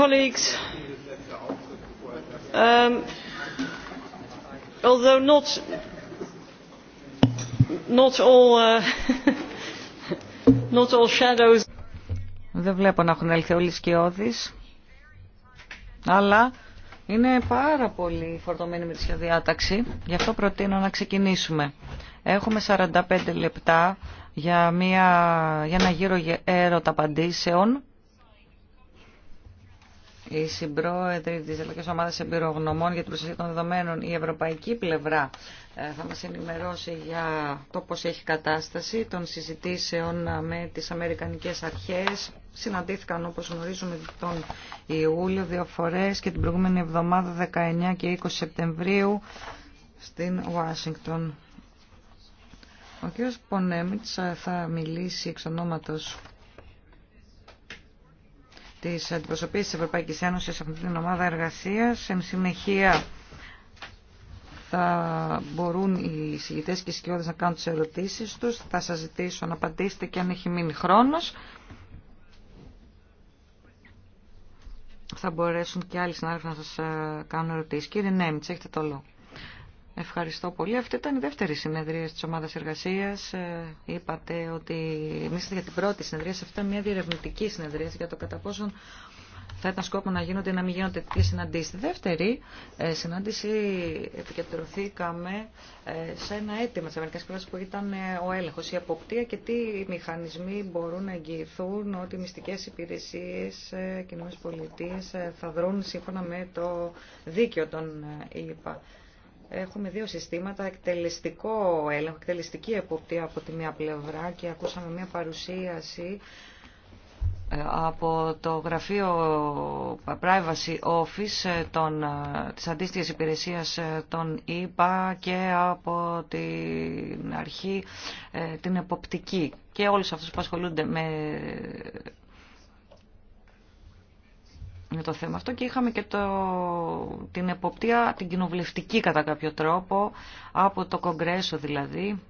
Um, although uh, not all shadows δεν βλέπω να έχουν έλθει όλοι οι σκιώδεις αλλά είναι πάρα πολύ φορτωμένοι με τη σχεδιάταξη γι' αυτό προτείνω να ξεκινήσουμε έχουμε 45 λεπτά για, μια, για ένα γύρο έρωτα απαντήσεων η συμπρόεδρη της Ελληνικής Ομάδας Εμπειρογνωμών για την προστασία των δεδομένων, η ευρωπαϊκή πλευρά ε, θα μας ενημερώσει για το πώς έχει κατάσταση των συζητήσεων με τις Αμερικανικές Αρχές. Συναντήθηκαν όπως γνωρίζουμε τον Ιούλιο δύο φορές και την προηγούμενη εβδομάδα 19 και 20 Σεπτεμβρίου στην Ουάσιγκτον. Ο κ. Πονέμιτς ε, θα μιλήσει εξ ονόματος Τη αντιπροσωπείας της Ευρωπαϊκής Ένωσης σε την ομάδα εργασίας. Εν συνεχεία θα μπορούν οι συγητές και οι σκιώδες να κάνουν τις ερωτήσεις τους. Θα σας ζητήσω να απαντήσετε και αν έχει μείνει χρόνος. Θα μπορέσουν και άλλοι συνάδελφοι να σας ε, κάνουν ερωτήσεις. Κύριε Νέμιτς, έχετε το λόγο. Ευχαριστώ πολύ. Αυτή ήταν η δεύτερη συνεδρία της ομάδας εργασία. Ε, είπατε ότι εμεί για την πρώτη συνεδρία, σε αυτή μια διερευνητική συνεδρία για το κατά πόσον θα ήταν σκόπο να γίνονται ή να μην γίνονται τέτοιε συναντήσει. Στη δεύτερη ε, συνάντηση επικεντρωθήκαμε ε, σε ένα αίτημα τη Αμερικανική Πρόεδρο που ήταν ο έλεγχο, η αποπτία και τι μηχανισμοί μπορούν να εγγυηθούν ότι οι μυστικές υπηρεσίε ε, και ε, θα δρούν σύμφωνα με το δίκαιο των Ε, Έχουμε δύο συστήματα, εκτελεστικό έλεγχο, εκτελεστική εποπτεία από τη μία πλευρά και ακούσαμε μία παρουσίαση ε, από το γραφείο Privacy Office ε, των, ε, της αντίστοιχης υπηρεσίας των ΙΠΑ και από την αρχή την εποπτική και όλους αυτούς που ασχολούνται με με το θέμα αυτό και είχαμε και το, την εποπτεία, την κοινοβουλευτική κατά κάποιο τρόπο, από το Κογκρέσο δηλαδή.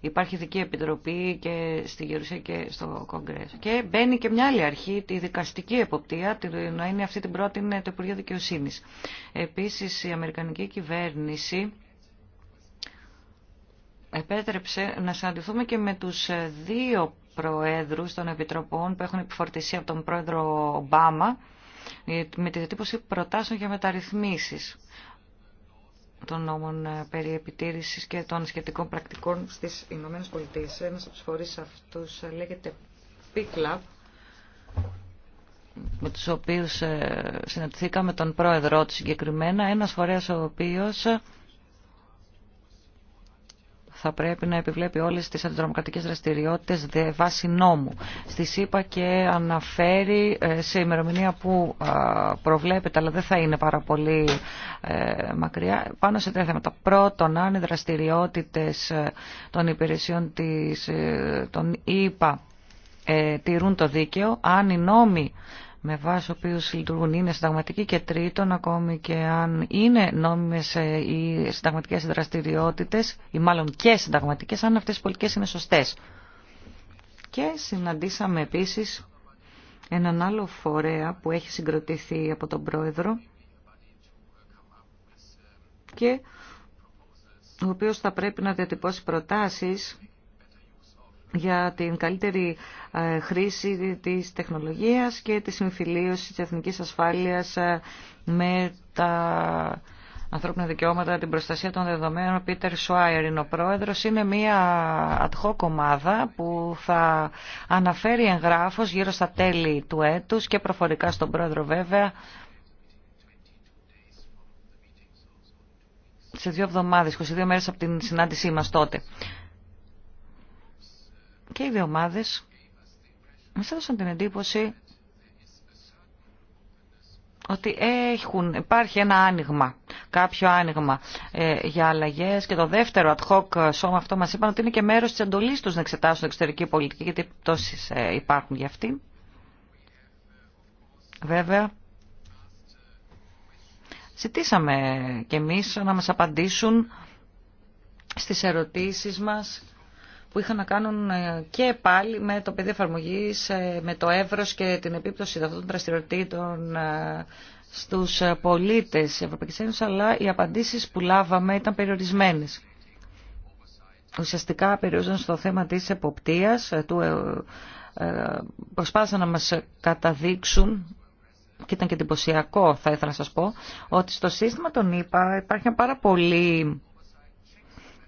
Υπάρχει ειδική επιτροπή και στη Γερουσία και στο Κογκρέσο. Και μπαίνει και μια άλλη αρχή, τη δικαστική εποπτεία, την είναι αυτή την πρώτη, είναι το Υπουργείο Δικαιοσύνη. Επίση, η Αμερικανική κυβέρνηση επέτρεψε να συναντηθούμε και με τους δύο προέδρους των επιτροπών που έχουν επιφορτηθεί από τον πρόεδρο Ομπάμα ε, με τη διατύπωση προτάσεων για μεταρρυθμίσεις των νόμων ε, περί επιτήρησης και των σχετικών πρακτικών στις Ηνωμένες Πολιτείες. Ένας από τους φορείς αυτούς ε, λέγεται P-Club, με τους οποίους συναντηθήκαμε τον πρόεδρό του συγκεκριμένα, ένας φορέας ο οποίος θα πρέπει να επιβλέπει όλες τις αντιδρομοκρατικές δραστηριότητες δε βάση νόμου. Στη ΣΥΠΑ και αναφέρει ε, σε ημερομηνία που προβλέπεται, αλλά δεν θα είναι πάρα πολύ ε, μακριά, πάνω σε τρία θέματα. Πρώτον, αν οι δραστηριότητες ε, των υπηρεσιών της, των ΙΠΑ τηρούν το δίκαιο, αν οι νόμοι με βάση οποίου λειτουργούν είναι συνταγματικοί και τρίτον ακόμη και αν είναι νόμιμες ε, οι συνταγματικέ δραστηριότητε, ή μάλλον και συνταγματικέ, αν αυτέ οι πολιτικέ είναι σωστέ. Και συναντήσαμε επίση, έναν άλλο φορέα που έχει συγκροτηθεί από τον πρόεδρο και ο οποίος θα πρέπει να διατυπώσει προτάσεις για την καλύτερη ε, χρήση της τεχνολογίας και τη συμφιλίωση της εθνικής ασφάλειας ε, με τα ανθρώπινα δικαιώματα, την προστασία των δεδομένων. Ο Πίτερ Σουάιερ είναι ο πρόεδρος. Είναι μια ad hoc που θα αναφέρει εγγράφος γύρω στα τέλη του έτους και προφορικά στον πρόεδρο βέβαια σε δύο εβδομάδες, 22 μέρες από την συνάντησή μας τότε και οι δύο ομάδε μας έδωσαν την εντύπωση ότι έχουν, υπάρχει ένα άνοιγμα, κάποιο άνοιγμα ε, για αλλαγέ. Και το δεύτερο ad hoc σώμα αυτό μα είπαν ότι είναι και μέρο τη εντολή του να εξετάσουν εξωτερική πολιτική, γιατί τόσες ε, υπάρχουν για αυτή. Βέβαια, ζητήσαμε κι εμείς να μας απαντήσουν στις ερωτήσεις μας που είχαν να κάνουν ε, και πάλι με το πεδίο εφαρμογή, ε, με το εύρος και την επίπτωση αυτών των δραστηριοτήτων ε, στους πολίτες τη Ευρωπαϊκής Ένωσης, αλλά οι απαντήσεις που λάβαμε ήταν περιορισμένες. Ουσιαστικά περιορίζονταν στο θέμα της εποπτείας, του, προσπάθησαν να μας καταδείξουν και ήταν και εντυπωσιακό θα ήθελα να σας πω, ότι στο σύστημα των ΙΠΑ υπάρχει πάρα πολύ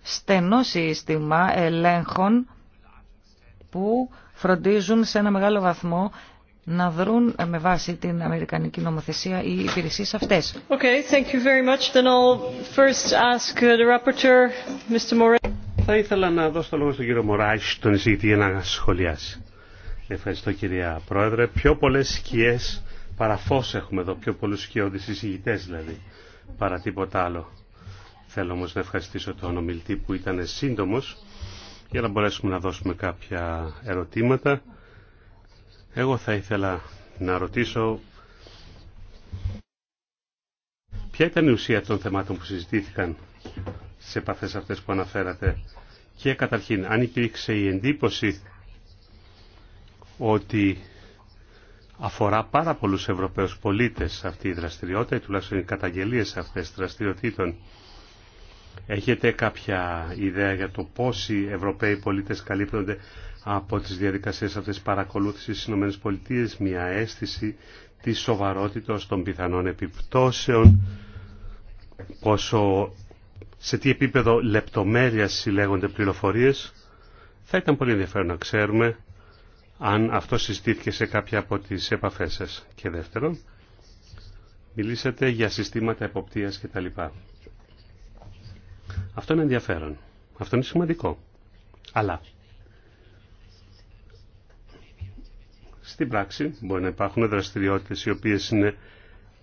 στενό σύστημα ελέγχων που φροντίζουν σε ένα μεγάλο βαθμό να δρουν με βάση την Αμερικανική νομοθεσία οι υπηρεσίε αυτέ. Θα ήθελα να δώσω το λόγο στον κύριο Μωράη, τον εισηγητή, για να σχολιάσει. Ευχαριστώ κυρία Πρόεδρε. Πιο πολλές σκιές παραφώς έχουμε εδώ, πιο πολλούς σκιώδεις εισηγητές δηλαδή, παρά τίποτα άλλο. Θέλω όμως να ευχαριστήσω τον ομιλητή που ήταν σύντομος για να μπορέσουμε να δώσουμε κάποια ερωτήματα. Εγώ θα ήθελα να ρωτήσω ποια ήταν η ουσία των θεμάτων που συζητήθηκαν στις επαφές αυτές που αναφέρατε και καταρχήν αν υπήρξε η εντύπωση ότι αφορά πάρα πολλούς Ευρωπαίους πολίτες αυτή η δραστηριότητα ή τουλάχιστον οι καταγγελίες αυτές δραστηριοτήτων Έχετε κάποια ιδέα για το οι Ευρωπαίοι πολίτες καλύπτονται από τις διαδικασίες αυτές παρακολούθησης στις ΗΠΑ, μια αίσθηση της σοβαρότητας των πιθανών επιπτώσεων, πόσο, σε τι επίπεδο λεπτομέρειας συλλέγονται πληροφορίες. Θα ήταν πολύ ενδιαφέρον να ξέρουμε αν αυτό συστήθηκε σε κάποια από τις επαφές σας. Και δεύτερον, μιλήσατε για συστήματα εποπτείας κτλ. Αυτό είναι ενδιαφέρον. Αυτό είναι σημαντικό. Αλλά στην πράξη μπορεί να υπάρχουν δραστηριότητες οι οποίες είναι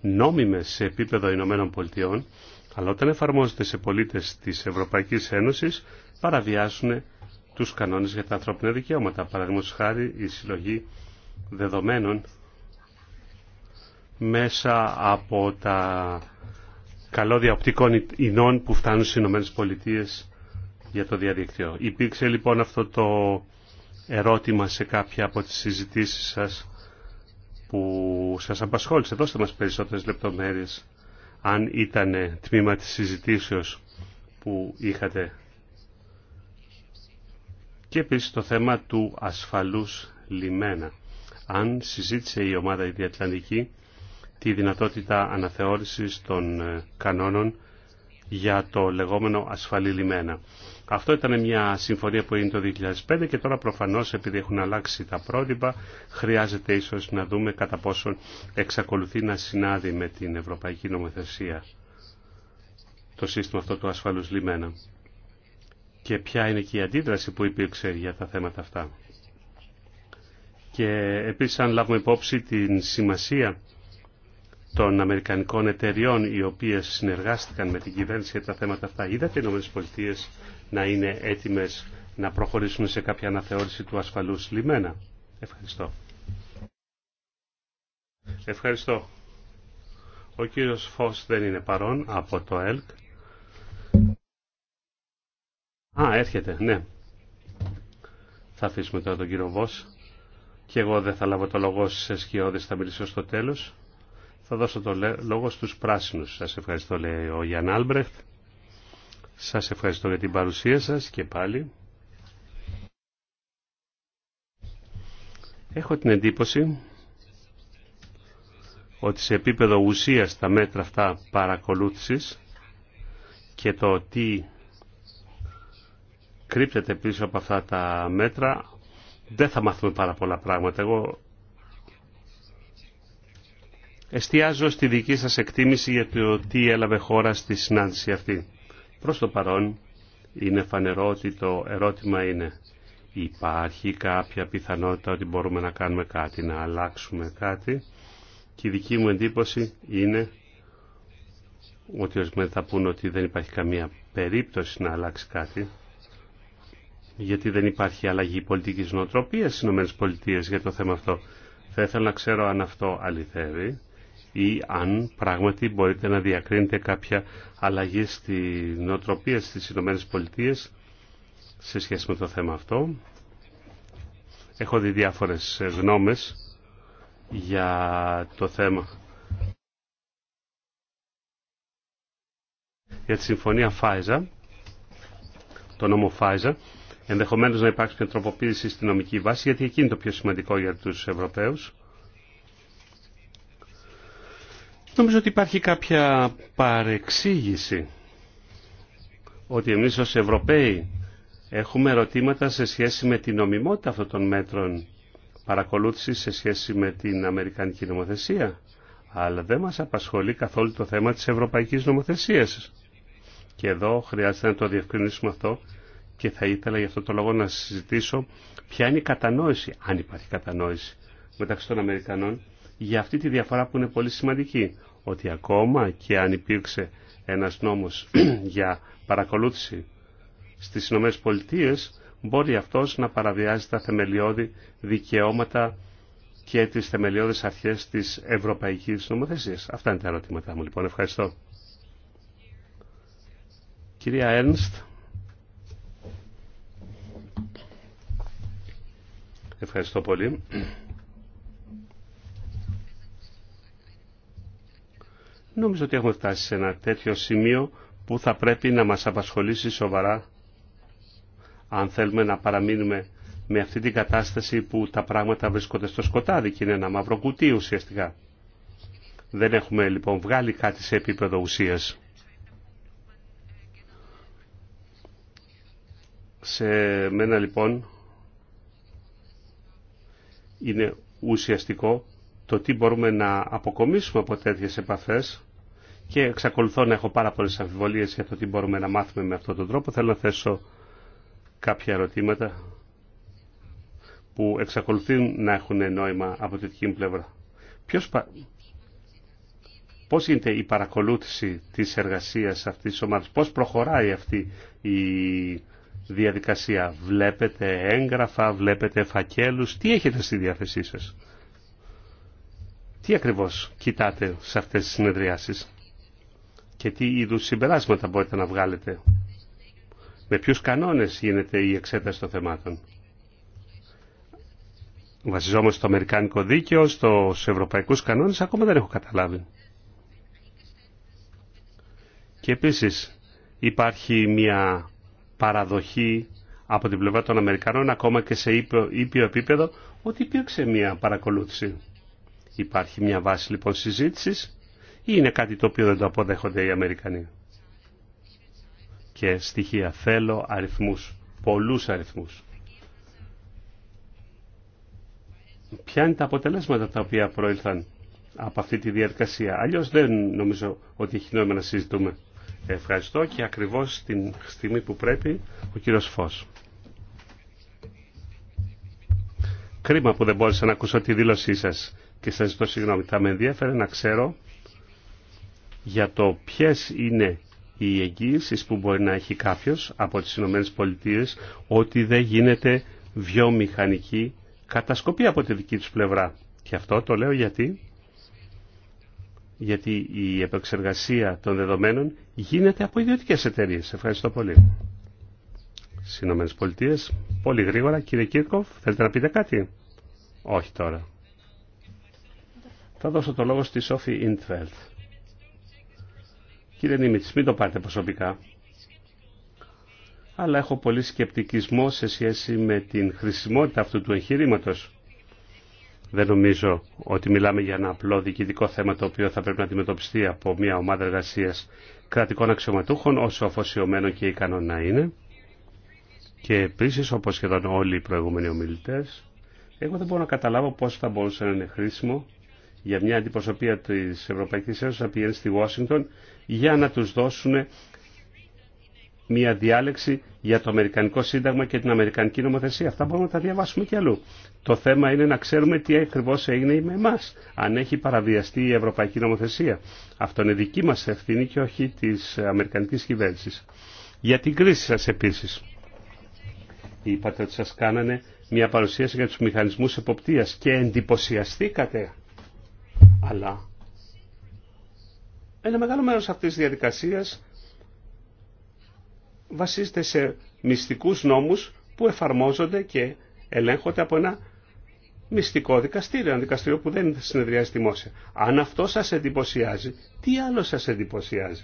νόμιμες σε επίπεδο Ηνωμένων Πολιτειών, αλλά όταν εφαρμόζονται σε πολίτες της Ευρωπαϊκής Ένωσης παραβιάσουν τους κανόνες για τα ανθρώπινα δικαιώματα. Παραδείγματος χάρη η συλλογή δεδομένων μέσα από τα καλώδια οπτικών ινών που φτάνουν στι Ηνωμένες Πολιτείες για το διαδικτυό. Υπήρξε λοιπόν αυτό το ερώτημα σε κάποια από τις συζητήσεις σας που σας απασχόλησε. Δώστε μας περισσότερες λεπτομέρειες αν ήταν τμήμα της συζητήσεως που είχατε. Και επίσης το θέμα του ασφαλούς λιμένα. Αν συζήτησε η ομάδα η Διατλαντική τη δυνατότητα αναθεώρησης των ε, κανόνων για το λεγόμενο ασφαλή λιμένα. Αυτό ήταν μια συμφωνία που έγινε το 2005 και τώρα προφανώς επειδή έχουν αλλάξει τα πρότυπα χρειάζεται ίσως να δούμε κατά πόσον εξακολουθεί να συνάδει με την Ευρωπαϊκή Νομοθεσία το σύστημα αυτό του ασφαλούς λιμένα και ποια είναι και η αντίδραση που υπήρξε για τα θέματα αυτά. Και επίσης αν λάβουμε υπόψη την σημασία των Αμερικανικών εταιριών οι οποίες συνεργάστηκαν με την κυβέρνηση για τα θέματα αυτά. Είδατε οι ΗΠΑ να είναι έτοιμες να προχωρήσουν σε κάποια αναθεώρηση του ασφαλούς λιμένα. Ευχαριστώ. Ευχαριστώ. Ο κύριος Φως δεν είναι παρόν από το ΕΛΚ. Α, έρχεται, ναι. Θα αφήσουμε τώρα τον κύριο Βος. Και εγώ δεν θα λάβω το λόγο σε σκιώδες, θα μιλήσω στο τέλος. Θα δώσω το λόγο στους πράσινους. Σας ευχαριστώ, λέει ο Γιάνν Άλμπρεχτ. Σας ευχαριστώ για την παρουσία σας και πάλι. Έχω την εντύπωση ότι σε επίπεδο ουσίας τα μέτρα αυτά παρακολούθησης και το ότι κρύπτεται πίσω από αυτά τα μέτρα δεν θα μάθουμε πάρα πολλά πράγματα. Εγώ Εστιάζω στη δική σας εκτίμηση για το τι έλαβε χώρα στη συνάντηση αυτή. Προς το παρόν είναι φανερό ότι το ερώτημα είναι υπάρχει κάποια πιθανότητα ότι μπορούμε να κάνουμε κάτι, να αλλάξουμε κάτι και η δική μου εντύπωση είναι ότι ορισμένοι θα πούν ότι δεν υπάρχει καμία περίπτωση να αλλάξει κάτι γιατί δεν υπάρχει αλλαγή πολιτικής νοοτροπίας στις ΗΠΑ για το θέμα αυτό. Θα ήθελα να ξέρω αν αυτό αληθεύει ή αν πράγματι μπορείτε να διακρίνετε κάποια αλλαγή στην νοοτροπία στις Ηνωμένες Πολιτείες σε σχέση με το θέμα αυτό. Έχω δει διάφορες γνώμες για το θέμα. Για τη συμφωνία Φάιζα, το νόμο Φάιζα, ενδεχομένως να υπάρξει μια τροποποίηση στη νομική βάση, γιατί εκεί είναι το πιο σημαντικό για τους Ευρωπαίους. Νομίζω ότι υπάρχει κάποια παρεξήγηση ότι εμείς ως Ευρωπαίοι έχουμε ερωτήματα σε σχέση με την νομιμότητα αυτών των μέτρων παρακολούθησης σε σχέση με την Αμερικανική νομοθεσία αλλά δεν μας απασχολεί καθόλου το θέμα της Ευρωπαϊκής νομοθεσίας. Και εδώ χρειάζεται να το διευκρινίσουμε αυτό και θα ήθελα γι' αυτό το λόγο να συζητήσω ποια είναι η κατανόηση, αν υπάρχει κατανόηση, μεταξύ των Αμερικανών για αυτή τη διαφορά που είναι πολύ σημαντική. Ότι ακόμα και αν υπήρξε ένας νόμος για παρακολούθηση στις Ηνωμένες Πολιτείες, μπορεί αυτός να παραβιάζει τα θεμελιώδη δικαιώματα και τις θεμελιώδεις αρχές της ευρωπαϊκής νομοθεσίας. Αυτά είναι τα ερωτήματά μου λοιπόν. Ευχαριστώ. Κυρία Έρνστ. Ευχαριστώ πολύ. Νομίζω ότι έχουμε φτάσει σε ένα τέτοιο σημείο που θα πρέπει να μας απασχολήσει σοβαρά αν θέλουμε να παραμείνουμε με αυτή την κατάσταση που τα πράγματα βρίσκονται στο σκοτάδι και είναι ένα μαύρο κουτί ουσιαστικά. Δεν έχουμε λοιπόν βγάλει κάτι σε επίπεδο ουσίας. Σε μένα λοιπόν είναι ουσιαστικό το τι μπορούμε να αποκομίσουμε από τέτοιες επαφές και εξακολουθώ να έχω πάρα πολλές αμφιβολίες για το τι μπορούμε να μάθουμε με αυτόν τον τρόπο. Θέλω να θέσω κάποια ερωτήματα που εξακολουθούν να έχουν νόημα από τη δική μου πλευρά. Ποιος πα... Πώς γίνεται η παρακολούθηση της εργασίας αυτής της ομάδας, πώς προχωράει αυτή η διαδικασία. Βλέπετε έγγραφα, βλέπετε φακέλους, τι έχετε στη διάθεσή σας. Τι ακριβώς κοιτάτε σε αυτές τις συνεδριάσεις και τι είδους συμπεράσματα μπορείτε να βγάλετε. Με ποιους κανόνες γίνεται η εξέταση των θεμάτων. Βασιζόμαστε στο Αμερικάνικο δίκαιο, στους ευρωπαϊκούς κανόνες, ακόμα δεν έχω καταλάβει. Και επίσης υπάρχει μια παραδοχή από την πλευρά των Αμερικανών ακόμα και σε ήπιο επίπεδο ότι υπήρξε μια παρακολούθηση. Υπάρχει μια βάση λοιπόν συζήτησης ή είναι κάτι το οποίο δεν το αποδέχονται οι Αμερικανοί. Και στοιχεία θέλω αριθμούς, πολλούς αριθμούς. Ποια είναι τα αποτελέσματα τα οποία προήλθαν από αυτή τη διαδικασία. Αλλιώς δεν νομίζω ότι έχει νόημα να συζητούμε. Ευχαριστώ και ακριβώς την στιγμή που πρέπει ο κύριος Φως. Κρίμα που δεν μπόρεσα να ακούσω τη δήλωσή σας και σας ζητώ συγγνώμη. Θα με ενδιαφέρε να ξέρω για το ποιες είναι οι εγγύησει που μπορεί να έχει κάποιος από τις Ηνωμένες Πολιτείες ότι δεν γίνεται βιομηχανική κατασκοπή από τη δική τους πλευρά. Και αυτό το λέω γιατί, γιατί η επεξεργασία των δεδομένων γίνεται από ιδιωτικές εταιρείες. Ευχαριστώ πολύ. Στις Ηνωμένες Πολιτείες, πολύ γρήγορα, κύριε Κίρκοφ, θέλετε να πείτε κάτι. Όχι τώρα. Θα δώσω το λόγο στη Σόφη Ιντφέλτ. Κύριε Νίμιτς, μην το πάρετε προσωπικά. Αλλά έχω πολύ σκεπτικισμό σε σχέση με την χρησιμότητα αυτού του εγχειρήματο. Δεν νομίζω ότι μιλάμε για ένα απλό διοικητικό θέμα το οποίο θα πρέπει να αντιμετωπιστεί από μια ομάδα εργασία κρατικών αξιωματούχων, όσο αφοσιωμένο και ικανό να είναι. Και επίση, όπω σχεδόν όλοι οι προηγούμενοι ομιλητέ, εγώ δεν μπορώ να καταλάβω πώ θα μπορούσε να είναι χρήσιμο για μια αντιπροσωπεία της Ευρωπαϊκής Ένωσης να πηγαίνει στη Washington για να τους δώσουν μια διάλεξη για το Αμερικανικό Σύνταγμα και την Αμερικανική νομοθεσία. Αυτά μπορούμε να τα διαβάσουμε κι αλλού. Το θέμα είναι να ξέρουμε τι ακριβώ έγινε με εμά, αν έχει παραβιαστεί η Ευρωπαϊκή Νομοθεσία. Αυτό είναι δική μα ευθύνη και όχι τη Αμερικανική κυβέρνηση. Για την κρίση σα επίση. Είπατε ότι σα κάνανε μια παρουσίαση για του μηχανισμού εποπτεία και εντυπωσιαστήκατε αλλά ένα μεγάλο μέρος αυτής της διαδικασίας βασίζεται σε μυστικούς νόμους που εφαρμόζονται και ελέγχονται από ένα μυστικό δικαστήριο, ένα δικαστήριο που δεν συνεδριάζει δημόσια. Αν αυτό σας εντυπωσιάζει, τι άλλο σας εντυπωσιάζει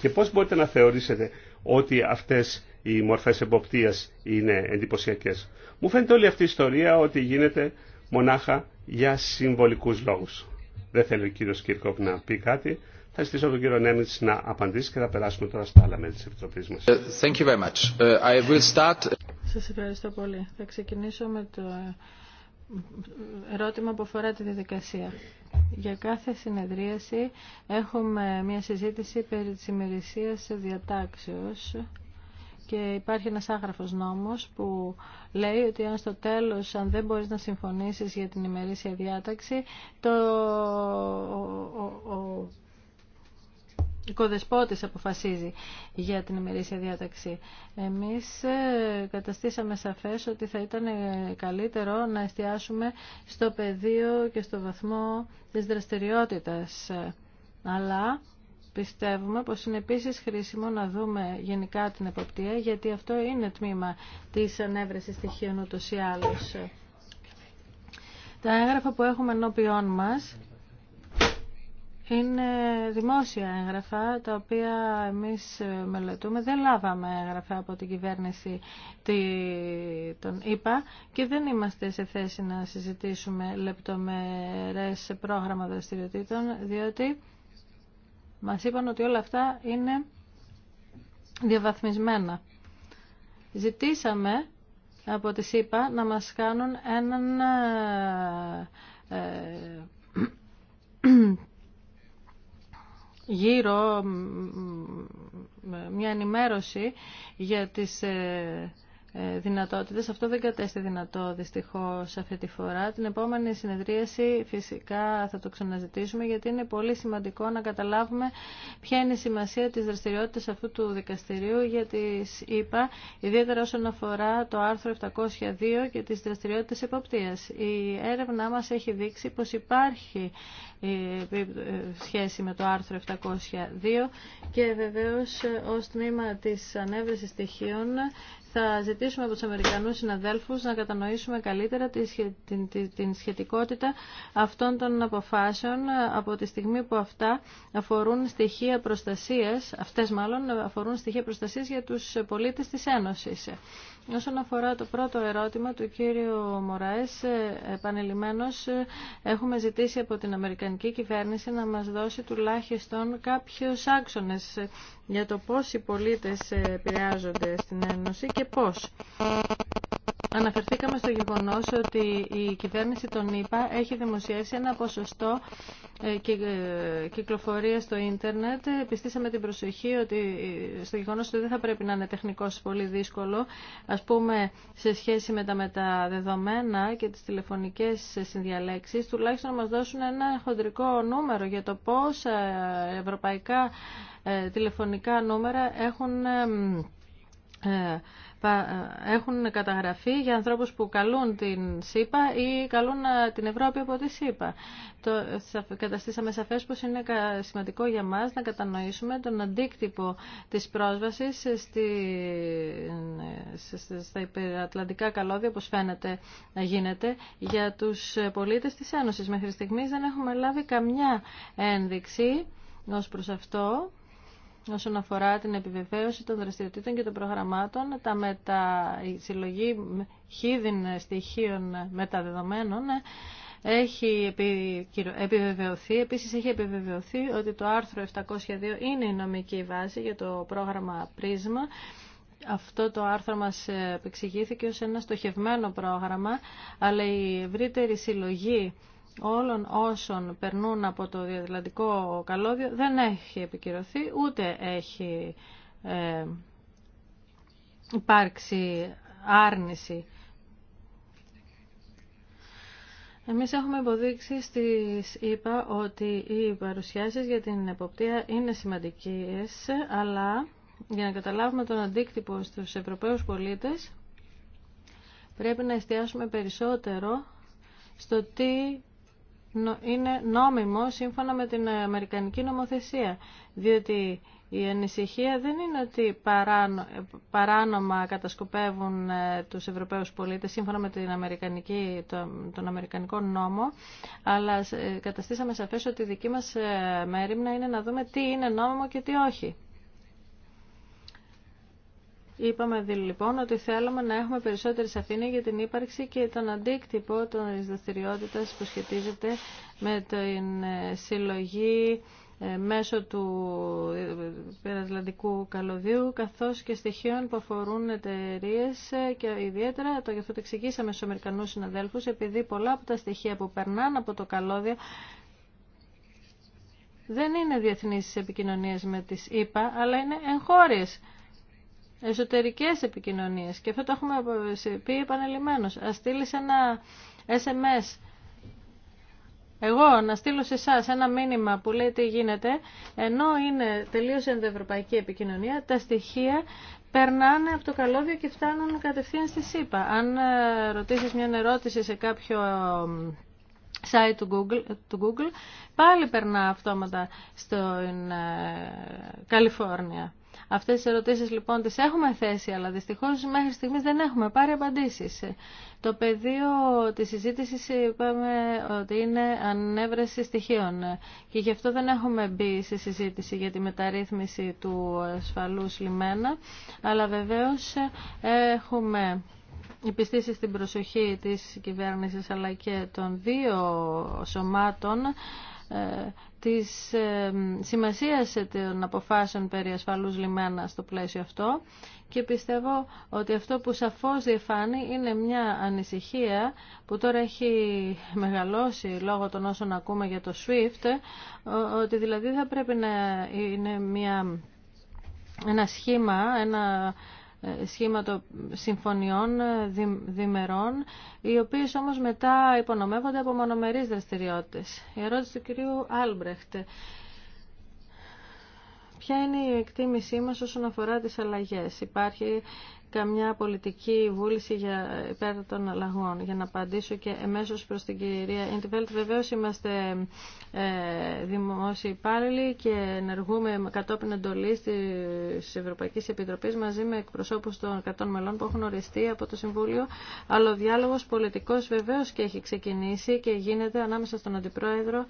και πώς μπορείτε να θεωρήσετε ότι αυτές οι μορφές εποπτείας είναι εντυπωσιακέ, Μου φαίνεται όλη αυτή η ιστορία ότι γίνεται μονάχα για συμβολικούς λόγους δεν θέλει ο κύριο Κίρκοπ να πει κάτι. Θα ζητήσω τον κύριο Νέμιτ να απαντήσει και θα περάσουμε τώρα στα άλλα μέλη της Επιτροπή μας. Uh, Σας ευχαριστώ πολύ. Θα ξεκινήσω με το ε, ερώτημα που αφορά τη διαδικασία. Για κάθε συνεδρίαση έχουμε μια συζήτηση περί της ημερησίας διατάξεως και υπάρχει ένας άγραφος νόμος που λέει ότι αν στο τέλος, αν δεν μπορείς να συμφωνήσεις για την ημερήσια διάταξη, το... ο οικοδεσπότης αποφασίζει για την ημερήσια διάταξη. Εμείς ε, καταστήσαμε σαφές ότι θα ήταν ε, καλύτερο να εστιάσουμε στο πεδίο και στο βαθμό της δραστηριότητας. Αλλά Πιστεύουμε πως είναι επίσης χρήσιμο να δούμε γενικά την εποπτεία, γιατί αυτό είναι τμήμα της ανέβρεσης στοιχείων ούτως ή άλλως. Τα έγγραφα που έχουμε ενώπιόν μας είναι δημόσια έγγραφα, τα οποία εμείς μελετούμε. Δεν λάβαμε έγγραφα από την κυβέρνηση των ΙΠΑ και δεν είμαστε σε θέση να συζητήσουμε λεπτομερές πρόγραμμα δραστηριοτήτων, διότι μας είπαν ότι όλα αυτά είναι διαβαθμισμένα. Ζητήσαμε από τη ΣΥΠΑ να μας κάνουν έναν ε, ε, γύρο, μια ενημέρωση για τις ε, ε, Αυτό δεν κατέστη δυνατό δυστυχώς αυτή τη φορά. Την επόμενη συνεδρίαση φυσικά θα το ξαναζητήσουμε γιατί είναι πολύ σημαντικό να καταλάβουμε ποια είναι η σημασία της δραστηριότητας αυτού του δικαστηρίου για τις ΕΠΑ, ιδιαίτερα όσον αφορά το άρθρο 702 και τις δραστηριότητες εποπτείας. Η έρευνά μας έχει δείξει πως υπάρχει ε, ε, σχέση με το άρθρο 702 και βεβαίως ως τμήμα της ανέβρεσης στοιχείων θα ζητήσουμε από τους Αμερικανούς συναδέλφους να κατανοήσουμε καλύτερα την σχετικότητα αυτών των αποφάσεων από τη στιγμή που αυτά αφορούν στοιχεία προστασίας, αυτές μάλλον αφορούν στοιχεία προστασίας για τους πολίτες της Ένωσης. Όσον αφορά το πρώτο ερώτημα του κύριου Μωράης, επανειλημμένως έχουμε ζητήσει από την Αμερικανική κυβέρνηση να μας δώσει τουλάχιστον κάποιους άξονες για το πώς οι πολίτες επηρεάζονται στην Ένωση και πώς. Αναφερθήκαμε στο γεγονός ότι η κυβέρνηση των ΗΠΑ έχει δημοσιεύσει ένα ποσοστό ε, ε, κυκλοφορία στο ίντερνετ. Επιστήσαμε την προσοχή ότι ε, στο γεγονός ότι δεν θα πρέπει να είναι τεχνικός πολύ δύσκολο, ας πούμε σε σχέση με τα μεταδεδομένα και τις τηλεφωνικές συνδιαλέξεις, τουλάχιστον να μας δώσουν ένα χοντρικό νούμερο για το πώς ευρωπαϊκά τηλεφωνικά νούμερα έχουν ε, έχουν καταγραφεί για ανθρώπους που καλούν την ΣΥΠΑ ή καλούν ε, την Ευρώπη από τη ΣΥΠΑ. Το, καταστήσαμε σαφές πως είναι σημαντικό για μας να κατανοήσουμε τον αντίκτυπο της πρόσβασης στη, ε, στα υπερατλαντικά καλώδια, όπως φαίνεται να γίνεται, για τους πολίτες της Ένωσης. Μέχρι στιγμής δεν έχουμε λάβει καμιά ένδειξη ως προς αυτό όσον αφορά την επιβεβαίωση των δραστηριοτήτων και των προγραμμάτων, τα μετα... η συλλογή χίδιν στοιχείων μεταδεδομένων ε, έχει επιβεβαιωθεί. Επίσης έχει επιβεβαιωθεί ότι το άρθρο 702 είναι η νομική βάση για το πρόγραμμα Πρίσμα. Αυτό το άρθρο μας ε, επεξηγήθηκε ως ένα στοχευμένο πρόγραμμα, αλλά η ευρύτερη συλλογή όλων όσων περνούν από το διατλαντικό καλώδιο δεν έχει επικυρωθεί ούτε έχει ε, υπάρξει άρνηση. Εμείς έχουμε υποδείξει στις ΕΠΑ ότι οι παρουσιάσεις για την εποπτεία είναι σημαντικές, αλλά για να καταλάβουμε τον αντίκτυπο στους Ευρωπαίους πολίτες πρέπει να εστιάσουμε περισσότερο στο τι είναι νόμιμο σύμφωνα με την Αμερικανική νομοθεσία. Διότι η ανησυχία δεν είναι ότι παράνομα κατασκοπεύουν ε, τους Ευρωπαίους πολίτες σύμφωνα με την Αμερικανική, τον, Αμερικανικό νόμο, αλλά καταστήσαμε σαφές ότι η δική μας ε, μέρημνα είναι να δούμε τι είναι νόμιμο και τι όχι. Είπαμε λοιπόν ότι θέλουμε να έχουμε περισσότερη σαφήνεια για την ύπαρξη και τον αντίκτυπο των δραστηριότητα που σχετίζεται με την ε, συλλογή ε, μέσω του ε, περασλαντικού καλωδίου καθώς και στοιχείων που αφορούν εταιρείε και ιδιαίτερα το γι' αυτό το εξηγήσαμε στους Αμερικανούς συναδέλφους επειδή πολλά από τα στοιχεία που περνάνε από το καλώδιο δεν είναι διεθνείς επικοινωνίες με τις ΗΠΑ αλλά είναι εγχώριες εσωτερικές επικοινωνίες και αυτό το έχουμε πει επανελειμμένως. Ας στείλεις ένα SMS εγώ να στείλω σε εσά ένα μήνυμα που λέει τι γίνεται, ενώ είναι τελείως ενδοευρωπαϊκή επικοινωνία, τα στοιχεία περνάνε από το καλώδιο και φτάνουν κατευθείαν στη ΣΥΠΑ. Αν ε, ρωτήσεις μια ερώτηση σε κάποιο ε, site του Google, του Google πάλι περνά αυτόματα στην Καλιφόρνια. Ε, Αυτές τις ερωτήσεις λοιπόν τις έχουμε θέσει, αλλά δυστυχώς μέχρι στιγμής δεν έχουμε πάρει απαντήσεις. Το πεδίο της συζήτησης είπαμε ότι είναι ανέβρεση στοιχείων και γι' αυτό δεν έχουμε μπει σε συζήτηση για τη μεταρρύθμιση του ασφαλούς λιμένα, αλλά βεβαίως έχουμε επιστήσει στην προσοχή της κυβέρνησης αλλά και των δύο σωμάτων της σημασίας των αποφάσεων περί ασφαλούς λιμένα στο πλαίσιο αυτό και πιστεύω ότι αυτό που σαφώς διεφάνει είναι μια ανησυχία που τώρα έχει μεγαλώσει λόγω των όσων ακούμε για το SWIFT ότι δηλαδή θα πρέπει να είναι μια, ένα σχήμα, ένα ε, σχήματο συμφωνιών ε, διμερών, οι οποίες όμως μετά υπονομεύονται από μονομερείς δραστηριότητες. Η ερώτηση του κυρίου Άλμπρεχτ. Ποια είναι η εκτίμησή μας όσον αφορά τις αλλαγές. Υπάρχει καμιά πολιτική βούληση για υπέρ των αλλαγών. Για να απαντήσω και εμέσως προς την κυρία Ιντιβέλτ, βεβαίω είμαστε ε, δημόσιοι υπάλληλοι και ενεργούμε κατόπιν εντολή της Ευρωπαϊκής Επιτροπής μαζί με εκπροσώπους των 100 μελών που έχουν οριστεί από το Συμβούλιο, αλλά ο διάλογος πολιτικός βεβαίως και έχει ξεκινήσει και γίνεται ανάμεσα στον Αντιπρόεδρο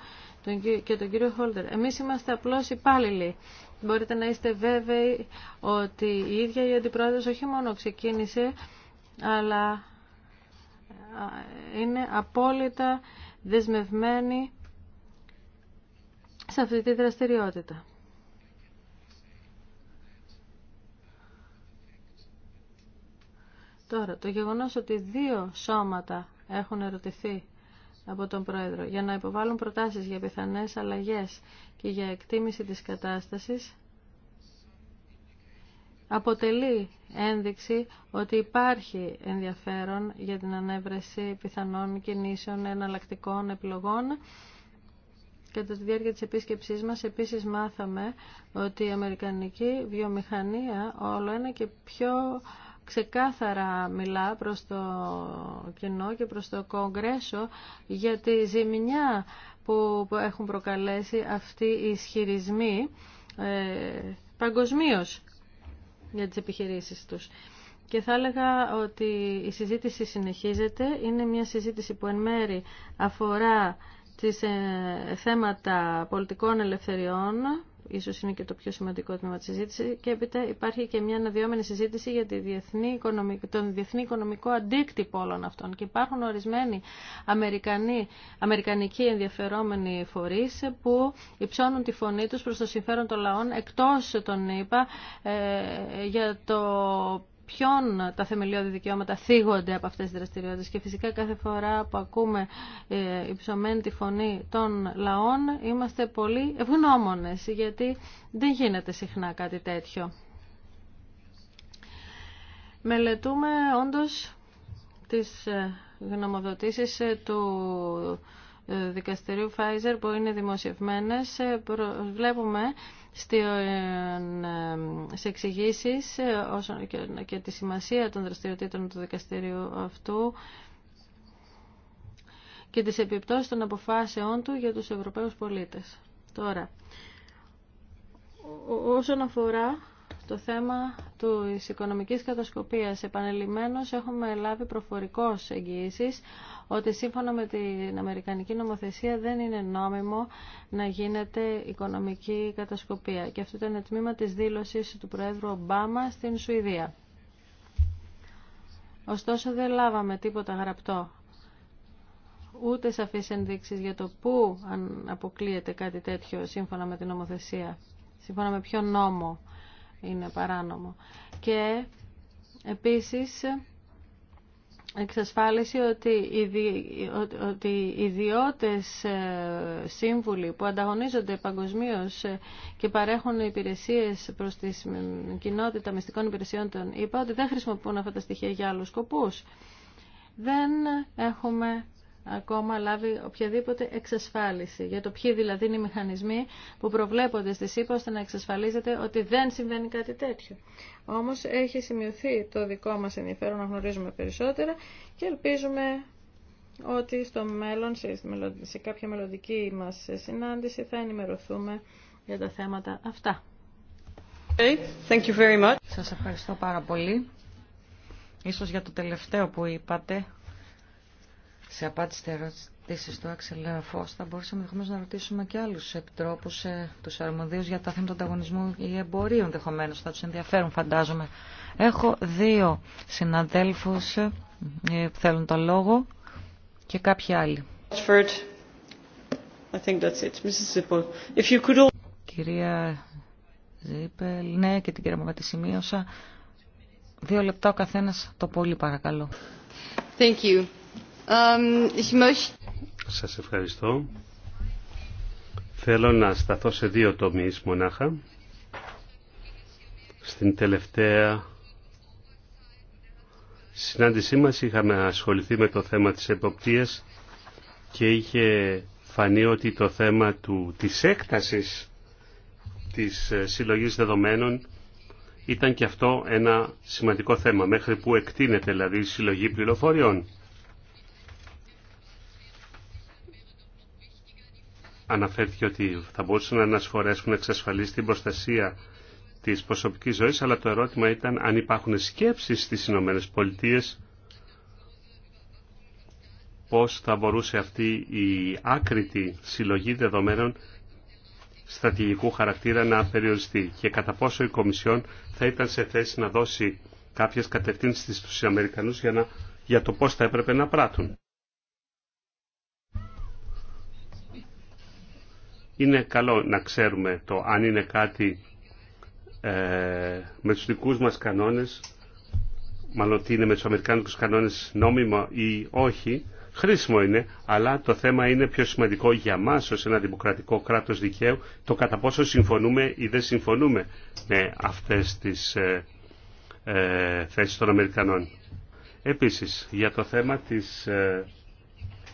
και τον κύριο Χόλτερ. Εμείς είμαστε απλώ υπάλληλοι μπορείτε να είστε βέβαιοι ότι η ίδια η Αντιπρόεδρος όχι μόνο ξεκίνησε, αλλά ε, είναι απόλυτα δεσμευμένη σε αυτή τη δραστηριότητα. Τώρα, το γεγονός ότι δύο σώματα έχουν ερωτηθεί από τον Πρόεδρο για να υποβάλουν προτάσεις για πιθανές αλλαγές και για εκτίμηση της κατάστασης αποτελεί ένδειξη ότι υπάρχει ενδιαφέρον για την ανέβρεση πιθανών κινήσεων εναλλακτικών επιλογών. Κατά τη διάρκεια της επίσκεψής μας επίσης μάθαμε ότι η Αμερικανική βιομηχανία όλο ένα και πιο ξεκάθαρα μιλά προς το κοινό και προς το Κογκρέσο για τη ζημιά που έχουν προκαλέσει αυτοί οι ισχυρισμοί ε, παγκοσμίω για τις επιχειρήσεις τους. Και θα έλεγα ότι η συζήτηση συνεχίζεται. Είναι μια συζήτηση που εν μέρη αφορά τις ε, θέματα πολιτικών ελευθεριών ίσως είναι και το πιο σημαντικό τμήμα τη συζήτηση, και έπειτα υπάρχει και μια αναδυόμενη συζήτηση για τον διεθνή οικονομικό αντίκτυπο όλων αυτών και υπάρχουν ορισμένοι Αμερικανοί, αμερικανικοί ενδιαφερόμενοι φορείς που υψώνουν τη φωνή τους προς το συμφέρον των λαών εκτός των ΗΠΑ ε, για το ποιον τα θεμελιώδη δικαιώματα θίγονται από αυτές τις δραστηριότητες και φυσικά κάθε φορά που ακούμε ε, υψωμένη τη φωνή των λαών είμαστε πολύ ευγνώμονες γιατί δεν γίνεται συχνά κάτι τέτοιο. Μελετούμε όντως τις ε, γνωμοδοτήσεις ε, του δικαστηρίου Pfizer που είναι δημοσιευμένες. Ε, βλέπουμε ε, σε εξηγήσει ε, και τη σημασία των δραστηριοτήτων του δικαστηρίου αυτού και τις επιπτώσεις των αποφάσεών του για τους Ευρωπαίους πολίτες. Τώρα, όσον αφορά το θέμα του οικονομικής κατασκοπίας. Επανελειμμένως έχουμε λάβει προφορικός εγγυήσεις ότι σύμφωνα με την Αμερικανική νομοθεσία δεν είναι νόμιμο να γίνεται οικονομική κατασκοπία. Και αυτό ήταν το τμήμα της δήλωσης του Προέδρου Ομπάμα στην Σουηδία. Ωστόσο δεν λάβαμε τίποτα γραπτό ούτε σαφείς ενδείξεις για το πού αν αποκλείεται κάτι τέτοιο σύμφωνα με την νομοθεσία, σύμφωνα με ποιο νόμο είναι παράνομο. Και επίσης εξασφάλιση ότι οι, ότι ιδιώτες ε, σύμβουλοι που ανταγωνίζονται παγκοσμίω ε, και παρέχουν υπηρεσίες προς τη κοινότητα μυστικών υπηρεσιών των είπα ότι δεν χρησιμοποιούν αυτά τα στοιχεία για άλλους σκοπούς. Δεν έχουμε ακόμα λάβει οποιαδήποτε εξασφάλιση. Για το ποιοι δηλαδή είναι οι μηχανισμοί που προβλέπονται στη ΣΥΠΑ ώστε να εξασφαλίζεται ότι δεν συμβαίνει κάτι τέτοιο. Όμω έχει σημειωθεί το δικό μα ενδιαφέρον να γνωρίζουμε περισσότερα και ελπίζουμε ότι στο μέλλον, σε κάποια μελλοντική μας συνάντηση θα ενημερωθούμε για τα θέματα αυτά. Okay, Σας ευχαριστώ πάρα πολύ. Ίσως για το τελευταίο που είπατε, σε απάντηση στη ερώτηση του Άξελ Φως, θα μπορούσαμε ενδεχομένω να ρωτήσουμε και άλλου επιτρόπου, ε, του αρμοδίου για τα θέματα του ανταγωνισμού ή εμπορίου ενδεχομένω. Θα του ενδιαφέρουν, φαντάζομαι. Έχω δύο συναδέλφου ε, ε, που θέλουν το λόγο και κάποιοι άλλοι. I think that's it. Mrs. If you could... Κυρία Ζήπελ, ναι και την κυρία Μαγκάτη σημείωσα. Δύο λεπτά ο καθένας το πολύ παρακαλώ. Thank you. Σας ευχαριστώ. Θέλω να σταθώ σε δύο τομείς μονάχα. Στην τελευταία συνάντησή μας είχαμε ασχοληθεί με το θέμα της εποπτείας και είχε φανεί ότι το θέμα του, της έκτασης της ε, συλλογής δεδομένων ήταν και αυτό ένα σημαντικό θέμα, μέχρι που εκτείνεται δηλαδή η συλλογή πληροφοριών. αναφέρθηκε ότι θα μπορούσαν να ανασφορέσουν να εξασφαλίσει την προστασία της προσωπικής ζωής, αλλά το ερώτημα ήταν αν υπάρχουν σκέψεις στις Ηνωμένε Πολιτείε πώς θα μπορούσε αυτή η άκρητη συλλογή δεδομένων στρατηγικού χαρακτήρα να περιοριστεί και κατά πόσο η Κομισιόν θα ήταν σε θέση να δώσει κάποιες κατευθύνσεις στους Αμερικανούς για, να, για το πώς θα έπρεπε να πράττουν. είναι καλό να ξέρουμε το αν είναι κάτι ε, με τους δικούς μας κανόνες, μάλλον ότι είναι με τους αμερικάνικους κανόνες νόμιμο ή όχι, χρήσιμο είναι, αλλά το θέμα είναι πιο σημαντικό για μας ως ένα δημοκρατικό κράτος δικαίου, το κατά πόσο συμφωνούμε ή δεν συμφωνούμε με αυτές τις ε, ε θέσεις των Αμερικανών. Επίσης, για το θέμα της ε,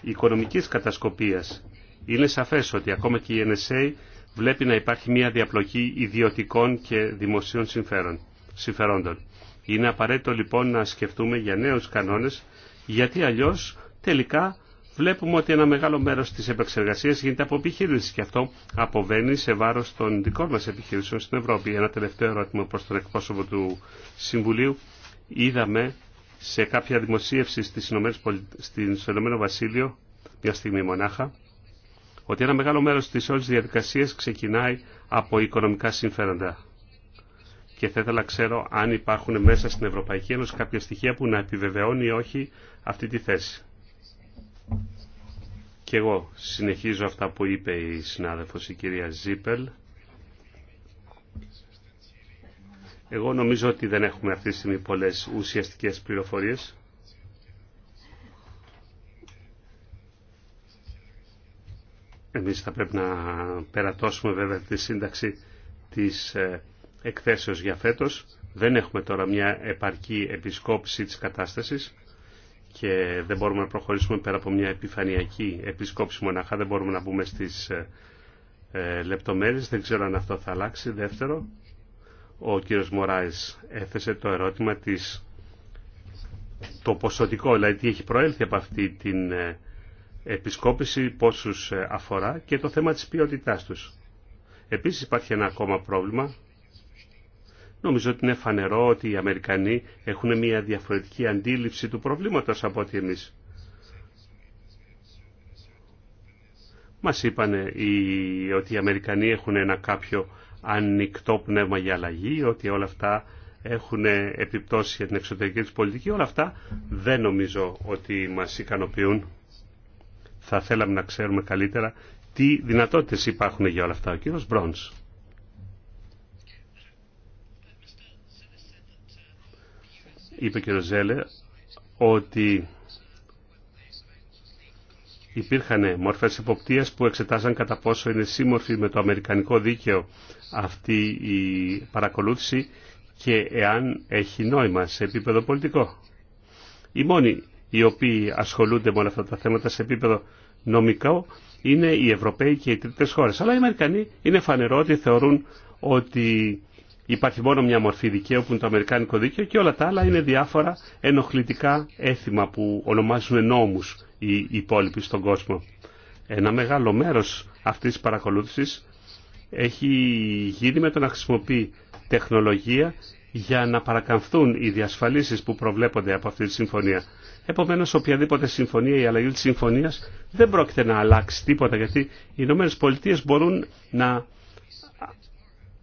οικονομικής κατασκοπίας είναι σαφές ότι ακόμα και η NSA βλέπει να υπάρχει μια διαπλοκή ιδιωτικών και δημοσίων συμφέρον, συμφερόντων. Είναι απαραίτητο λοιπόν να σκεφτούμε για νέους κανόνες, γιατί αλλιώς τελικά βλέπουμε ότι ένα μεγάλο μέρος της επεξεργασίας γίνεται από επιχείρηση και αυτό αποβαίνει σε βάρος των δικών μας επιχειρήσεων στην Ευρώπη. Ένα τελευταίο ερώτημα προς τον εκπρόσωπο του Συμβουλίου. Είδαμε σε κάποια δημοσίευση στις Ηνωμένες, στο Ηνωμένο Βασίλειο, μια στιγμή μονάχα, ότι ένα μεγάλο μέρος της όλης διαδικασίας ξεκινάει από οικονομικά συμφέροντα. Και θα ήθελα να ξέρω αν υπάρχουν μέσα στην Ευρωπαϊκή Ένωση κάποια στοιχεία που να επιβεβαιώνει ή όχι αυτή τη θέση. Και εγώ συνεχίζω αυτά που είπε η συνάδελφος η κυρία Ζίπελ. Εγώ νομίζω ότι δεν έχουμε αυτή τη στιγμή πολλές ουσιαστικές πληροφορίες. Εμείς θα πρέπει να περατώσουμε βέβαια τη σύνταξη της ε, εκθέσεως για φέτος. Δεν έχουμε τώρα μια επαρκή επισκόπηση της κατάστασης και δεν μπορούμε να προχωρήσουμε πέρα από μια επιφανειακή επισκόπηση μοναχά. Δεν μπορούμε να μπούμε στις ε, ε, λεπτομέρειες. Δεν ξέρω αν αυτό θα αλλάξει. Δεύτερο, ο κύριος Μωράης έθεσε το ερώτημα της το ποσοτικό, δηλαδή τι έχει προέλθει από αυτή την επισκόπηση πόσους ε, αφορά και το θέμα της ποιότητάς τους. Επίσης υπάρχει ένα ακόμα πρόβλημα. Νομίζω ότι είναι φανερό ότι οι Αμερικανοί έχουν μια διαφορετική αντίληψη του προβλήματος από ότι εμείς. Μας είπαν ότι οι Αμερικανοί έχουν ένα κάποιο ανοιχτό πνεύμα για αλλαγή, ότι όλα αυτά έχουν επιπτώσει για την εξωτερική της πολιτική. Όλα αυτά δεν νομίζω ότι μας ικανοποιούν θα θέλαμε να ξέρουμε καλύτερα τι δυνατότητες υπάρχουν για όλα αυτά. Ο κύριος Μπρόνς. Είπε ο κύριος Ζέλε ότι υπήρχαν μορφές υποπτίας που εξετάζαν κατά πόσο είναι σύμμορφη με το αμερικανικό δίκαιο αυτή η παρακολούθηση και εάν έχει νόημα σε επίπεδο πολιτικό. Οι μόνοι οι οποίοι ασχολούνται με όλα αυτά τα θέματα σε επίπεδο νομικό είναι οι Ευρωπαίοι και οι τρίτε χώρε. Αλλά οι Αμερικανοί είναι φανερό ότι θεωρούν ότι υπάρχει μόνο μια μορφή δικαίου που είναι το Αμερικάνικο δίκαιο και όλα τα άλλα είναι διάφορα ενοχλητικά έθιμα που ονομάζουν νόμου οι υπόλοιποι στον κόσμο. Ένα μεγάλο μέρο αυτή τη παρακολούθηση έχει γίνει με το να χρησιμοποιεί τεχνολογία για να παρακαμφθούν οι διασφαλίσεις που προβλέπονται από αυτή τη συμφωνία. Επομένω, οποιαδήποτε συμφωνία ή αλλαγή τη συμφωνία δεν πρόκειται να αλλάξει τίποτα γιατί οι Ηνωμένε Πολιτείε μπορούν να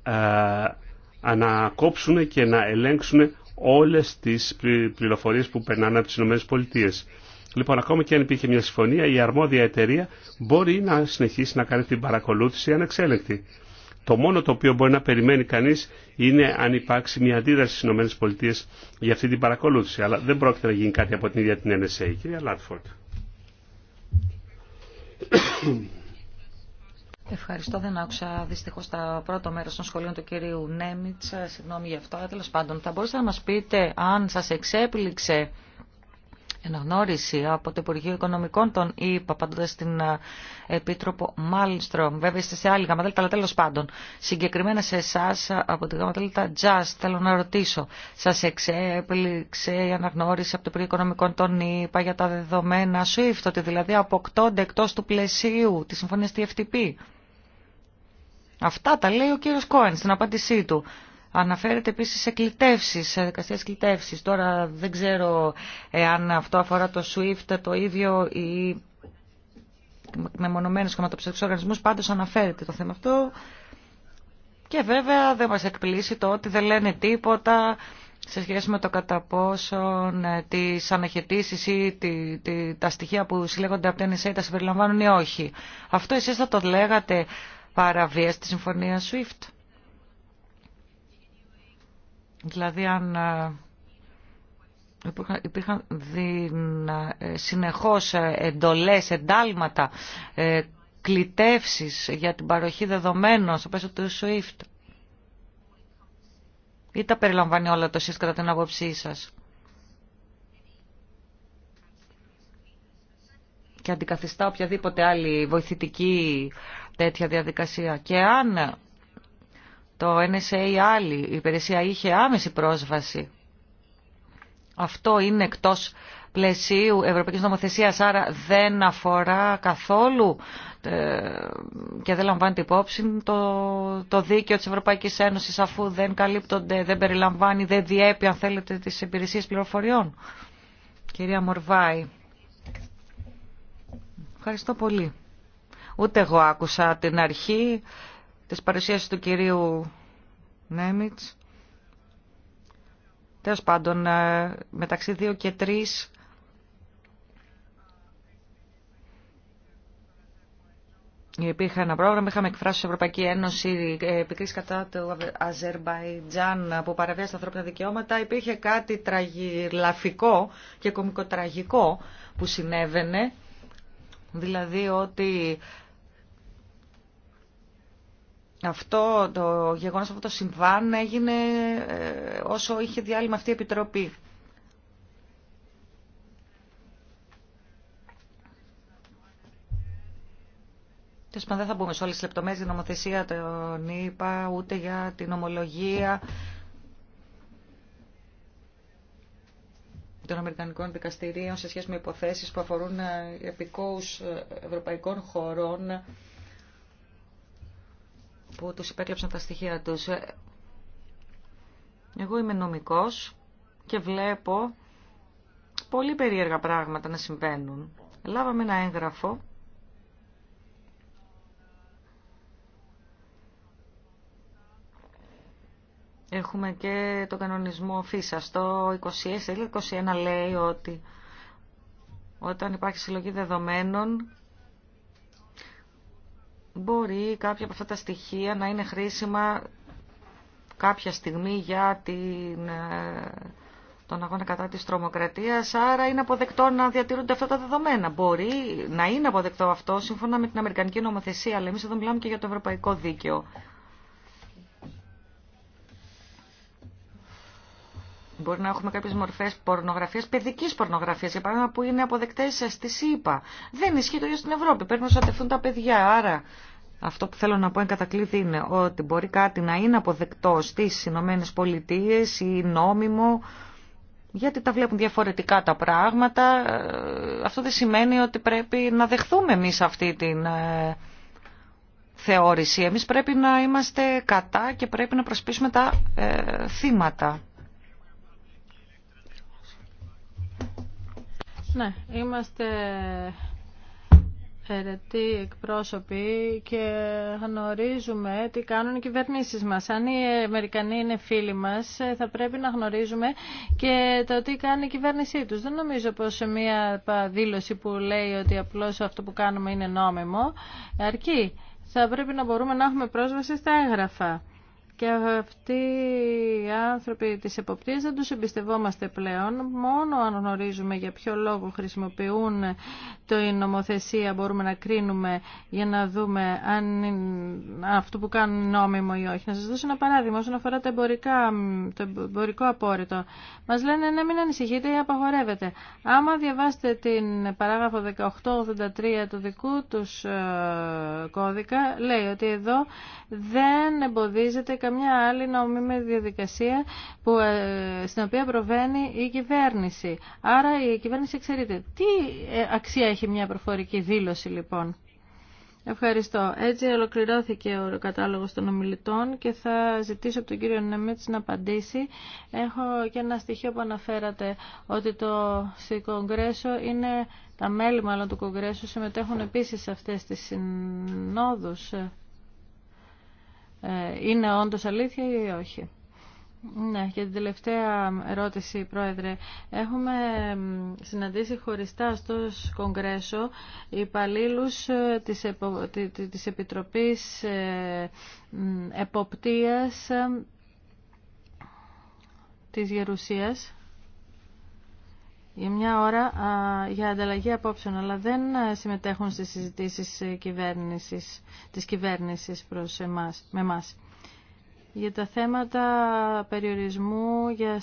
ε, ανακόψουν και να ελέγξουν όλες τις πληροφορίες που περνάνε από τις Πολιτείε. Λοιπόν, ακόμα και αν υπήρχε μια συμφωνία, η αρμόδια εταιρεία μπορεί να συνεχίσει να κάνει την παρακολούθηση ανεξέλεγκτη. Το μόνο το οποίο μπορεί να περιμένει κανείς είναι αν υπάρξει μια αντίδραση στι ΗΠΑ για αυτή την παρακολούθηση. Αλλά δεν πρόκειται να γίνει κάτι από την ίδια την NSA. Κυρία Λάτφορντ. Ευχαριστώ. Δεν άκουσα δυστυχώ τα πρώτο μέρο των σχολείων του κυρίου Νέμιτσα. Συγγνώμη γι' αυτό. Τέλο πάντων, θα μπορούσατε να μα πείτε αν σα εξέπληξε αναγνώριση από το Υπουργείο Οικονομικών των είπα παντώντα στην ε, Επίτροπο Μάλστρομ. Βέβαια είστε σε άλλη γαματέλτα, αλλά τέλο πάντων. Συγκεκριμένα σε εσά από τη γαματέλτα Jazz, θέλω να ρωτήσω. Σα εξέπληξε η αναγνώριση από το Υπουργείο Οικονομικών των ΗΠΑ για τα δεδομένα SWIFT, ότι δηλαδή αποκτώνται εκτό του πλαισίου τη συμφωνία TFTP. Αυτά τα λέει ο κύριο Κόεν στην απάντησή του. Αναφέρεται επίσης σε κλητεύσεις, σε δικασίες κλητεύσεις. Τώρα δεν ξέρω ε, αν αυτό αφορά το SWIFT το ίδιο ή με μονομένους χρηματοψηφικούς οργανισμούς. Πάντως αναφέρεται το θέμα αυτό. Και βέβαια δεν μας εκπλήσει το ότι δεν λένε τίποτα σε σχέση με το κατά πόσον ε, τις αναχαιτήσεις ή τη, τα στοιχεία που συλλέγονται από την NSA τα συμπεριλαμβάνουν ή όχι. Αυτό εσείς θα το λέγατε παραβίαση της συμφωνίας SWIFT. Δηλαδή αν ε, υπήρχαν ε, συνεχώς ε, εντολές, εντάλματα, κλητεύσεις για την παροχή δεδομένων στο πέσο του SWIFT. Ή τα περιλαμβάνει όλα το εσείς κατά την άποψή σας. Και αντικαθιστά οποιαδήποτε άλλη βοηθητική τέτοια διαδικασία. Και αν το NSA ή άλλη η υπηρεσία είχε άμεση πρόσβαση. Αυτό είναι εκτός πλαισίου Ευρωπαϊκής Νομοθεσίας, άρα δεν αφορά καθόλου ε, και δεν λαμβάνεται υπόψη το, το δίκαιο της Ευρωπαϊκής Ένωσης αφού δεν καλύπτονται, δεν περιλαμβάνει, δεν διέπει αν θέλετε τις υπηρεσίες πληροφοριών. Κυρία Μορβάη, ευχαριστώ πολύ. Ούτε εγώ άκουσα την αρχή της παρουσίασης του κυρίου Νέμιτς. Τέλος πάντων, ε, μεταξύ 2 και 3 Υπήρχε ένα πρόγραμμα, είχαμε εκφράσει στην Ευρωπαϊκή Ένωση ε, επικρίσεις κατά του Αζερμπαϊτζάν ε, που παραβιάζει τα ανθρώπινα δικαιώματα. Υπήρχε κάτι τραγιλαφικό και κομικοτραγικό που συνέβαινε. Δηλαδή ότι αυτό το γεγονός, αυτό το συμβάν έγινε ε, όσο είχε διάλειμμα αυτή η Επιτροπή. Τέλο δεν θα μπούμε σε όλε τι λεπτομέρειε για νομοθεσία είπα, ούτε για την ομολογία των Αμερικανικών δικαστηρίων σε σχέση με υποθέσεις που αφορούν ε, επικόους ε, ευρωπαϊκών χωρών που τους υπέκλεψαν τα στοιχεία τους. Εγώ είμαι νομικός και βλέπω πολύ περίεργα πράγματα να συμβαίνουν. Λάβαμε ένα έγγραφο Έχουμε και το κανονισμό ΦΙΣΑ. Στο 2021 21 λέει ότι όταν υπάρχει συλλογή δεδομένων μπορεί κάποια από αυτά τα στοιχεία να είναι χρήσιμα κάποια στιγμή για την, ε, τον αγώνα κατά της τρομοκρατίας, άρα είναι αποδεκτό να διατηρούνται αυτά τα δεδομένα. Μπορεί να είναι αποδεκτό αυτό σύμφωνα με την Αμερικανική νομοθεσία, αλλά εμείς εδώ μιλάμε και για το ευρωπαϊκό δίκαιο. Μπορεί να έχουμε κάποιες μορφές πορνογραφίας, παιδικής πορνογραφίας, για παράδειγμα, που είναι αποδεκτές στη ΣΥΠΑ. Δεν ισχύει το ίδιο στην Ευρώπη. Πρέπει να σωτευτούν τα παιδιά. Άρα αυτό που θέλω να πω εν κατακλείδη είναι ότι μπορεί κάτι να είναι αποδεκτό στις Ηνωμένε Πολιτείε ή νόμιμο, γιατί τα βλέπουν διαφορετικά τα πράγματα. Ε, αυτό δεν σημαίνει ότι πρέπει να δεχθούμε εμείς αυτή την ε, θεώρηση. Εμείς πρέπει να είμαστε κατά και πρέπει να προσπίσουμε τα ε, θύματα. Ναι, είμαστε αιρετοί εκπρόσωποι και γνωρίζουμε τι κάνουν οι κυβερνήσεις μας. Αν οι Αμερικανοί είναι φίλοι μας, θα πρέπει να γνωρίζουμε και το τι κάνει η κυβέρνησή τους. Δεν νομίζω πως σε μια δήλωση που λέει ότι απλώς αυτό που κάνουμε είναι νόμιμο αρκεί. Θα πρέπει να μπορούμε να έχουμε πρόσβαση στα έγγραφα. Και αυτοί οι άνθρωποι της εποπτείας δεν τους εμπιστευόμαστε πλέον. Μόνο αν γνωρίζουμε για ποιο λόγο χρησιμοποιούν το νομοθεσία μπορούμε να κρίνουμε για να δούμε αν αυτό που κάνουν νόμιμο ή όχι. Να σας δώσω ένα παράδειγμα όσον αφορά το εμπορικό απόρριτο. Μας λένε να μην ανησυχείτε ή απαγορεύετε. Άμα διαβάσετε την παράγραφο 1883 του δικού τους ε, κώδικα, λέει ότι εδώ δεν εμποδίζεται καμιά άλλη νομίμη διαδικασία που, ε, στην οποία προβαίνει η κυβέρνηση. Άρα η κυβέρνηση εξαιρείται. Τι ε, αξία έχει μια προφορική δήλωση λοιπόν. Ευχαριστώ. Έτσι ολοκληρώθηκε ο κατάλογος των ομιλητών και θα ζητήσω από τον κύριο Νέμιτς να απαντήσει. Έχω και ένα στοιχείο που αναφέρατε ότι το στο είναι τα μέλη μάλλον του Κογκρέσου συμμετέχουν επίσης σε αυτές τις συνόδους. Ε, είναι όντως αλήθεια ή όχι. Ναι, για την τελευταία ερώτηση, Πρόεδρε. Έχουμε συναντήσει χωριστά στο Κογκρέσο υπαλλήλου ε, της, Επο... της Επιτροπής ε, Εποπτείας της Γερουσίας για μια ώρα για ανταλλαγή απόψεων, αλλά δεν συμμετέχουν στις συζητήσεις ε, κυβέρνησης, της κυβέρνησης προς εμάς, με εμάς. Για τα θέματα περιορισμού για,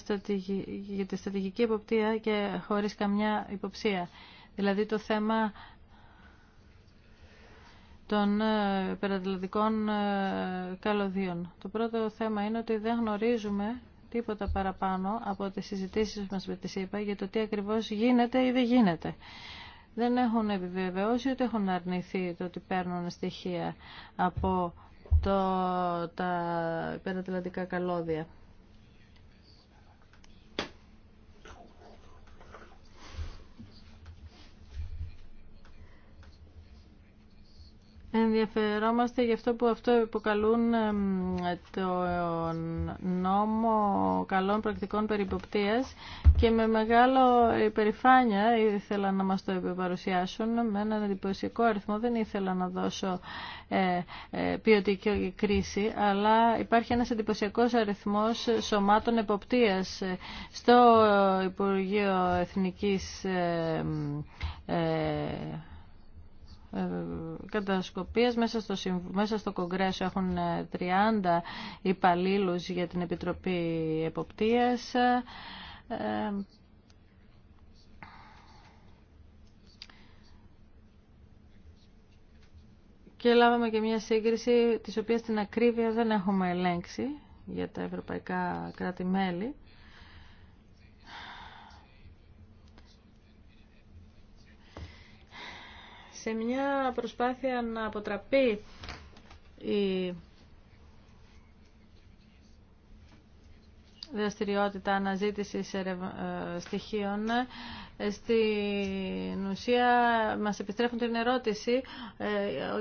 τη στρατηγική υποπτία και χωρίς καμιά υποψία. Δηλαδή το θέμα των ε, ε καλωδίων. Το πρώτο θέμα είναι ότι δεν γνωρίζουμε τίποτα παραπάνω από τις συζητήσεις μας με τη για το τι ακριβώς γίνεται ή δεν γίνεται. Δεν έχουν επιβεβαιώσει ούτε έχουν αρνηθεί το ότι παίρνουν στοιχεία από το, τα υπερατλαντικά καλώδια. Ενδιαφερόμαστε γι' αυτό που αυτό υποκαλούν το νόμο καλών πρακτικών περιποπτείας και με μεγάλο υπερηφάνεια ήθελα να μας το παρουσιάσουν με έναν εντυπωσιακό αριθμό. Δεν ήθελα να δώσω ε, ε, ποιοτική κρίση, αλλά υπάρχει ένας εντυπωσιακό αριθμός σωμάτων εποπτείας στο Υπουργείο Εθνικής ε, ε, κατασκοπίας μέσα στο, μέσα στο έχουν 30 ε, υπαλλήλου για την Επιτροπή Εποπτείας ε, και λάβαμε και μια σύγκριση της οποίας την ακρίβεια δεν έχουμε ελέγξει για τα ευρωπαϊκά κράτη-μέλη σε μια προσπάθεια να αποτραπεί η δραστηριότητα αναζήτησης ε, στοιχείων στην ουσία μας επιστρέφουν την ερώτηση ε,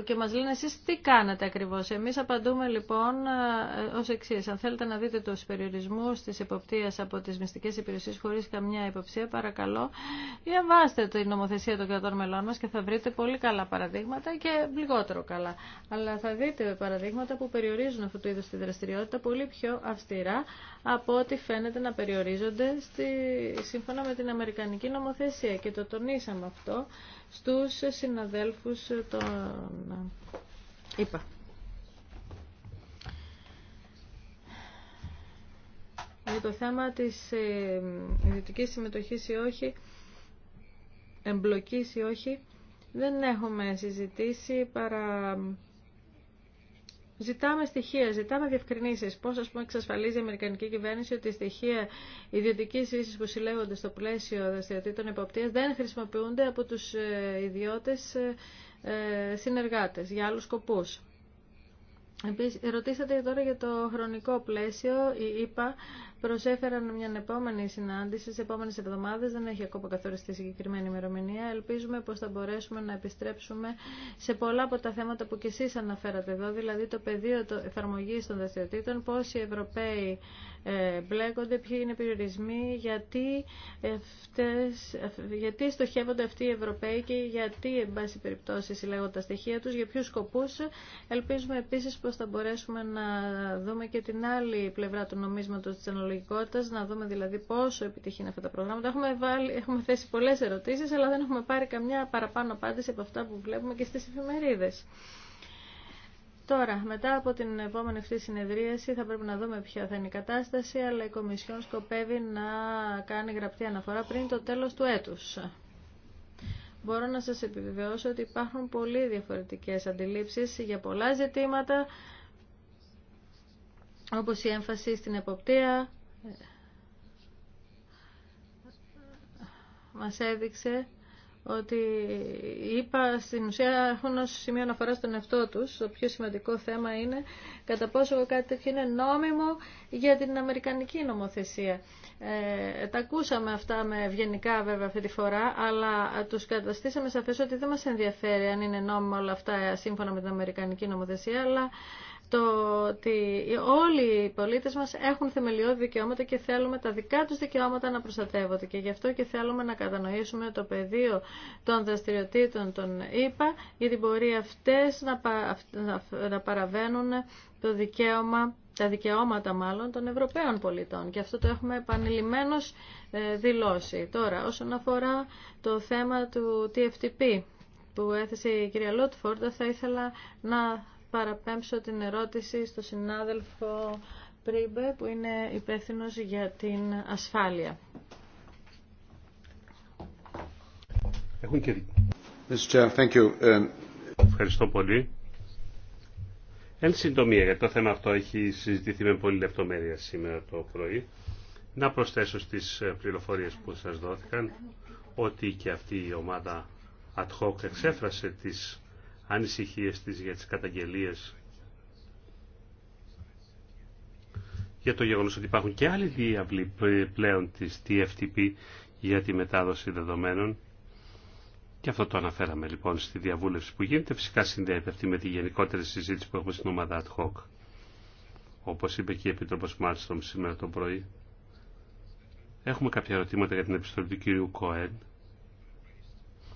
και μας λένε εσείς τι κάνατε ακριβώς. Εμείς απαντούμε λοιπόν ε, ως εξή. Αν θέλετε να δείτε τους περιορισμούς της εποπτείας από τις μυστικές υπηρεσίες χωρίς καμιά υποψία, παρακαλώ διαβάστε την νομοθεσία των κρατών μελών μας και θα βρείτε πολύ καλά παραδείγματα και λιγότερο καλά. Αλλά θα δείτε παραδείγματα που περιορίζουν αυτού του είδους τη δραστηριότητα πολύ πιο αυστηρά από ό,τι φαίνεται να περιορίζονται στη, σύμφωνα με την Αμερικανική νομοθεσία και το τονίσαμε αυτό στους συναδέλφους των ΕΠΑ. Για το θέμα της ε, ιδιωτικής συμμετοχής ή όχι, εμπλοκής ή όχι, δεν έχουμε συζητήσει παρά Ζητάμε στοιχεία, ζητάμε διευκρινήσει. Πώ, α πούμε, εξασφαλίζει η Αμερικανική κυβέρνηση ότι οι στοιχεία ιδιωτική ίση που συλλέγονται στο πλαίσιο δραστηριοτήτων υποπτία δεν χρησιμοποιούνται από του ε, ιδιώτε ε, συνεργάτε για άλλου σκοπού. Επίση, ρωτήσατε τώρα για το χρονικό πλαίσιο. Η ΕΠΑ προσέφεραν μια επόμενη συνάντηση σε επόμενε εβδομάδε. Δεν έχει ακόμα καθοριστεί συγκεκριμένη ημερομηνία. Ελπίζουμε πω θα μπορέσουμε να επιστρέψουμε σε πολλά από τα θέματα που κι εσεί αναφέρατε εδώ, δηλαδή το πεδίο εφαρμογή των δραστηριοτήτων, πώ οι Ευρωπαίοι ε, μπλέκονται, ποιοι είναι οι περιορισμοί, γιατί, αυτές, γιατί στοχεύονται αυτοί οι Ευρωπαίοι και γιατί, εν πάση περιπτώσει, συλλέγονται τα στοιχεία του για ποιου σκοπού. Ελπίζουμε επίση πω θα μπορέσουμε να δούμε και την άλλη πλευρά του νομίσματο τη να δούμε δηλαδή πόσο επιτυχή είναι αυτά τα προγράμματα. Έχουμε, βάλει, έχουμε θέσει πολλέ ερωτήσει, αλλά δεν έχουμε πάρει καμιά παραπάνω απάντηση από αυτά που βλέπουμε και στι εφημερίδε. Τώρα, μετά από την επόμενη αυτή συνεδρίαση θα πρέπει να δούμε ποια θα είναι η κατάσταση, αλλά η Κομισιόν σκοπεύει να κάνει γραπτή αναφορά πριν το τέλος του έτους. Μπορώ να σας επιβεβαιώσω ότι υπάρχουν πολύ διαφορετικές αντιλήψεις για πολλά ζητήματα, όπως η έμφαση στην εποπτεία, μας έδειξε ότι είπα στην ουσία έχουν ως σημείο αναφορά στον εαυτό τους. Το πιο σημαντικό θέμα είναι κατά πόσο κάτι τέτοιο είναι νόμιμο για την Αμερικανική νομοθεσία. Ε, τα ακούσαμε αυτά με ευγενικά βέβαια αυτή τη φορά, αλλά τους καταστήσαμε σαφές ότι δεν μας ενδιαφέρει αν είναι νόμιμο όλα αυτά ε, σύμφωνα με την Αμερικανική νομοθεσία, αλλά το ότι όλοι οι πολίτες μας έχουν θεμελιώδη δικαιώματα και θέλουμε τα δικά τους δικαιώματα να προστατεύονται και γι' αυτό και θέλουμε να κατανοήσουμε το πεδίο των δραστηριοτήτων των ΙΠΑ γιατί μπορεί αυτές να παραβαίνουν το δικαίωμα τα δικαιώματα μάλλον των Ευρωπαίων πολιτών και αυτό το έχουμε επανειλημμένως ε, δηλώσει. Τώρα, όσον αφορά το θέμα του TFTP που έθεσε η κυρία Λότφορντα θα ήθελα να παραπέμψω την ερώτηση στο συνάδελφο Πρίμπε που είναι υπεύθυνο για την ασφάλεια. Έχουν και... Um, Ευχαριστώ πολύ. Εν συντομία, γιατί το θέμα αυτό έχει συζητηθεί με πολύ λεπτομέρεια σήμερα το πρωί, να προσθέσω στις ε, πληροφορίες που σας δόθηκαν ότι και αυτή η ομάδα ad hoc εξέφρασε τις ανησυχίες της για τις καταγγελίες για το γεγονός ότι υπάρχουν και άλλοι διάβλοι πλέον της TFTP για τη μετάδοση δεδομένων. Και αυτό το αναφέραμε λοιπόν στη διαβούλευση που γίνεται. Φυσικά συνδέεται αυτή με τη γενικότερη συζήτηση που έχουμε στην ομάδα ad hoc. Όπως είπε και η Επίτροπος Μάλιστον σήμερα το πρωί. Έχουμε κάποια ερωτήματα για την επιστολή του κ. Κοέν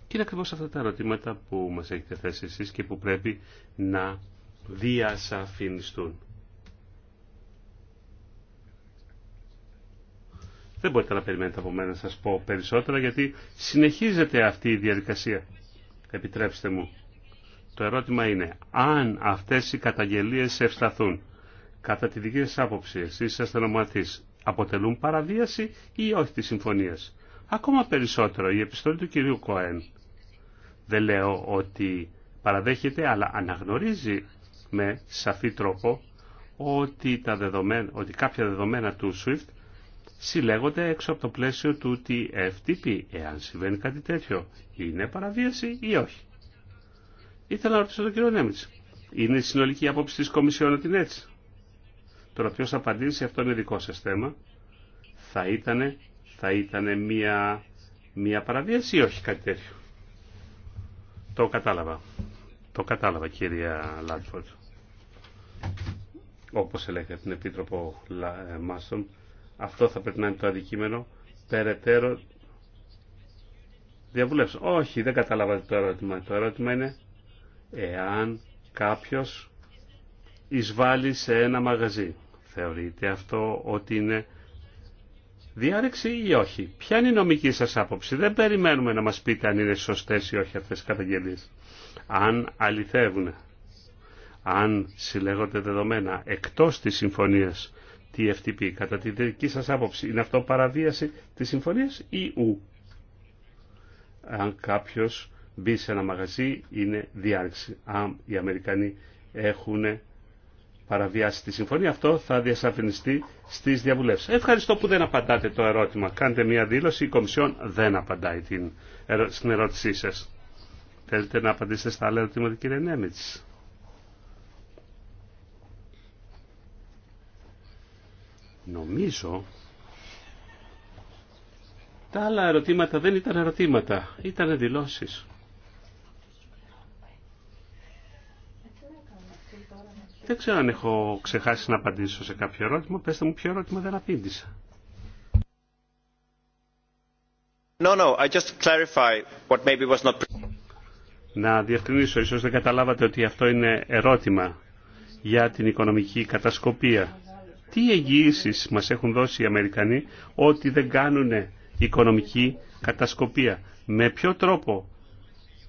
και είναι ακριβώς αυτά τα ερωτήματα που μας έχετε θέσει εσείς και που πρέπει να διασαφινιστούν. Δεν μπορείτε να περιμένετε από μένα να σας πω περισσότερα γιατί συνεχίζεται αυτή η διαδικασία. Επιτρέψτε μου. Το ερώτημα είναι αν αυτές οι καταγγελίες ευσταθούν κατά τη δική σας άποψη, εσείς είσαστε νοματής, αποτελούν παραβίαση της συμφωνίας. Ακόμα περισσότερο η οχι τη συμφωνιας ακομα περισσοτερο η επιστολη του κυρίου Κοέν δεν λέω ότι παραδέχεται, αλλά αναγνωρίζει με σαφή τρόπο ότι, τα δεδομένα, ότι κάποια δεδομένα του SWIFT συλλέγονται έξω από το πλαίσιο του TFTP. Εάν συμβαίνει κάτι τέτοιο, είναι παραβίαση ή όχι. Ήθελα να ρωτήσω τον κύριο Νέμιτς. Είναι η συνολική άποψη της Κομισιόν ότι είναι έτσι. Τώρα ποιος θα απαντήσει, αυτό είναι δικό σας θέμα. Θα ήταν, μια, μια παραβίαση ή όχι κάτι τέτοιο. Το κατάλαβα. Το κατάλαβα κυρία Λάτφορτ. Όπως ελέγχεται την Επίτροπο ε, Μάστον, αυτό θα πρέπει να είναι το αντικείμενο περαιτέρω διαβουλεύσεων. Όχι, δεν κατάλαβα το ερώτημα. Το ερώτημα είναι εάν κάποιος εισβάλλει σε ένα μαγαζί. Θεωρείται αυτό ότι είναι Διάρεξη η νομική σας άποψη. Δεν περιμένουμε να μας πείτε αν είναι σωστές ή όχι αυτές οι καταγγελίες. Αν αληθεύουν, αν συλλέγονται δεδομένα εκτός της συμφωνίας TFTP, κατά τη δική σας άποψη, είναι αυτό παραβίαση της συμφωνίας ή ου. Αν κάποιος μπει σε ένα μαγαζί είναι διάρρηξη. Αν οι Αμερικανοί έχουν παραβιάσει τη συμφωνία, αυτό θα διασαφινιστεί στι διαβουλεύσει. Ευχαριστώ που δεν απαντάτε το ερώτημα. Κάντε μία δήλωση, η Κομισιόν δεν απαντάει την, στην ερώτησή σα. Θέλετε να απαντήσετε στα άλλα ερωτήματα, κύριε Νέμιτ. Νομίζω τα άλλα ερωτήματα δεν ήταν ερωτήματα, ήταν δηλώσεις. Δεν ξέρω αν έχω ξεχάσει να απαντήσω σε κάποιο ερώτημα. Πετε μου ποιο ερώτημα δεν απήντησα. No, no, I just clarify what maybe was not... Να διευκρινίσω, ίσως δεν καταλάβατε ότι αυτό είναι ερώτημα για την οικονομική κατασκοπία. Τι εγγυήσει μας έχουν δώσει οι Αμερικανοί ότι δεν κάνουν οικονομική κατασκοπία. Με ποιο τρόπο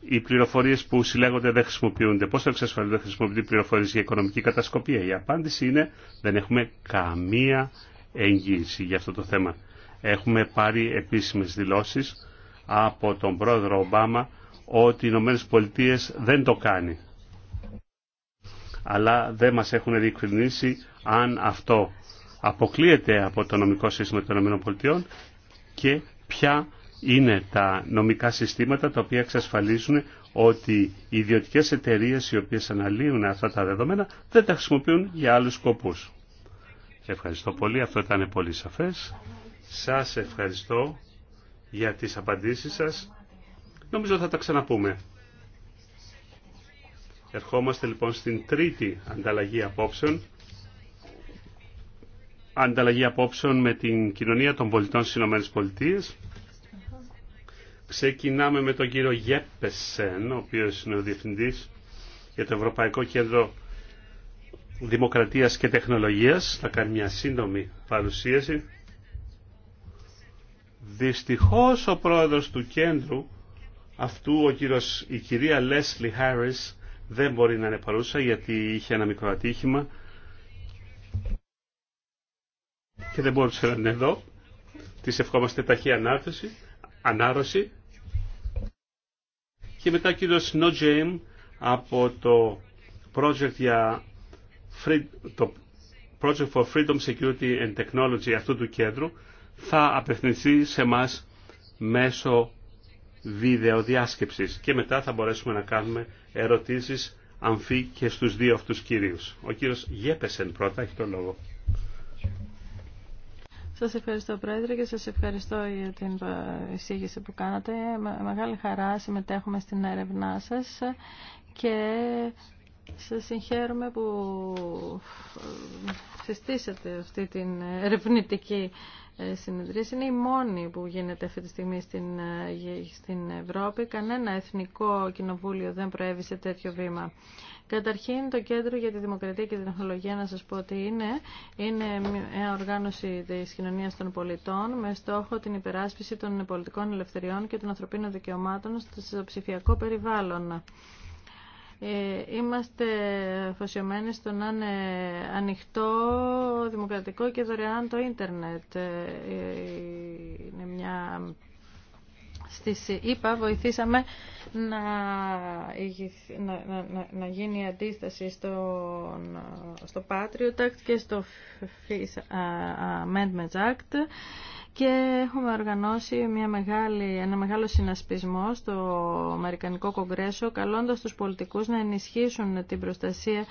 οι πληροφορίε που συλλέγονται δεν χρησιμοποιούνται. Πώ θα εξασφαλίσουμε ότι χρησιμοποιούνται πληροφορίε για οικονομική κατασκοπία. Η απάντηση είναι δεν έχουμε καμία εγγύηση για αυτό το θέμα. Έχουμε πάρει επίσημε δηλώσει από τον πρόεδρο Ομπάμα ότι οι Ηνωμένε Πολιτείε δεν το κάνει. Αλλά δεν μας έχουν διευκρινίσει αν αυτό αποκλείεται από το νομικό σύστημα των ΗΠΑ και ποια είναι τα νομικά συστήματα τα οποία εξασφαλίζουν ότι οι ιδιωτικές εταιρείες οι οποίες αναλύουν αυτά τα δεδομένα δεν τα χρησιμοποιούν για άλλους σκοπούς. Ευχαριστώ πολύ. Αυτό ήταν πολύ σαφές. Σας ευχαριστώ για τις απαντήσεις σας. Νομίζω θα τα ξαναπούμε. Ερχόμαστε λοιπόν στην τρίτη ανταλλαγή απόψεων. Ανταλλαγή απόψεων με την κοινωνία των πολιτών στις ΗΠΑ. Ξεκινάμε με τον κύριο Γέπεσεν, ο οποίος είναι ο Διευθυντής για το Ευρωπαϊκό Κέντρο Δημοκρατίας και Τεχνολογίας. Θα κάνει μια σύντομη παρουσίαση. Δυστυχώς ο πρόεδρος του κέντρου, αυτού ο κύριος, η κυρία Λέσλι Χάρις, δεν μπορεί να είναι παρούσα γιατί είχε ένα μικρό ατύχημα και δεν μπορούσε να είναι εδώ. Της ευχόμαστε ταχύ ανάρρωση. ανάρρωση. Και μετά ο κύριος Νότζεϊμ από το project για free, Project for Freedom, Security and Technology αυτού του κέντρου θα απευθυνθεί σε εμά μέσω βίντεο διάσκεψης και μετά θα μπορέσουμε να κάνουμε ερωτήσεις αμφί και στους δύο αυτούς κυρίους. Ο κύριος Γέπεσεν πρώτα έχει το λόγο. Σας ευχαριστώ Πρόεδρε και σας ευχαριστώ για την εισήγηση που κάνατε. Με μεγάλη χαρά συμμετέχουμε στην έρευνά σας και σας συγχαίρουμε που συστήσατε αυτή την ερευνητική ε, είναι η μόνη που γίνεται αυτή τη στιγμή στην, ε, στην Ευρώπη. Κανένα εθνικό κοινοβούλιο δεν προέβησε τέτοιο βήμα. Καταρχήν το Κέντρο για τη Δημοκρατία και την Τεχνολογία να σας πω ότι είναι, είναι μια οργάνωση της κοινωνίας των πολιτών με στόχο την υπεράσπιση των πολιτικών ελευθεριών και των ανθρωπίνων δικαιωμάτων στο ψηφιακό περιβάλλον. Ε, είμαστε φωσιωμένοι στο να είναι ανοιχτό, δημοκρατικό και δωρεάν το ίντερνετ. Ε, είναι μια... Στις ΕΠΑ βοηθήσαμε να, να, να, να γίνει αντίσταση στο, στο Patriot Act και στο Peace Amendments Act και έχουμε οργανώσει μια μεγάλη, ένα μεγάλο συνασπισμό στο Αμερικανικό Κογκρέσο καλώντας τους πολιτικούς να ενισχύσουν την προστασία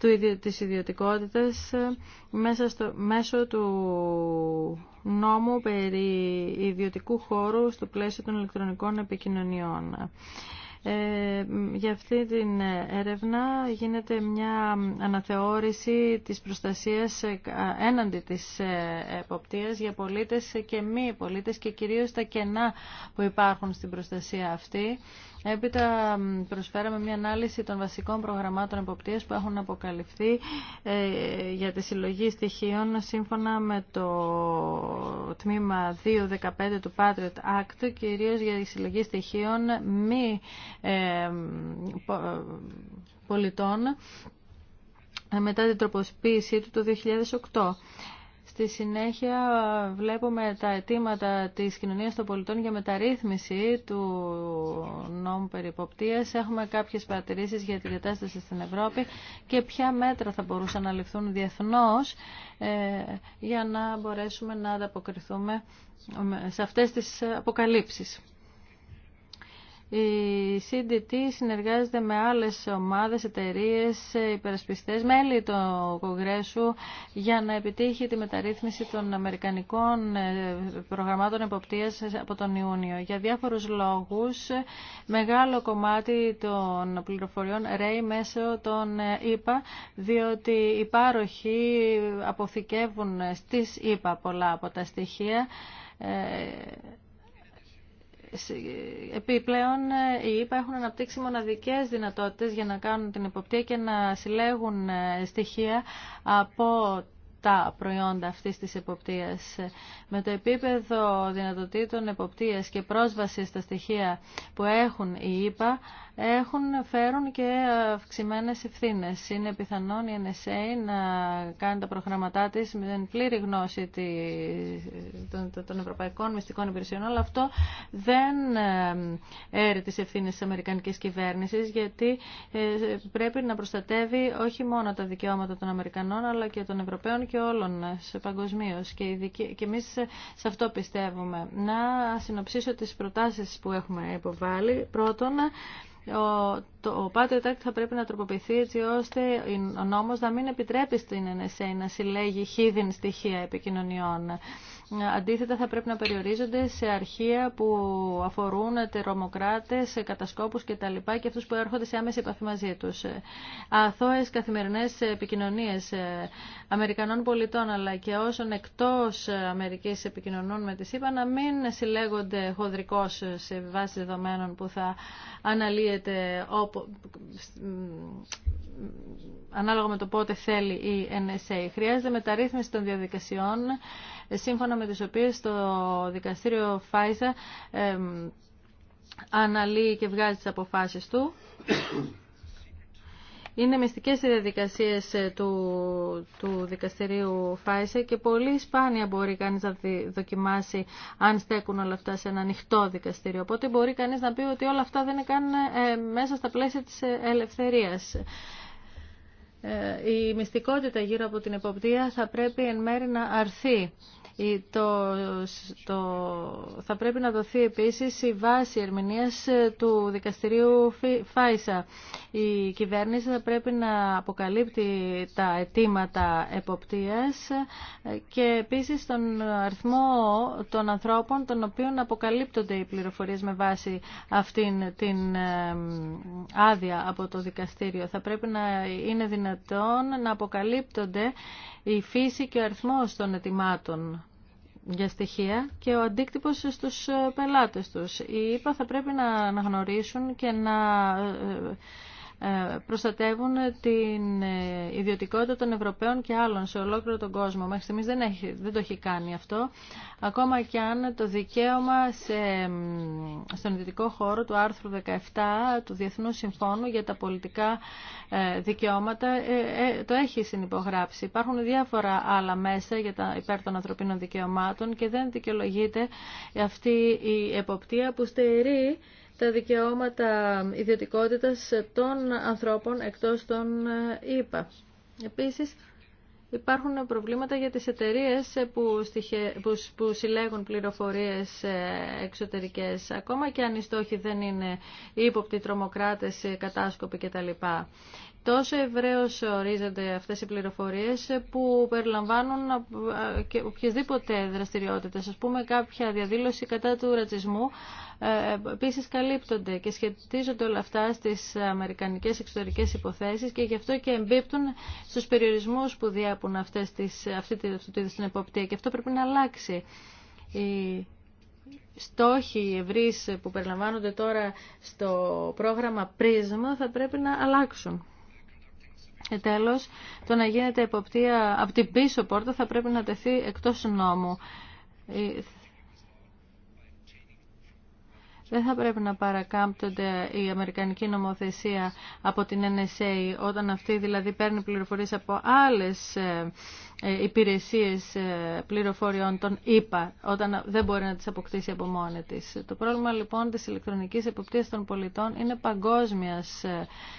του, της ιδιωτικότητας ε, μέσα στο, μέσω του νόμου περί ιδιωτικού χώρου στο πλαίσιο των ηλεκτρονικών επικοινωνιών. Ε, για αυτή την έρευνα γίνεται μια αναθεώρηση της προστασίας ε, έναντι της ε, εποπτείας για πολίτες και μη πολίτες και κυρίως τα κενά που υπάρχουν στην προστασία αυτή Έπειτα προσφέραμε μια ανάλυση των βασικών προγραμμάτων εποπτείας που έχουν αποκαλυφθεί ε, για τη συλλογή στοιχείων σύμφωνα με το τμήμα 2.15 του Patriot Act, κυρίως για τη συλλογή στοιχείων μη ε, ε, πολιτών μετά την τροποποίησή του το 2008. Στη συνέχεια βλέπουμε τα αιτήματα της κοινωνίας των πολιτών για μεταρρύθμιση του νόμου περιποπτείας. Έχουμε κάποιες παρατηρήσεις για την κατάσταση στην Ευρώπη και ποια μέτρα θα μπορούσαν να ληφθούν διεθνώς ε, για να μπορέσουμε να ανταποκριθούμε σε αυτές τις αποκαλύψεις η CDT συνεργάζεται με άλλες ομάδες, εταιρείες, υπερασπιστές, μέλη του Κογκρέσου για να επιτύχει τη μεταρρύθμιση των Αμερικανικών ε, προγραμμάτων εποπτείας από τον Ιούνιο. Για διάφορους λόγους, μεγάλο κομμάτι των πληροφοριών ρέει μέσω των ε, ΗΠΑ, διότι οι πάροχοι αποθηκεύουν στις ΗΠΑ πολλά από τα στοιχεία ε, Επιπλέον, οι ΙΠΑ έχουν αναπτύξει μοναδικές δυνατότητες για να κάνουν την εποπτεία και να συλλέγουν ε, στοιχεία από τα προϊόντα αυτής της εποπτείας. Με το επίπεδο δυνατοτήτων εποπτείας και πρόσβαση στα στοιχεία που έχουν οι ΙΠΑ, έχουν, φέρουν και αυξημένε ευθύνε. Είναι πιθανόν η NSA να κάνει τα προγραμματά τη με την πλήρη γνώση των, ευρωπαϊκών μυστικών υπηρεσιών, αλλά αυτό δεν ε, έρει τι ευθύνε τη αμερικανική κυβέρνηση, γιατί ε, πρέπει να προστατεύει όχι μόνο τα δικαιώματα των Αμερικανών, αλλά και των Ευρωπαίων και όλων παγκοσμίω. Και, και εμείς σε αυτό πιστεύουμε. Να συνοψίσω τι προτάσει που έχουμε υποβάλει. Πρώτον, ο, το, ο θα πρέπει να τροποποιηθεί έτσι ώστε ο νόμος να μην επιτρέπει στην NSA να συλλέγει χίδιν στοιχεία επικοινωνιών. Αντίθετα θα πρέπει να περιορίζονται σε αρχεία που αφορούν τερομοκράτε, κατασκόπου κτλ. και αυτού που έρχονται σε άμεση επαφή μαζί τους. Αθώε καθημερινέ επικοινωνίε ε, Αμερικανών πολιτών αλλά και όσων εκτός αμερική επικοινωνούν με τη ΣΥΠΑ να μην συλλέγονται χοντρικώ σε βάση δεδομένων που θα αναλύεται ανάλογα με το πότε θέλει η NSA. Χρειάζεται μεταρρύθμιση των διαδικασιών σύμφωνα με τις οποίες το δικαστήριο Φάιζα αναλύει και βγάζει τις αποφάσεις του. Είναι μυστικές οι διαδικασίες ε, του, του δικαστηρίου Φάισε και πολύ σπάνια μπορεί κανείς να δοκιμάσει αν στέκουν όλα αυτά σε ένα ανοιχτό δικαστήριο. Οπότε μπορεί κανείς να πει ότι όλα αυτά δεν είναι καν ε, μέσα στα πλαίσια της ε, ελευθερίας. Ε, η μυστικότητα γύρω από την εποπτεία θα πρέπει εν μέρη να αρθεί. Το, θα πρέπει να δοθεί επίσης η βάση ερμηνείας ε, του δικαστηρίου ΦΑΙΣΑ. Η κυβέρνηση θα πρέπει να αποκαλύπτει τα αιτήματα εποπτείας ε, και επίσης τον αριθμό των ανθρώπων των οποίων αποκαλύπτονται οι πληροφορίες με βάση αυτήν την ε, άδεια από το δικαστήριο. Θα πρέπει να είναι δυνατόν να αποκαλύπτονται η φύση και ο αριθμός των ετοιμάτων για στοιχεία και ο αντίκτυπος στους ε, πελάτες τους. Οι ΙΠΑ θα πρέπει να αναγνωρίσουν και να ε, ε, ε, προστατεύουν την ε, ιδιωτικότητα των Ευρωπαίων και άλλων σε ολόκληρο τον κόσμο. Μέχρι στιγμής δεν, έχει, δεν το έχει κάνει αυτό, ακόμα και αν το δικαίωμα σε, στον ιδιωτικό χώρο του άρθρου 17 του Διεθνού Συμφώνου για τα πολιτικά ε, δικαιώματα το έχει συνυπογράψει. Υπάρχουν διάφορα άλλα μέσα για τα, υπέρ των ανθρωπίνων δικαιωμάτων και δεν δικαιολογείται αυτή η εποπτεία που στερεί τα δικαιώματα ιδιωτικότητας των ανθρώπων εκτός των ε, ΗΠΑ. Επίσης, υπάρχουν προβλήματα για τις εταιρείες που, συλλέγουν πληροφορίες ε, εξωτερικές, ακόμα και αν οι στόχοι δεν είναι ύποπτοι τρομοκράτες, ε, κατάσκοποι κτλ. Τόσο ευρέως ορίζονται αυτές οι πληροφορίες που περιλαμβάνουν και οποιασδήποτε δραστηριότητες. Ας πούμε κάποια διαδήλωση κατά του ρατσισμού ε, επίση καλύπτονται και σχετίζονται όλα αυτά στις αμερικανικές εξωτερικές υποθέσεις και γι' αυτό και εμπίπτουν στους περιορισμούς που διάπουν αυτές τις, αυτή τη εποπτεία και αυτό πρέπει να αλλάξει στόχοι ευρύς που περιλαμβάνονται τώρα στο πρόγραμμα PRISM θα πρέπει να αλλάξουν. Ε, τέλος, το να γίνεται εποπτεία από την πίσω πόρτα θα πρέπει να τεθεί εκτός νόμου ε, δεν θα πρέπει να παρακάμπτονται η Αμερικανική νομοθεσία από την NSA, όταν αυτή δηλαδή παίρνει πληροφορίες από άλλες ε, ε, υπηρεσίες ε, πληροφοριών των ΙΠΑ, όταν δεν μπορεί να τις αποκτήσει από μόνη της. Το πρόβλημα λοιπόν της ηλεκτρονικής εποπτείας των πολιτών είναι παγκόσμιας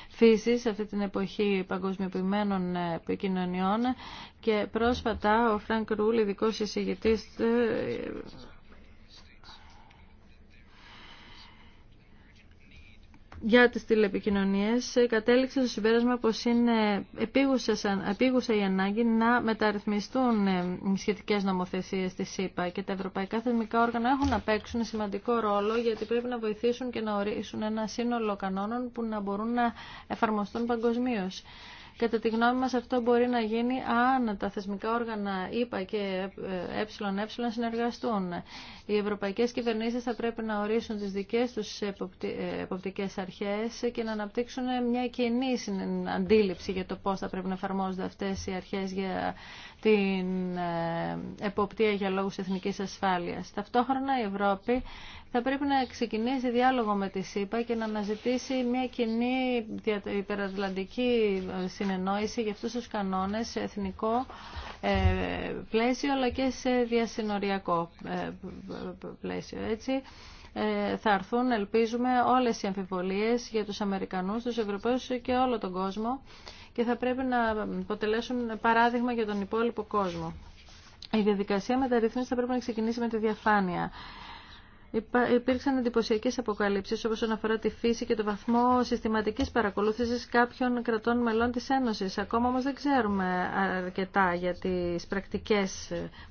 φύσης σε αυτή την εποχή παγκοσμιοποιημένων επικοινωνιών και πρόσφατα ο Φρανκ Ρούλ, ειδικός εισηγητής για τις τηλεπικοινωνίες ε, κατέληξε στο συμπέρασμα πως είναι επίγουσα η ανάγκη να μεταρρυθμιστούν ε, οι σχετικές νομοθεσίες της ΣΥΠΑ και τα ευρωπαϊκά θεσμικά όργανα έχουν να παίξουν σημαντικό ρόλο γιατί πρέπει να βοηθήσουν και να ορίσουν ένα σύνολο κανόνων που να μπορούν να εφαρμοστούν παγκοσμίω. Κατά τη γνώμη μας αυτό μπορεί να γίνει αν τα θεσμικά όργανα ΕΠΑ και ΕΕ συνεργαστούν. Οι ευρωπαϊκές κυβερνήσεις θα πρέπει να ορίσουν τις δικές τους εποπτικές αρχές και να αναπτύξουν μια κοινή αντίληψη για το πώς θα πρέπει να εφαρμόζονται αυτές οι αρχές για την ε, εποπτεία για λόγους εθνικής ασφάλειας. Ταυτόχρονα η Ευρώπη θα πρέπει να ξεκινήσει διάλογο με τη ΣΥΠΑ και να αναζητήσει μια κοινή υπερατλαντική ε, συνεννόηση για αυτούς τους κανόνες σε εθνικό ε, πλαίσιο αλλά και σε διασυνοριακό πλαίσιο. Έτσι, θα έρθουν, ελπίζουμε, όλες οι αμφιβολίες για τους Αμερικανούς, τους Ευρωπαίους και όλο τον κόσμο και θα πρέπει να αποτελέσουν παράδειγμα για τον υπόλοιπο κόσμο. Η διαδικασία μεταρρύθμισης θα πρέπει να ξεκινήσει με τη διαφάνεια. Υπήρξαν εντυπωσιακέ αποκαλύψει όσον αφορά τη φύση και το βαθμό συστηματική παρακολούθηση κάποιων κρατών μελών τη Ένωση. Ακόμα όμω δεν ξέρουμε αρκετά για τι πρακτικέ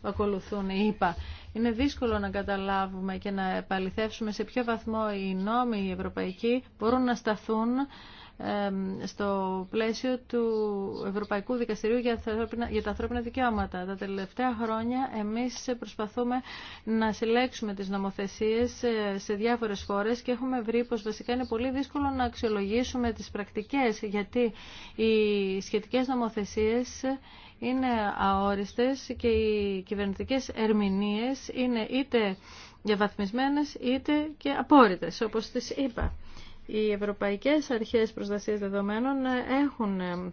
που ακολουθούν οι ΗΠΑ. Είναι δύσκολο να καταλάβουμε και να επαληθεύσουμε σε ποιο βαθμό οι νόμοι οι ευρωπαϊκοί μπορούν να σταθούν στο πλαίσιο του Ευρωπαϊκού Δικαστηρίου για τα ανθρώπινα δικαιώματα. Τα τελευταία χρόνια εμείς προσπαθούμε να συλλέξουμε τις νομοθεσίες ε, σε διάφορες χώρες και έχουμε βρει πως βασικά είναι πολύ δύσκολο να αξιολογήσουμε τις πρακτικές γιατί οι σχετικές νομοθεσίες είναι αόριστες και οι κυβερνητικές ερμηνείες είναι είτε διαβαθμισμένες είτε και απόρριτες όπως τις είπα. Οι Ευρωπαϊκές Αρχές Προστασίας Δεδομένων ε, έχουν ε,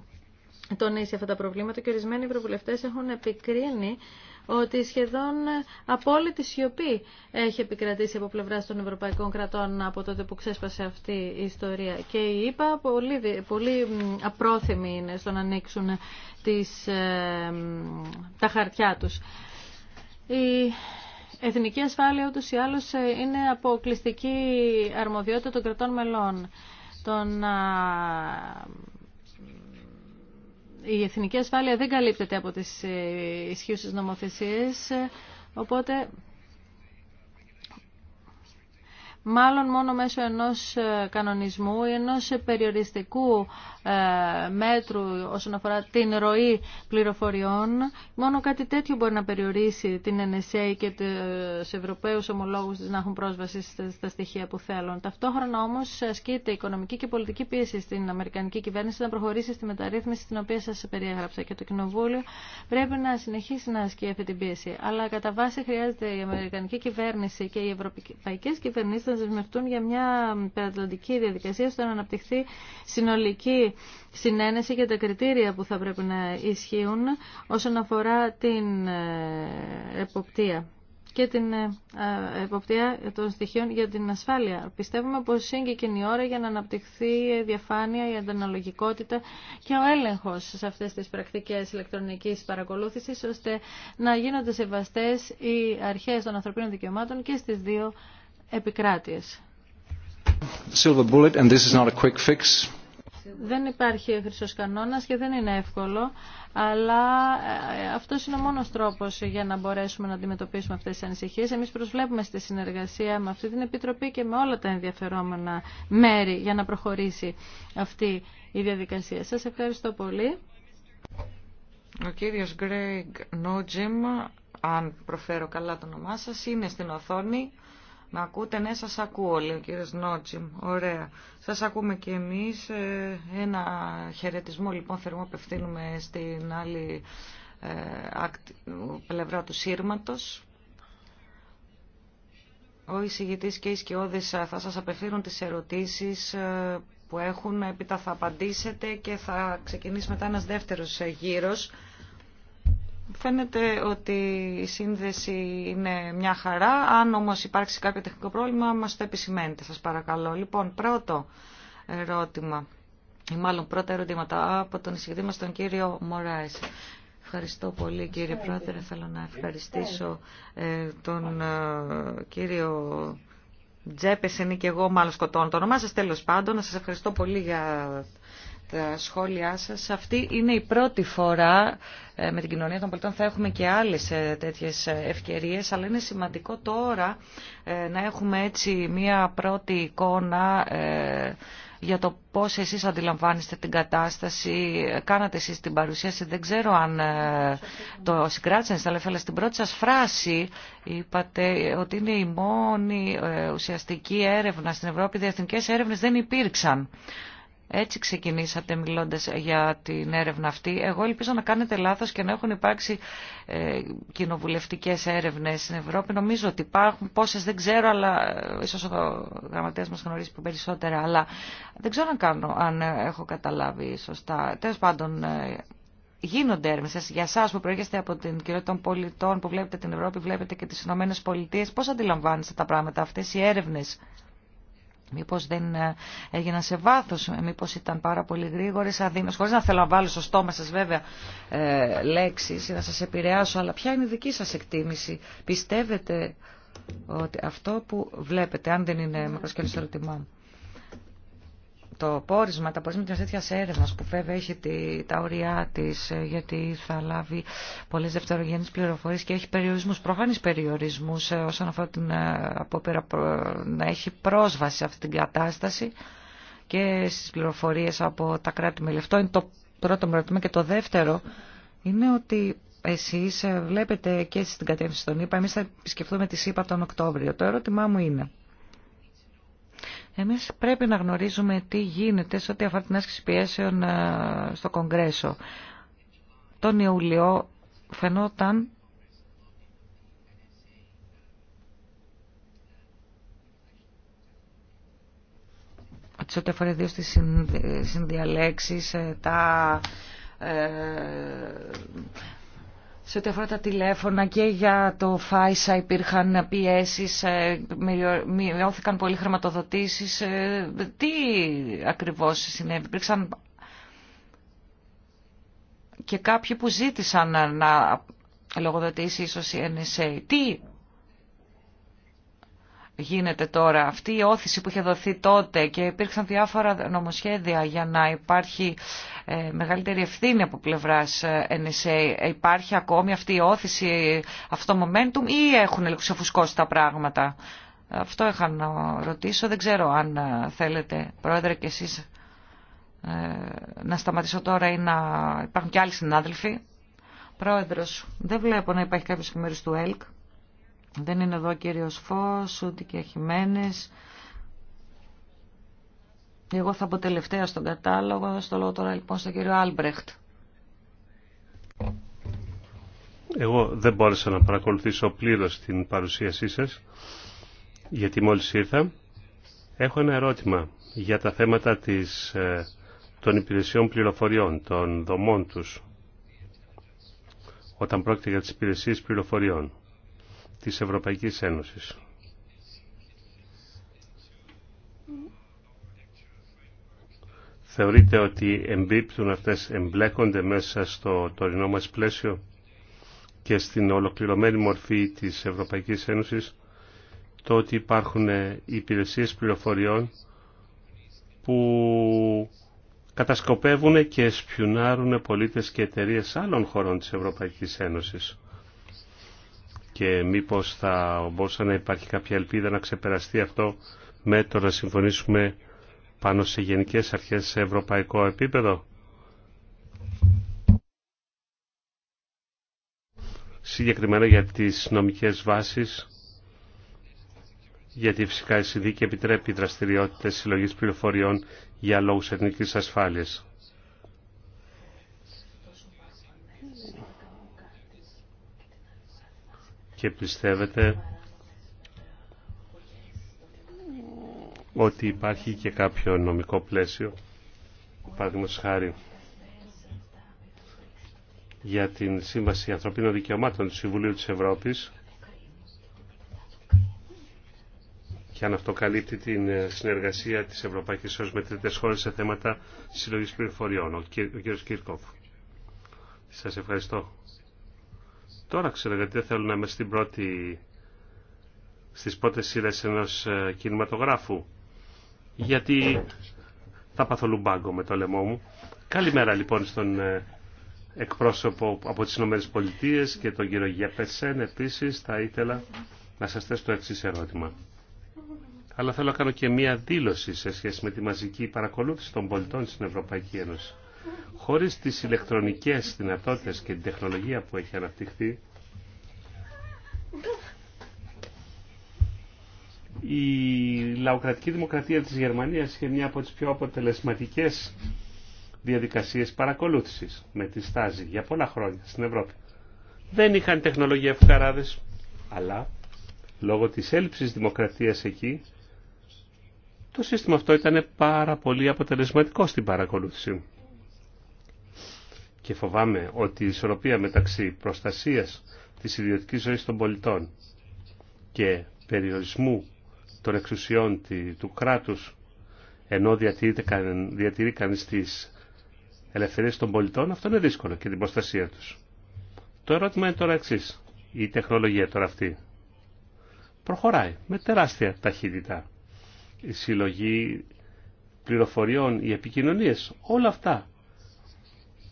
τονίσει αυτά τα προβλήματα και ορισμένοι ευρωβουλευτές έχουν επικρίνει ότι σχεδόν ε, απόλυτη σιωπή έχει επικρατήσει από πλευρά των ευρωπαϊκών κρατών από τότε που ξέσπασε αυτή η ιστορία. Και η ΕΠΑ πολύ, πολύ απρόθυμοι είναι στο να ανοίξουν τις, τα χαρτιά τους. Η εθνική ασφάλεια ούτως ή άλλως ε, είναι αποκλειστική αρμοδιότητα των κρατών μελών. Τον Η εθνική ασφάλεια δεν καλύπτεται από τις ε, ισχύουσες νομοθεσίες, οπότε μάλλον μόνο μέσω ενός ε, κανονισμού ή ενός περιοριστικού ε, μέτρου όσον αφορά την ροή πληροφοριών. Μόνο κάτι τέτοιο μπορεί να περιορίσει την NSA και τους Ευρωπαίους ομολόγους της να έχουν πρόσβαση στα στοιχεία που θέλουν. Ταυτόχρονα όμως ασκείται οικονομική και πολιτική πίεση στην Αμερικανική κυβέρνηση να προχωρήσει στη μεταρρύθμιση την οποία σας περιέγραψα και το Κοινοβούλιο πρέπει να συνεχίσει να ασκεί αυτή την πίεση. Αλλά κατά βάση χρειάζεται η Αμερικανική κυβέρνηση και οι ευρωπαϊκές κυβερνήσεις να δεσμευτούν για μια περατλαντική διαδικασία ώστε να αναπτυχθεί συνολική συνένεση για τα κριτήρια που θα πρέπει να ισχύουν όσον αφορά την ε, εποπτεία και την ε, ε, εποπτεία των στοιχείων για την ασφάλεια. Πιστεύουμε πως είναι και εκείνη η ώρα για να αναπτυχθεί η διαφάνεια, η ανταναλογικότητα και ο έλεγχος σε αυτές τις πρακτικές ηλεκτρονικής παρακολούθησης, ώστε να γίνονται σεβαστές οι αρχές των ανθρωπίνων δικαιωμάτων και στις δύο επικράτειες. Δεν υπάρχει χρυσός κανόνας και δεν είναι εύκολο, αλλά ε, αυτό είναι ο μόνος τρόπος για να μπορέσουμε να αντιμετωπίσουμε αυτές τις ανησυχίες. Εμείς προσβλέπουμε στη συνεργασία με αυτή την Επιτροπή και με όλα τα ενδιαφερόμενα μέρη για να προχωρήσει αυτή η διαδικασία. Σας ευχαριστώ πολύ. Ο κύριος Γκρέγκ Νότζιμ, αν προφέρω καλά το όνομά σας, είναι στην οθόνη. Με ακούτε, ναι, σας ακούω, λέει ο κύριος Νότσιμ. Ωραία. Σας ακούμε και εμείς. Ε, ένα χαιρετισμό, λοιπόν, θερμό απευθύνουμε στην άλλη ε, πλευρά του σύρματος. Ο εισηγητής και οι σκιώδες ε, θα σας απευθύνουν τις ερωτήσεις που έχουν. Έπειτα θα απαντήσετε και θα ξεκινήσει μετά ένας δεύτερος γύρος. Φαίνεται ότι η σύνδεση είναι μια χαρά. Αν όμως υπάρξει κάποιο τεχνικό πρόβλημα, μας το επισημαίνετε, σας παρακαλώ. Λοιπόν, πρώτο ερώτημα, ή μάλλον πρώτα ερωτήματα από τον εισηγητή μας, τον κύριο Μωράης. Ευχαριστώ πολύ κύριε Πρόεδρε. Θέλω να ευχαριστήσω ε, τον ε, κύριο Τζέπεσεν και εγώ μάλλον σκοτώνω το όνομά σας τέλος πάντων. Να σας ευχαριστώ πολύ για τα σχόλιά σας. Αυτή είναι η πρώτη φορά ε, με την κοινωνία των πολιτών. Θα έχουμε και άλλες ε, τέτοιες ε, ευκαιρίες, αλλά είναι σημαντικό τώρα να έχουμε έτσι μία πρώτη εικόνα για το πώς εσείς αντιλαμβάνεστε την κατάσταση. Κάνατε εσείς την παρουσίαση. Δεν ξέρω αν το συγκράτησαν, αλλά στην πρώτη σας φράση είπατε ότι είναι η μόνη ουσιαστική έρευνα στην Ευρώπη. διεθνικές έρευνες δεν υπήρξαν. Έτσι ξεκινήσατε μιλώντας για την έρευνα αυτή. Εγώ ελπίζω να κάνετε λάθος και να έχουν υπάρξει ε, κοινοβουλευτικές έρευνες στην Ευρώπη. Νομίζω ότι υπάρχουν πόσες δεν ξέρω, αλλά ε, ίσως ο γραμματέας μας γνωρίζει περισσότερα, αλλά δεν ξέρω αν, κάνω, αν έχω καταλάβει σωστά. Τέλος πάντων, ε, γίνονται έρευνε. Για εσά που προέρχεστε από την κοινότητα των πολιτών, που βλέπετε την Ευρώπη, βλέπετε και τι Ηνωμένε Πολιτείε, πώ αντιλαμβάνεστε τα πράγματα αυτέ οι έρευνε Μήπως δεν ε, έγιναν σε βάθος, ε, μήπως ήταν πάρα πολύ γρήγορες, αδύναμες, χωρίς να θέλω να βάλω στο στόμα σας βέβαια ε, λέξεις ή να σας επηρεάσω, αλλά ποια είναι η δική σας εκτίμηση. Πιστεύετε ότι αυτό που βλέπετε, αν δεν είναι μακροσκελής το ερώτημά το πόρισμα, τα πόρισμα μια τέτοια έρευνα που βέβαια έχει τη, τα όρια τη, ε, γιατί θα λάβει πολλέ δευτερογενεί πληροφορίε και έχει περιορισμού, προφανεί περιορισμού ε, όσον αφορά την ε, απόπειρα να έχει πρόσβαση σε αυτή την κατάσταση και στι πληροφορίε από τα κράτη-μέλη. Αυτό είναι το πρώτο μου ερώτημα. Και το δεύτερο είναι ότι εσεί βλέπετε και στην κατεύθυνση των ΗΠΑ, εμεί θα επισκεφτούμε τη ΣΥΠΑ τον Οκτώβριο. Το ερώτημά μου είναι εμείς πρέπει να γνωρίζουμε τι γίνεται σε ό,τι αφορά την άσκηση πιέσεων ε, στο Κογκρέσο. Τον Ιούλιο φαινόταν σε ό,τι αφορά δύο στις συνδιαλέξεις, ε, τα ε, σε ό,τι αφορά τα τηλέφωνα και για το ΦΑΙΣΑ υπήρχαν πιέσεις, ε, μειώθηκαν πολύ χρηματοδοτήσεις. Ε, τι ακριβώς συνέβη. Υπήρξαν και κάποιοι που ζήτησαν να λογοδοτήσει ίσως η NSA. Τι γίνεται τώρα. Αυτή η όθηση που είχε δοθεί τότε και υπήρξαν διάφορα νομοσχέδια για να υπάρχει ε, μεγαλύτερη ευθύνη από πλευράς NSA. Ε, υπάρχει ακόμη αυτή η όθηση, αυτό το momentum ή έχουν ξεφουσκώσει τα πράγματα. Αυτό είχα να ρωτήσω. Δεν ξέρω αν ε, θέλετε, Πρόεδρε, και εσείς να σταματήσω τώρα ή να υπάρχουν και άλλοι συνάδελφοι. Πρόεδρος, δεν βλέπω να υπάρχει κάποιος μέρος του ΕΛΚ. Δεν είναι εδώ ο κύριος Φως, ούτε και εγώ θα πω τελευταία στον κατάλογο, στο λόγο τώρα λοιπόν στον κύριο Άλμπρεχτ. Εγώ δεν μπόρεσα να παρακολουθήσω πλήρως την παρουσίασή σας, γιατί μόλις ήρθα. Έχω ένα ερώτημα για τα θέματα της, ε, των υπηρεσιών πληροφοριών, των δομών τους, όταν πρόκειται για τις υπηρεσίες πληροφοριών της Ευρωπαϊκής Ένωσης. Θεωρείτε ότι εμπίπτουν αυτές, εμπλέκονται μέσα στο τωρινό μας πλαίσιο και στην ολοκληρωμένη μορφή της Ευρωπαϊκής Ένωσης το ότι υπάρχουν υπηρεσίες πληροφοριών που κατασκοπεύουν και σπιουνάρουν πολίτες και εταιρείε άλλων χωρών της Ευρωπαϊκής Ένωσης. Και μήπως θα μπορούσε να υπάρχει κάποια ελπίδα να ξεπεραστεί αυτό με το να συμφωνήσουμε πάνω σε γενικές αρχές σε ευρωπαϊκό επίπεδο. Συγκεκριμένα για τις νομικές βάσεις, γιατί φυσικά η συνδίκη επιτρέπει δραστηριότητες συλλογής πληροφοριών για λόγους εθνικής ασφάλειας. Και πιστεύετε ότι υπάρχει και κάποιο νομικό πλαίσιο, παραδείγματος χάρη, για την Σύμβαση Ανθρωπίνων Δικαιωμάτων του Συμβουλίου της Ευρώπης και αν αυτό καλύπτει την ε, συνεργασία της Ευρωπαϊκής Ένωσης με τρίτες χώρες σε θέματα συλλογής πληροφοριών. Ο κ. Κύρκοφ. Σας ευχαριστώ. Τώρα ξέρω γιατί δεν θέλω να είμαι στην πρώτη, στις πρώτες σειρές ενός ε, κινηματογράφου γιατί θα λουμπάγκο με το λαιμό μου. Καλημέρα λοιπόν στον ε, εκπρόσωπο από τις Ηνωμένες Πολιτείες και τον κύριο Γεπεσέν επίσης θα ήθελα να σας θέσω το εξή ερώτημα. Αλλά θέλω να κάνω και μία δήλωση σε σχέση με τη μαζική παρακολούθηση των πολιτών στην Ευρωπαϊκή Ένωση. Χωρίς τις ηλεκτρονικές δυνατότητες και την τεχνολογία που έχει αναπτυχθεί, η λαοκρατική δημοκρατία της Γερμανίας είχε μια από τις πιο αποτελεσματικές διαδικασίες παρακολούθησης με τη στάζη για πολλά χρόνια στην Ευρώπη. Δεν είχαν τεχνολογία φουκαράδες, αλλά λόγω της έλλειψης δημοκρατίας εκεί, το σύστημα αυτό ήταν πάρα πολύ αποτελεσματικό στην παρακολούθηση. Και φοβάμαι ότι η ισορροπία μεταξύ προστασίας της ιδιωτικής ζωής των πολιτών και περιορισμού των εξουσιών του κράτους ενώ διατηρεί κανείς τις ελευθερίες των πολιτών, αυτό είναι δύσκολο και την προστασία τους. Το ερώτημα είναι τώρα εξή. Η τεχνολογία τώρα αυτή προχωράει με τεράστια ταχύτητα. Η συλλογή πληροφοριών, οι επικοινωνίες, όλα αυτά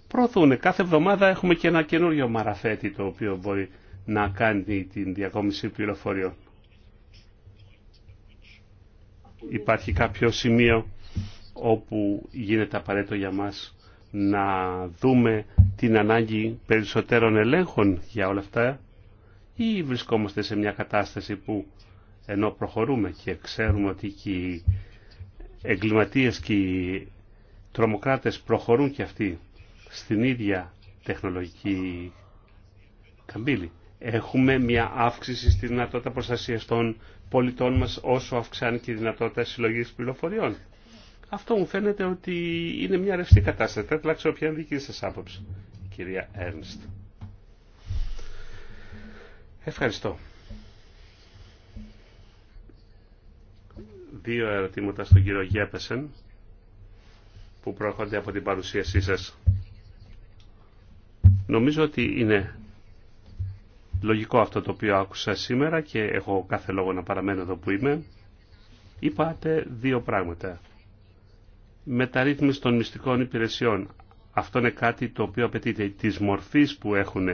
προωθούν. Κάθε εβδομάδα έχουμε και ένα καινούριο μαραφέτη το οποίο μπορεί να κάνει την διακόμιση πληροφοριών υπάρχει κάποιο σημείο όπου γίνεται απαραίτητο για μας να δούμε την ανάγκη περισσότερων ελέγχων για όλα αυτά ή βρισκόμαστε σε μια κατάσταση που ενώ προχωρούμε και ξέρουμε ότι και οι εγκληματίες και οι τρομοκράτες προχωρούν και αυτοί στην ίδια τεχνολογική καμπύλη. Έχουμε μια αύξηση στη δυνατότητα προστασία των πολιτών μας όσο αυξάνει και η δυνατότητα συλλογή πληροφοριών. Αυτό μου φαίνεται ότι είναι μια ρευστή κατάσταση. Θα ήθελα ξέρω ποια είναι δική σας άποψη, κυρία Έρνστ. Ευχαριστώ. Δύο ερωτήματα στον κύριο Γέπεσεν που προέρχονται από την παρουσίασή σας. Νομίζω ότι είναι λογικό αυτό το οποίο άκουσα σήμερα και έχω κάθε λόγο να παραμένω εδώ που είμαι. Είπατε δύο πράγματα. Μεταρρύθμιση των μυστικών υπηρεσιών. Αυτό είναι κάτι το οποίο απαιτείται. Της μορφής που έχουν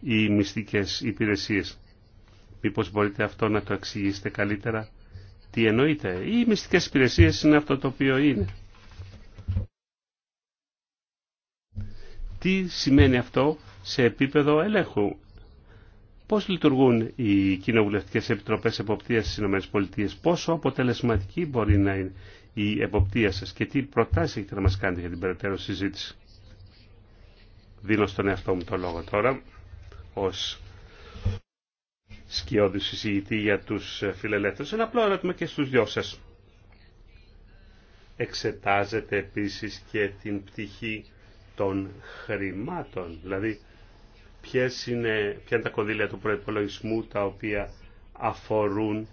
οι μυστικές υπηρεσίες. Μήπως μπορείτε αυτό να το εξηγήσετε καλύτερα. Τι εννοείτε. Οι μυστικές υπηρεσίες είναι αυτό το οποίο είναι. Τι σημαίνει αυτό σε επίπεδο ελέγχου. Πώς λειτουργούν οι κοινοβουλευτικές επιτροπές εποπτείας στις ΗΠΑ, πόσο αποτελεσματική μπορεί να είναι η εποπτεία σας και τι προτάσεις έχετε να μας κάνετε για την περαιτέρω συζήτηση. Δίνω στον εαυτό μου το λόγο τώρα ως σκιώδη συζητητή για τους φιλελεύθερους. Ένα απλό ερώτημα και στους δυο σας. Εξετάζεται επίσης και την πτυχή των χρημάτων, δηλαδή ποιες είναι, ποια είναι τα κονδύλια του προπολογισμού τα οποία αφορούν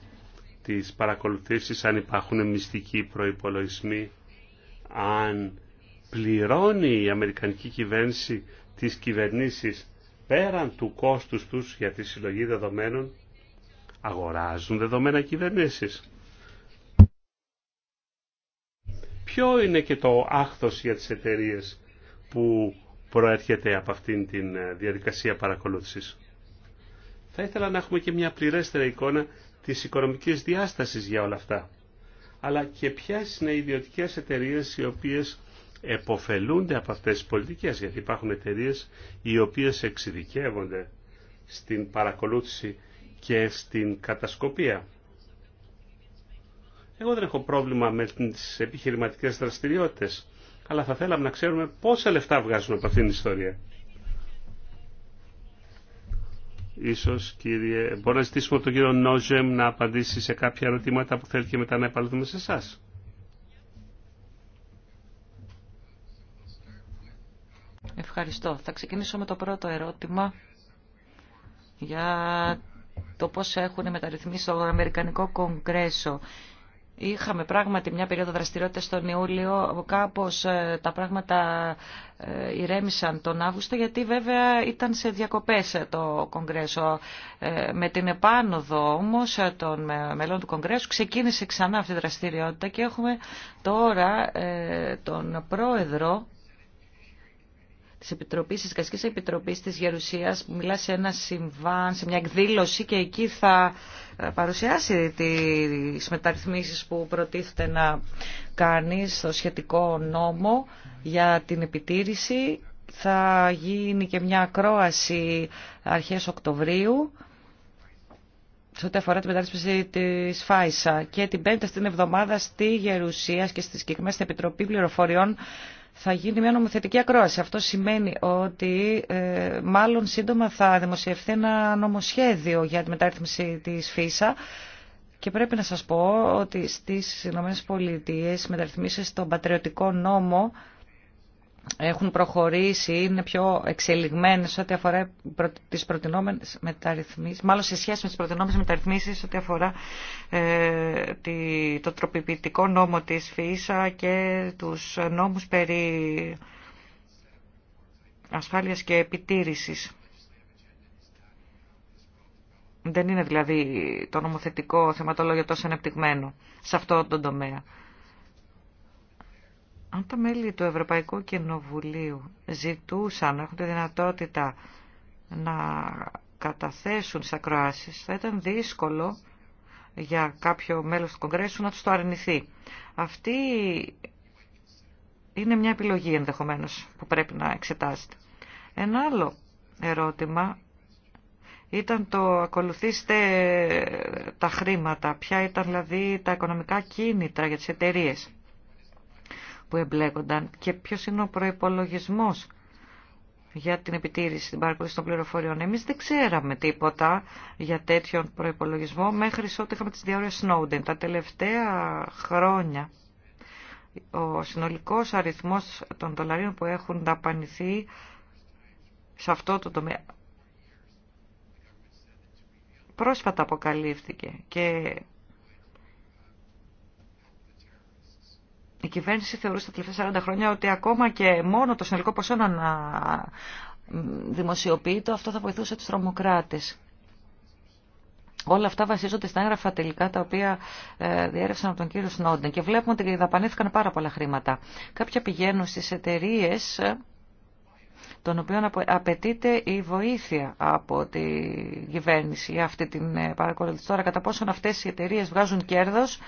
τις παρακολουθήσεις, αν υπάρχουν μυστικοί προϋπολογισμοί, αν πληρώνει η Αμερικανική κυβέρνηση τις κυβερνήσεις πέραν του κόστους τους για τη συλλογή δεδομένων, αγοράζουν δεδομένα κυβερνήσεις. Ποιο είναι και το άχθος για τις εταιρείες που προέρχεται από αυτήν την ε, διαδικασία παρακολούθησης. Θα ήθελα να έχουμε και μια πληρέστερη εικόνα της οικονομικής διάστασης για όλα αυτά. Αλλά και ποιες είναι οι ιδιωτικές εταιρείες οι οποίες εποφελούνται από αυτές τις πολιτικές, γιατί υπάρχουν εταιρείε οι οποίες εξειδικεύονται στην παρακολούθηση και στην κατασκοπία. Εγώ δεν έχω πρόβλημα με τις επιχειρηματικές δραστηριότητες, αλλά θα θέλαμε να ξέρουμε πόσα λεφτά βγάζουν από αυτήν την ιστορία. Ίσως, κύριε, μπορεί να ζητήσουμε από τον κύριο Νόζεμ να απαντήσει σε κάποια ερωτήματα που θέλει και μετά να επαληθούμε σε εσά. Ευχαριστώ. Θα ξεκινήσω με το πρώτο ερώτημα για το πώς έχουν μεταρρυθμίσει το Αμερικανικό Κογκρέσο Είχαμε πράγματι μια περίοδο δραστηριότητα τον Ιούλιο, κάπως ε, τα πράγματα ε, ηρέμησαν τον Αύγουστο, γιατί βέβαια ήταν σε διακοπές ε, το Κογκρέσο. Με την επάνωδο όμως των μελών του Κογκρέσου ξεκίνησε ξανά αυτή η δραστηριότητα και έχουμε τώρα τον πρόεδρο Τη Επιτροπή, τη Κασικής Επιτροπής της Γερουσίας που μιλά σε ένα συμβάν, σε μια εκδήλωση και εκεί θα ε, παρουσιάσει τι μεταρρυθμίσει που προτίθεται να κάνει στο σχετικό νόμο για την επιτήρηση. Θα γίνει και μια ακρόαση αρχές Οκτωβρίου σε ό,τι αφορά την μετάρρυθμιση τη ΦΑΙΣΑ και την πέμπτη στην εβδομάδα στη Γερουσία και στη συγκεκριμένη Επιτροπή Πληροφοριών θα γίνει μια νομοθετική ακρόαση. Αυτό σημαίνει ότι ε, μάλλον σύντομα θα δημοσιευθεί ένα νομοσχέδιο για τη μετάρρυθμιση της ΦΙΣΑ και πρέπει να σας πω ότι στις ΗΠΑ μεταρρυθμίσεις στον πατριωτικό νόμο έχουν προχωρήσει, είναι πιο εξελιγμένες ό,τι αφορά τις προτινόμενε μεταρρυθμίσεις, μάλλον σε σχέση με τις προτινόμενες μεταρρυθμίσεις ό,τι αφορά ε, τη, το τροποποιητικό νόμο τη ΦΥΣΑ και του νόμους περί ασφάλειας και επιτήρησης. Δεν είναι δηλαδή το νομοθετικό θεματολόγιο τόσο ανεπτυγμένο σε αυτό τον τομέα. Αν τα μέλη του Ευρωπαϊκού Κοινοβουλίου ζητούσαν να έχουν τη δυνατότητα να καταθέσουν τις ακροάσεις, θα ήταν δύσκολο για κάποιο μέλος του Κογκρέσου να τους το αρνηθεί. Αυτή είναι μια επιλογή ενδεχομένως που πρέπει να εξετάσετε. Ένα άλλο ερώτημα ήταν το ακολουθήστε τα χρήματα, ποια ήταν δηλαδή τα οικονομικά κίνητρα για τις εταιρείες που εμπλέκονταν και ποιος είναι ο προϋπολογισμός για την επιτήρηση, την παρακολούθηση των πληροφοριών. Εμείς δεν ξέραμε τίποτα για τέτοιον προϋπολογισμό μέχρι ότι είχαμε τις διάρκειες Snowden. Τα τελευταία χρόνια ο συνολικός αριθμός των δολαρίων που έχουν δαπανηθεί σε αυτό το τομέα πρόσφατα αποκαλύφθηκε και η κυβέρνηση θεωρούσε τα τελευταία 40 χρόνια ότι ακόμα και μόνο το συνολικό ποσό να δημοσιοποιείται, αυτό θα βοηθούσε τους τρομοκράτες. Όλα αυτά βασίζονται στα έγγραφα τελικά τα οποία ε, διέρευσαν από τον κύριο Σνόντεν και βλέπουμε ότι δαπανήθηκαν πάρα πολλά χρήματα. Κάποια πηγαίνουν στις εταιρείε ε, των οποίων απαιτείται η βοήθεια από τη κυβέρνηση για αυτή την ε, παρακολούθηση. Τώρα κατά πόσον αυτές οι εταιρείε βγάζουν κέρδος,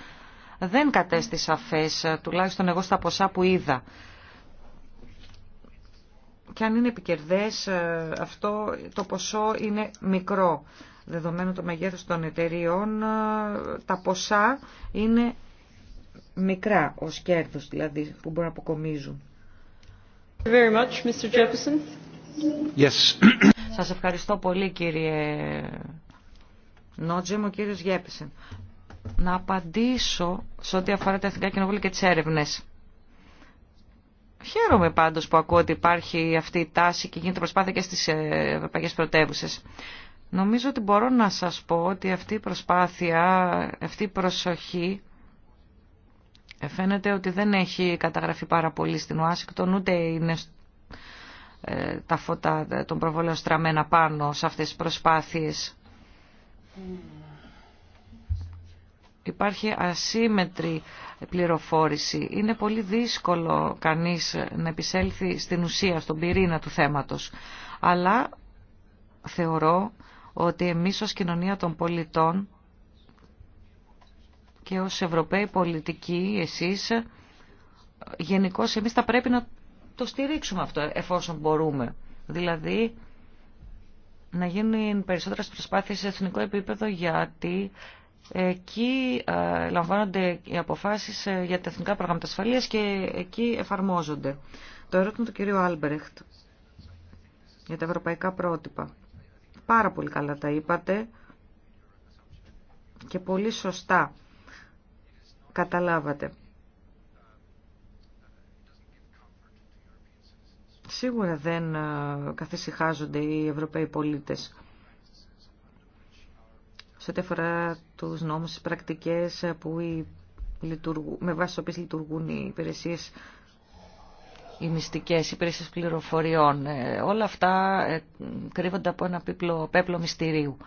δεν κατέστη σαφέ τουλάχιστον εγώ στα ποσά που είδα. Και αν είναι επικερδές, ε, αυτό το ποσό είναι μικρό. Δεδομένου το μεγέθο των εταιριών, ε, τα ποσά είναι μικρά ω κέρδο δηλαδή, που μπορούν να αποκομίζουν. Very much, Mr. Jefferson. Yes. Σας ευχαριστώ πολύ κύριε Νότζεμ, ο κύριος Γέπισεν να απαντήσω σε ό,τι αφορά τα Εθνικά Κοινοβούλια και τις έρευνες. Χαίρομαι πάντως που ακούω ότι υπάρχει αυτή η τάση και γίνεται προσπάθεια και στις ε, ευρωπαϊκέ πρωτεύουσε. Νομίζω ότι μπορώ να σας πω ότι αυτή η προσπάθεια, αυτή η προσοχή ε, φαίνεται ότι δεν έχει καταγραφεί πάρα πολύ στην Ουάσιγκτον, ούτε είναι ε, τα φώτα των προβολέων στραμμένα πάνω σε αυτές τις προσπάθειες. Mm υπάρχει ασύμετρη πληροφόρηση. Είναι πολύ δύσκολο κανείς να επισέλθει στην ουσία, στον πυρήνα του θέματος. Αλλά θεωρώ ότι εμείς ως κοινωνία των πολιτών και ως Ευρωπαίοι πολιτικοί, εσείς, γενικώ εμείς θα πρέπει να το στηρίξουμε αυτό εφόσον μπορούμε. Δηλαδή, να γίνουν περισσότερες προσπάθειες σε εθνικό επίπεδο γιατί Εκεί ε, λαμβάνονται οι αποφάσεις ε, για τα εθνικά προγράμματα ασφαλείας και εκεί εφαρμόζονται. Το ερώτημα του κυρίου Άλμπερεχτ για τα ευρωπαϊκά πρότυπα. Πάρα πολύ καλά τα είπατε και πολύ σωστά καταλάβατε. Σίγουρα δεν ε, καθησυχάζονται οι Ευρωπαίοι πολίτες σε ό,τι αφορά τους νόμους, τις πρακτικές που με βάση τις οποίες λειτουργούν οι υπηρεσίες οι μυστικές υπηρεσίες πληροφοριών. Ε, όλα αυτά ε, κρύβονται από ένα πίπλο, πέπλο μυστηρίου.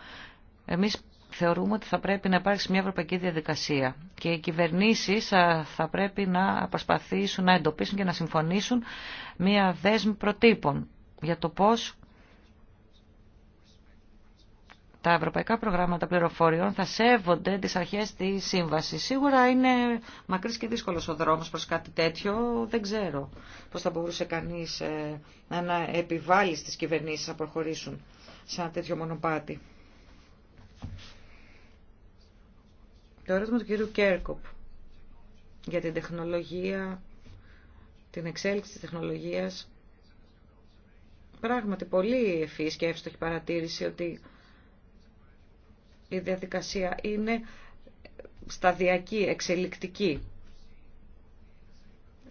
Εμείς θεωρούμε ότι θα πρέπει να υπάρξει μια ευρωπαϊκή διαδικασία και οι κυβερνήσεις ε, θα πρέπει να προσπαθήσουν να εντοπίσουν και να συμφωνήσουν μια δέσμη προτύπων για το πώς τα ευρωπαϊκά προγράμματα πληροφοριών θα σέβονται τις αρχές της σύμβασης. Σίγουρα είναι μακρύς και δύσκολος ο δρόμος προς κάτι τέτοιο. Δεν ξέρω πώς θα μπορούσε κανείς ε, να επιβάλλει στις κυβερνήσεις να προχωρήσουν σε ένα τέτοιο μονοπάτι. Το ερώτημα του κύριου Κέρκοπ για την τεχνολογία, την εξέλιξη της τεχνολογίας. Πράγματι, πολύ ευφύς και εύστοχη παρατήρηση ότι η διαδικασία είναι σταδιακή, εξελικτική.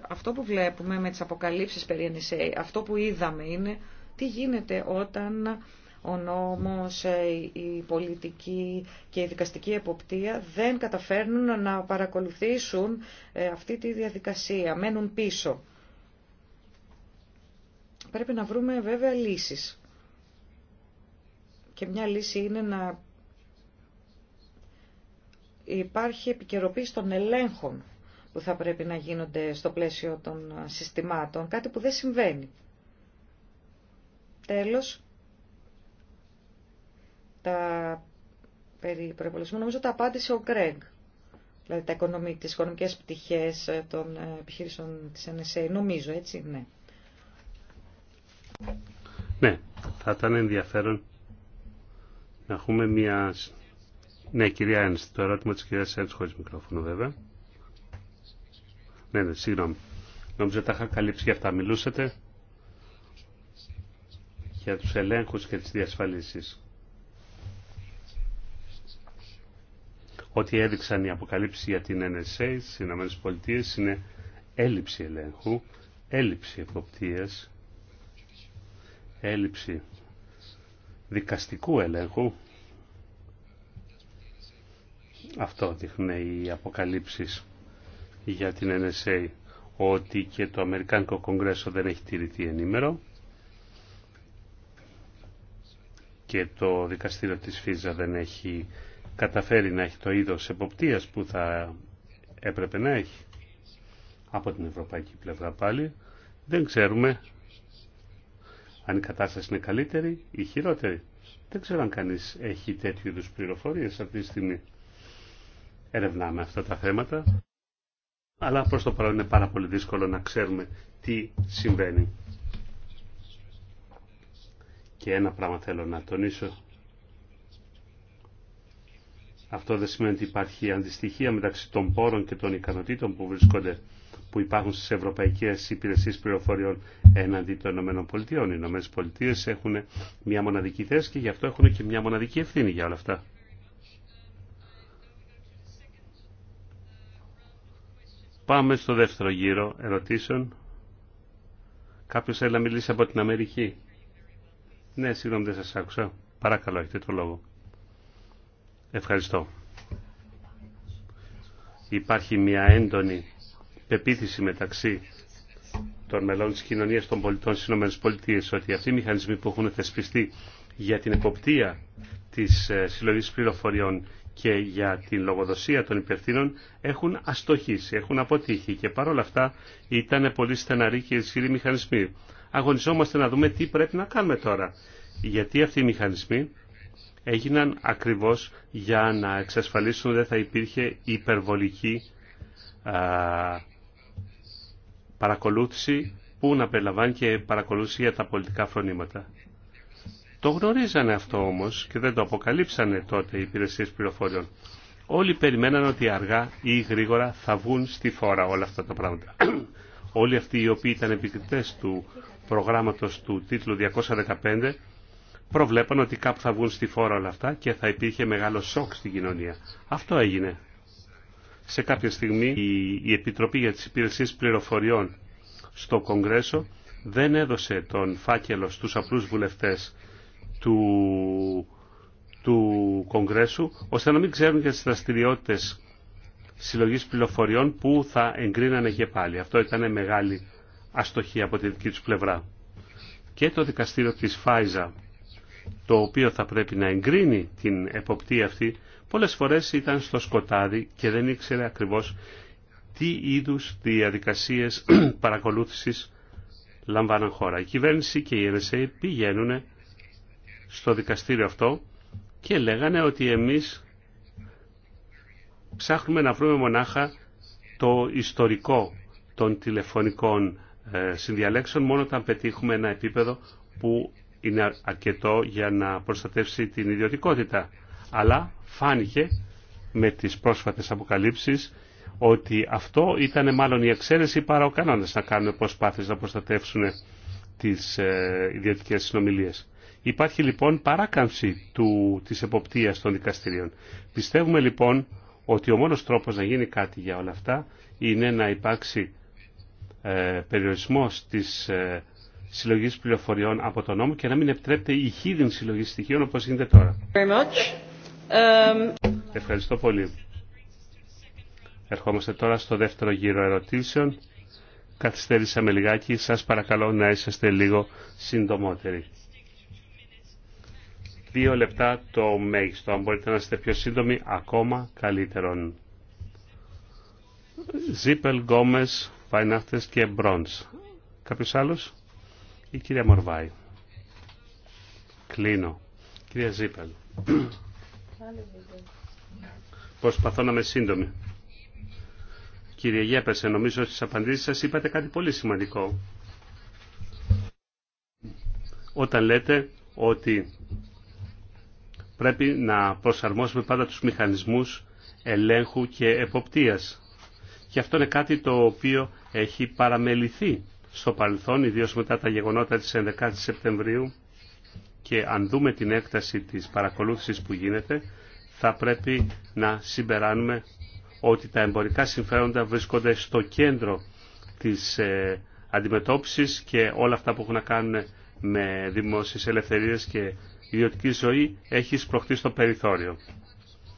Αυτό που βλέπουμε με τις αποκαλύψεις περί NSA, αυτό που είδαμε είναι τι γίνεται όταν ο νόμος, ε, η πολιτική και η δικαστική εποπτεία δεν καταφέρνουν να παρακολουθήσουν ε, αυτή τη διαδικασία, μένουν πίσω. Πρέπει να βρούμε βέβαια λύσεις. Και μια λύση είναι να υπάρχει επικαιροποίηση των ελέγχων που θα πρέπει να γίνονται στο πλαίσιο των συστημάτων, κάτι που δεν συμβαίνει. Τέλος, τα περί προεπολισμού, νομίζω τα απάντησε ο Γκρέγκ, δηλαδή τα οικονομική τις οικονομικές πτυχές των επιχείρησεων της NSA, νομίζω έτσι, ναι. Ναι, θα ήταν ενδιαφέρον να έχουμε μια ναι, κυρία Ένστη, το ερώτημα της κυρίας Ένστ χωρίς μικρόφωνο βέβαια. Ναι, ναι, συγγνώμη. Νομίζω τα είχα καλύψει για αυτά. Μιλούσατε για τους ελέγχους και τις διασφαλίσεις. Ό,τι έδειξαν οι αποκαλύψεις για την NSA στις ΗΠΑ είναι έλλειψη ελέγχου, έλλειψη εποπτείας, έλλειψη δικαστικού ελέγχου αυτό δείχνουν οι αποκαλύψεις για την NSA ότι και το Αμερικάνικο Κογκρέσο δεν έχει τηρηθεί ενήμερο και το δικαστήριο της ΦΙΖΑ δεν έχει καταφέρει να έχει το είδος εποπτείας που θα έπρεπε να έχει από την ευρωπαϊκή πλευρά πάλι δεν ξέρουμε αν η κατάσταση είναι καλύτερη ή χειρότερη. Δεν ξέρω αν κανείς έχει τέτοιου είδους πληροφορίες αυτή τη στιγμή ερευνάμε αυτά τα θέματα, αλλά προς το παρόν είναι πάρα πολύ δύσκολο να ξέρουμε τι συμβαίνει. Και ένα πράγμα θέλω να τονίσω. Αυτό δεν σημαίνει ότι υπάρχει αντιστοιχία μεταξύ των πόρων και των ικανοτήτων που βρίσκονται που υπάρχουν στις Ευρωπαϊκές Υπηρεσίες Πληροφοριών έναντι των ΗΠΑ. Οι ΗΠΑ έχουν μια μοναδική θέση και γι' αυτό έχουν και μια μοναδική ευθύνη για όλα αυτά. Πάμε στο δεύτερο γύρο ερωτήσεων. Κάποιος θέλει να μιλήσει από την Αμερική. Ναι, συγγνώμη δεν σας άκουσα. Παρακαλώ, έχετε το λόγο. Ευχαριστώ. Υπάρχει μια έντονη πεποίθηση μεταξύ των μελών της κοινωνίας των πολιτών στις ΗΠΑ ότι αυτοί οι μηχανισμοί που έχουν θεσπιστεί για την εποπτεία της ε, συλλογής πληροφοριών και για την λογοδοσία των υπευθύνων έχουν αστοχήσει, έχουν αποτύχει και παρόλα αυτά ήταν πολύ στεναροί και ισχυροί μηχανισμοί. Αγωνιζόμαστε να δούμε τι πρέπει να κάνουμε τώρα. Γιατί αυτοί οι μηχανισμοί έγιναν ακριβώς για να εξασφαλίσουν ότι δεν θα υπήρχε υπερβολική παρακολούθηση που να περιλαμβάνει και παρακολούθηση για τα πολιτικά φρονήματα. Το γνωρίζανε αυτό όμως και δεν το αποκαλύψανε τότε οι υπηρεσίες πληροφοριών. Όλοι περιμέναν ότι αργά ή γρήγορα θα βγουν στη φόρα όλα αυτά τα πράγματα. Όλοι αυτοί οι οποίοι ήταν επικριτές του προγράμματος του τίτλου 215 προβλέπαν ότι κάπου θα βγουν στη φόρα όλα αυτά και θα υπήρχε μεγάλο σοκ στην κοινωνία. Αυτό έγινε. Σε κάποια στιγμή η Επιτροπή για τις Υπηρεσίες Πληροφοριών στο Κογκρέσο δεν έδωσε τον φάκελο στους απλούς βουλευτές του, του Κογκρέσου, ώστε να μην ξέρουν για τις δραστηριότητες συλλογής πληροφοριών που θα εγκρίνανε και πάλι. Αυτό ήταν μεγάλη αστοχή από τη δική τους πλευρά. Και το δικαστήριο της Φάιζα, το οποίο θα πρέπει να εγκρίνει την εποπτεία αυτή, πολλές φορές ήταν στο σκοτάδι και δεν ήξερε ακριβώς τι είδους διαδικασίες παρακολούθησης λαμβάναν χώρα. Η κυβέρνηση και η NSA πηγαίνουν στο δικαστήριο αυτό και λέγανε ότι εμείς ψάχνουμε να βρούμε μονάχα το ιστορικό των τηλεφωνικών ε, συνδιαλέξεων μόνο όταν πετύχουμε ένα επίπεδο που είναι αρκετό για να προστατεύσει την ιδιωτικότητα. Αλλά φάνηκε με τις πρόσφατες αποκαλύψεις ότι αυτό ήταν μάλλον η εξαίρεση παρά ο κανόνας να κάνουν προσπάθειες να προστατεύσουν τις ε, ιδιωτικές Υπάρχει λοιπόν παράκαμψη του, της εποπτείας των δικαστηρίων. Πιστεύουμε λοιπόν ότι ο μόνος τρόπος να γίνει κάτι για όλα αυτά είναι να υπάρξει ε, περιορισμός της ε, συλλογής πληροφοριών από τον νόμο και να μην επιτρέπεται η χίδιν συλλογή στοιχείων όπως γίνεται τώρα. Um... Ευχαριστώ πολύ. Ερχόμαστε τώρα στο δεύτερο γύρο ερωτήσεων. Καθυστέρησαμε λιγάκι. Σας παρακαλώ να είσαστε λίγο συντομότεροι δύο λεπτά το μέγιστο. Αν μπορείτε να είστε πιο σύντομοι, ακόμα καλύτερον. Ζίπελ, Γκόμες, Βαϊνάχτες και Μπρόντς. Κάποιος άλλος? Η κυρία Μορβάη. Κλείνω. Κυρία Ζίπελ. Προσπαθώ να είμαι σύντομη. Κύριε Γέπεσε, νομίζω στις απαντήσεις σας είπατε κάτι πολύ σημαντικό. Όταν λέτε ότι πρέπει να προσαρμόσουμε πάντα τους μηχανισμούς ελέγχου και εποπτείας. Και αυτό είναι κάτι το οποίο έχει παραμεληθεί στο παρελθόν, ιδίως μετά τα γεγονότα της 11 η Σεπτεμβρίου και αν δούμε την έκταση της παρακολούθησης που γίνεται, θα πρέπει να συμπεράνουμε ότι τα εμπορικά συμφέροντα βρίσκονται στο κέντρο της ε, αντιμετώπισης και όλα αυτά που έχουν να κάνουν με δημόσιες ελευθερίες και η ιδιωτική ζωή έχει σπροχτεί στο περιθώριο.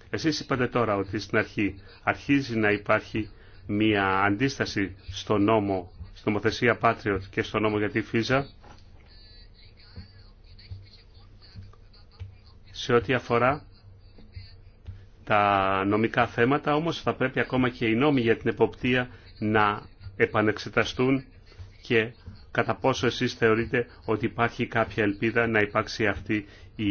Εσείς είπατε τώρα ότι στην αρχή αρχίζει να υπάρχει μια αντίσταση στο νόμο, στην νομοθεσία Patriot και στο νόμο για τη ΦΙΖΑ σε ό,τι αφορά τα νομικά θέματα, όμως θα πρέπει ακόμα και οι νόμοι για την εποπτεία να επανεξεταστούν και κατά πόσο εσείς θεωρείτε ότι υπάρχει κάποια ελπίδα να υπάρξει αυτή η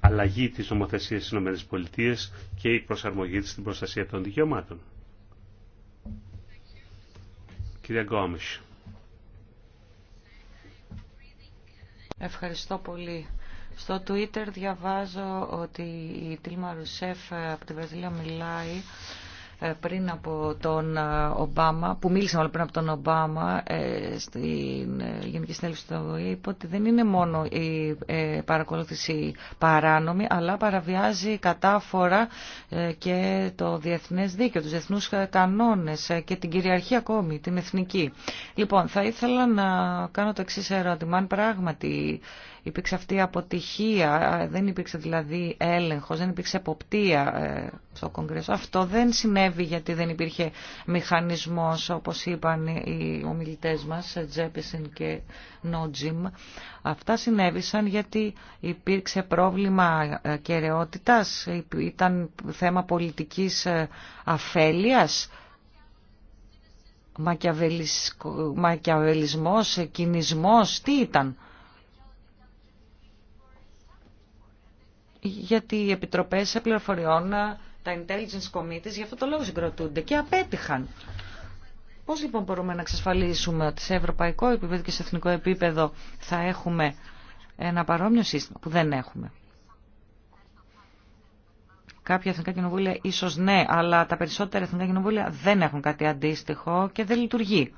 αλλαγή της νομοθεσίας στις ΗΠΑ και η προσαρμογή της στην προστασία των δικαιωμάτων. Κυρία Ευχαριστώ πολύ. Στο Twitter διαβάζω ότι η Τίλμα Ρουσέφ από τη Βραζιλία μιλάει ε, ε, πριν από τον Ομπάμα, που μίλησα μάλλον πριν από τον Ομπάμα στην ε, Γενική Συνέλευση του είπε ότι δεν είναι μόνο η παρακολούθηση παράνομη, αλλά παραβιάζει κατάφορα και το διεθνές δίκαιο, τους διεθνούς κανόνες και την κυριαρχία ακόμη, την εθνική. Λοιπόν, θα ήθελα να κάνω το εξή ερώτημα. Αν πράγματι υπήρξε αυτή η αποτυχία, δεν υπήρξε δηλαδή έλεγχος, δεν υπήρξε εποπτεία ε, στο Κογκρέσο. Αυτό δεν συνέβη γιατί δεν υπήρχε μηχανισμός, όπως είπαν οι ομιλητές μας, Τζέπισεν και Νότζιμ. Αυτά συνέβησαν γιατί υπήρξε πρόβλημα κεραιότητας, ήταν θέμα πολιτικής ε, αφέλειας, μακιαβελισμός, ε, κινησμός, τι ήταν. γιατί οι επιτροπές πληροφοριών, τα intelligence committees, γι' αυτό το λόγο συγκροτούνται και απέτυχαν. Πώς λοιπόν μπορούμε να εξασφαλίσουμε ότι σε ευρωπαϊκό επίπεδο και σε εθνικό επίπεδο θα έχουμε ένα παρόμοιο σύστημα που δεν έχουμε. Κάποια εθνικά κοινοβούλια ίσως ναι, αλλά τα περισσότερα εθνικά κοινοβούλια δεν έχουν κάτι αντίστοιχο και δεν λειτουργεί.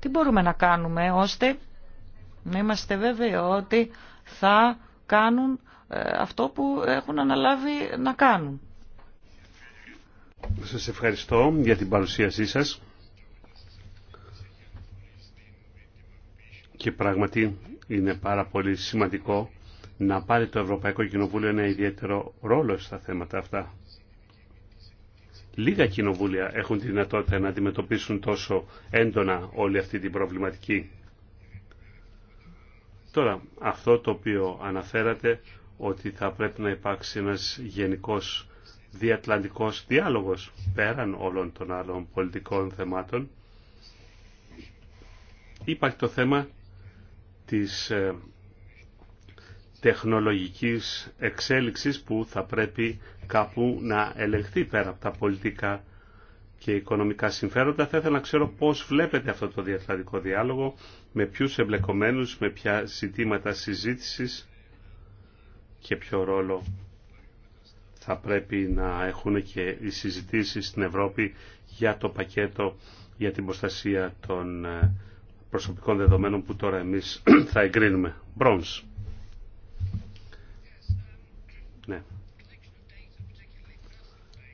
Τι μπορούμε να κάνουμε ώστε να είμαστε βέβαιοι ότι θα κάνουν ε, αυτό που έχουν αναλάβει να κάνουν. Σας ευχαριστώ για την παρουσίασή σας και πράγματι είναι πάρα πολύ σημαντικό να πάρει το Ευρωπαϊκό Κοινοβούλιο ένα ιδιαίτερο ρόλο στα θέματα αυτά. Λίγα κοινοβούλια έχουν τη δυνατότητα να αντιμετωπίσουν τόσο έντονα όλη αυτή την προβληματική. Τώρα, αυτό το οποίο αναφέρατε ότι θα πρέπει να υπάρξει ένας γενικός διατλαντικός διάλογος πέραν όλων των άλλων πολιτικών θεμάτων. Υπάρχει το θέμα της ε, τεχνολογικής εξέλιξης που θα πρέπει κάπου να ελεγχθεί πέρα από τα πολιτικά και οικονομικά συμφέροντα. Θα ήθελα να ξέρω πώς βλέπετε αυτό το διατλαντικό διάλογο, με ποιους εμπλεκομένους, με ποια ζητήματα συζήτησης και ποιο ρόλο θα πρέπει να έχουν και οι συζητήσεις στην Ευρώπη για το πακέτο για την προστασία των ε, προσωπικών δεδομένων που τώρα εμείς θα εγκρίνουμε. Bronze. Ναι.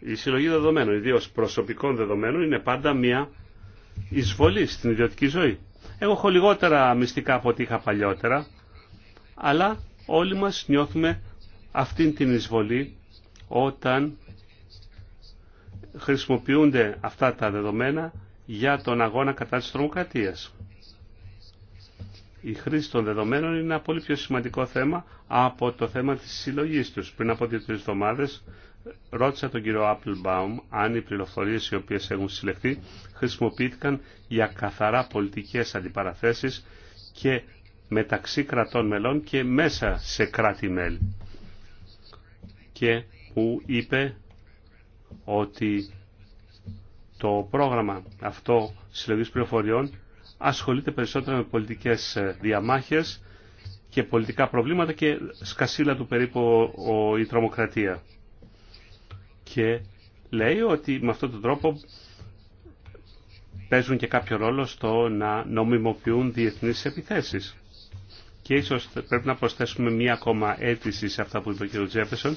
Η συλλογή δεδομένων, ιδίω προσωπικών δεδομένων, είναι πάντα μια εισβολή στην ιδιωτική ζωή. Εγώ έχω λιγότερα μυστικά από ό,τι είχα παλιότερα, αλλά όλοι μας νιώθουμε αυτήν την εισβολή όταν χρησιμοποιούνται αυτά τα δεδομένα για τον αγώνα κατά της τρομοκρατίας. Η χρήση των δεδομένων είναι ένα πολύ πιο σημαντικό θέμα από το θέμα της συλλογής τους. Πριν από δύο-τρεις εβδομάδες Ρώτησα τον κύριο Applebaum αν οι πληροφορίες οι οποίες έχουν συλλεχθεί χρησιμοποιήθηκαν για καθαρά πολιτικές αντιπαραθέσεις και μεταξύ κρατών μελών και μέσα σε κράτη-μέλη. Και που είπε ότι το πρόγραμμα αυτό συλλογής πληροφοριών ασχολείται περισσότερο με πολιτικές διαμάχες και πολιτικά προβλήματα και σκασίλα του περίπου η τρομοκρατία και λέει ότι με αυτόν τον τρόπο παίζουν και κάποιο ρόλο στο να νομιμοποιούν διεθνείς επιθέσεις. Και ίσως πρέπει να προσθέσουμε μία ακόμα αίτηση σε αυτά που είπε ο κ. Τζέφεσον,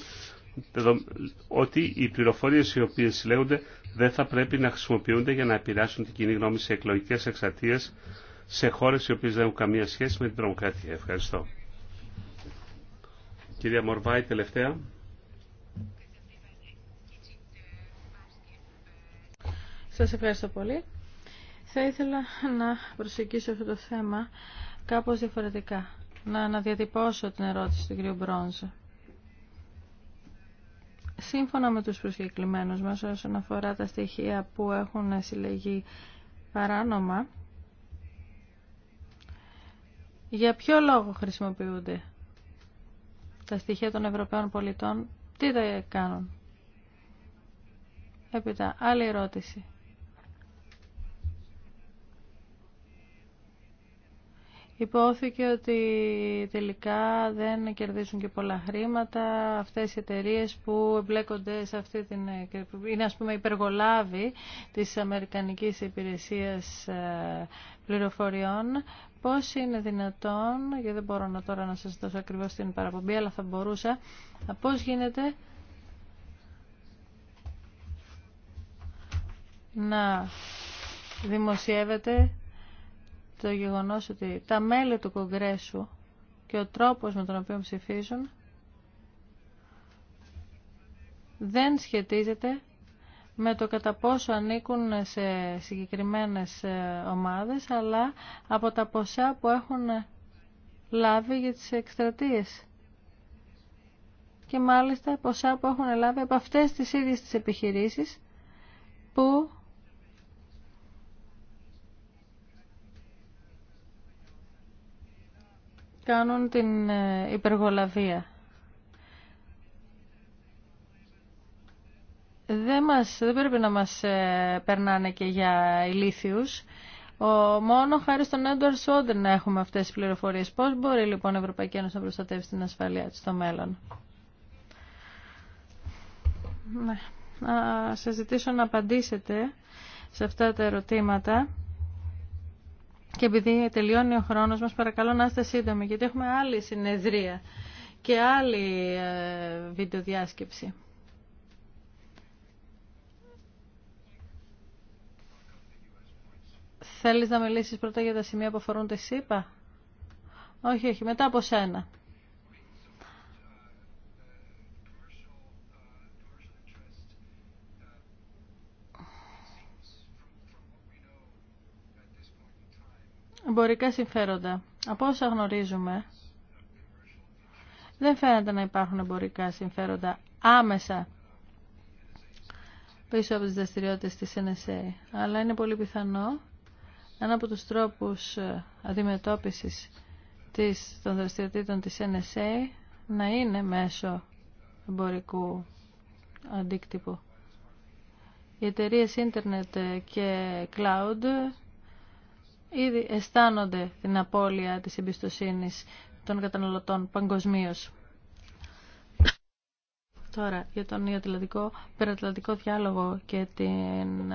ότι οι πληροφορίες οι οποίες συλλέγονται δεν θα πρέπει να χρησιμοποιούνται για να επηρεάσουν την κοινή γνώμη σε εκλογικές εξαρτίες σε χώρες οι οποίες δεν έχουν καμία σχέση με την τρομοκρατία. Ευχαριστώ. Κυρία Μορβάη, τελευταία. Σας ευχαριστώ πολύ. Θα ήθελα να προσεγγίσω αυτό το θέμα κάπως διαφορετικά. Να αναδιατυπώσω την ερώτηση του κ. Μπρόνζ. Σύμφωνα με τους προσκεκλημένους μας όσον αφορά τα στοιχεία που έχουν συλλεγεί παράνομα, για ποιο λόγο χρησιμοποιούνται τα στοιχεία των Ευρωπαίων πολιτών, τι τα κάνουν. Έπειτα, άλλη ερώτηση. Υπόθηκε ότι τελικά δεν κερδίζουν και πολλά χρήματα αυτές οι εταιρείε που εμπλέκονται σε αυτή την... είναι ας πούμε υπεργολάβη της Αμερικανικής Υπηρεσίας ε, Πληροφοριών. Πώς είναι δυνατόν, γιατί δεν μπορώ να τώρα να σας δώσω ακριβώς την παραπομπή, αλλά θα μπορούσα, πώς γίνεται να δημοσιεύεται το γεγονός ότι τα μέλη του Κογκρέσου και ο τρόπος με τον οποίο ψηφίζουν δεν σχετίζεται με το κατά πόσο ανήκουν σε συγκεκριμένες ε, ομάδες, αλλά από τα ποσά που έχουν λάβει για τις εκστρατείες. Και μάλιστα ποσά που έχουν λάβει από αυτές τις ίδιες τις επιχειρήσεις που κάνουν την ε, υπεργολαβία. Δεν, μας, δεν πρέπει να μας ε, περνάνε και για ηλίθιους. Ο, μόνο χάρη στον Έντουαρ Σόντερ να έχουμε αυτές τις πληροφορίες. Πώς μπορεί λοιπόν η Ευρωπαϊκή Ένωση να προστατεύσει την ασφαλεία της στο μέλλον. Ναι. Να σας ζητήσω να απαντήσετε σε αυτά τα ερωτήματα. Και επειδή τελειώνει ο χρόνος μας, παρακαλώ να είστε σύντομοι, γιατί έχουμε άλλη συνεδρία και άλλη ε, βιντεοδιάσκεψη. Θέλεις να μιλήσεις πρώτα για τα σημεία που αφορούν τη ΣΥΠΑ? Όχι, όχι, μετά από σένα. εμπορικά συμφέροντα. Από όσα γνωρίζουμε, δεν φαίνεται να υπάρχουν εμπορικά συμφέροντα άμεσα πίσω από τις δραστηριότητες της NSA. Αλλά είναι πολύ πιθανό ένα από τους τρόπους ε, αντιμετώπισης της, των δραστηριοτήτων της NSA να είναι μέσω εμπορικού αντίκτυπου. Οι εταιρείε ίντερνετ και cloud ήδη αισθάνονται την απώλεια της εμπιστοσύνης των καταναλωτών παγκοσμίω. Τώρα, για τον Ιατλαντικό, περατλαντικό διάλογο και την,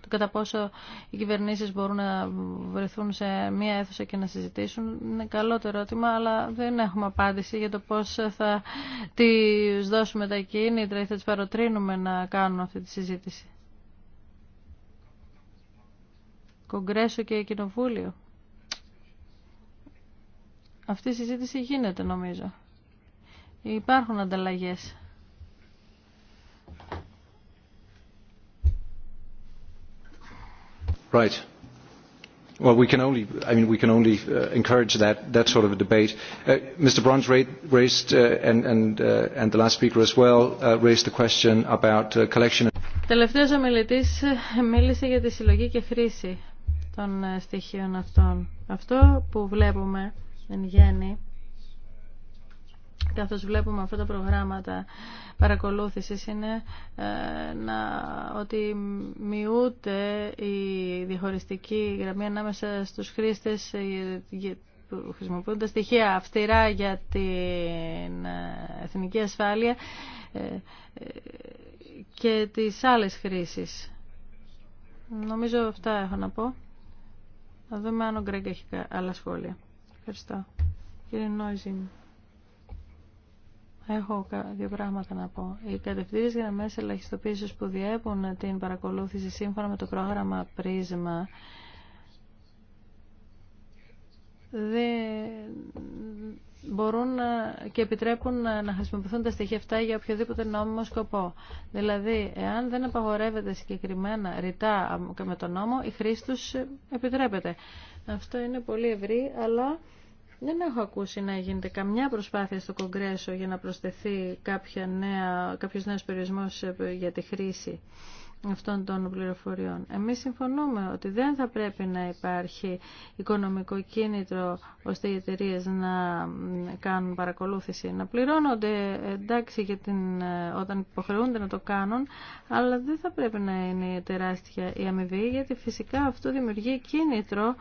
το κατά πόσο οι κυβερνήσεις μπορούν να βρεθούν σε μία αίθουσα και να συζητήσουν, είναι καλό το ερώτημα, αλλά δεν έχουμε απάντηση για το πώς θα τις δώσουμε τα κίνητρα ή θα τις παροτρύνουμε να κάνουν αυτή τη συζήτηση. Κογκρέσο και Κοινοβούλιο. Αυτή η συζήτηση γίνεται νομίζω. Υπάρχουν ανταλλαγές. Right. Well, we can only, I mean, we can only encourage that, that sort of a debate. Mr. Bruns raised, and, and, and the last speaker as well, raised the question about collection. Τελευταίος ομιλητής μίλησε για τη συλλογή και χρήση των ε, στοιχείων αυτών. Αυτό που βλέπουμε εν γέννη, καθώς βλέπουμε αυτά τα προγράμματα παρακολούθησης, είναι ε, να, ότι μειούται η διαχωριστική γραμμή ανάμεσα στους χρήστες ε, που χρησιμοποιούν τα στοιχεία αυστηρά για την εθνική ασφάλεια και τις άλλες χρήσεις. Νομίζω αυτά έχω να πω. Να δούμε αν ο Γκρέγκ έχει άλλα σχόλια. Ευχαριστώ. Κύριε Νόιζιν, έχω δύο πράγματα να πω. Οι κατευθύνσει γραμμέ ελαχιστοποίηση που διέπουν την παρακολούθηση σύμφωνα με το πρόγραμμα Πρίσμα δεν μπορούν ε, και επιτρέπουν ε, να χρησιμοποιηθούν τα στοιχεία αυτά για οποιοδήποτε νόμιμο σκοπό. Δηλαδή, εάν δεν απαγορεύεται συγκεκριμένα ρητά με τον νόμο, η χρήση του ε, επιτρέπεται. Αυτό είναι πολύ ευρύ, αλλά δεν έχω ακούσει να γίνεται καμιά προσπάθεια στο Κογκρέσο για να προσθεθεί κάποια νέο περιορισμό για τη χρήση αυτών των πληροφοριών. Εμείς συμφωνούμε ότι δεν θα πρέπει να υπάρχει οικονομικό κίνητρο ώστε οι εταιρείε να κάνουν παρακολούθηση, να πληρώνονται εντάξει για την, όταν υποχρεούνται να το κάνουν, αλλά δεν θα πρέπει να είναι τεράστια η αμοιβή γιατί φυσικά αυτό δημιουργεί κίνητρο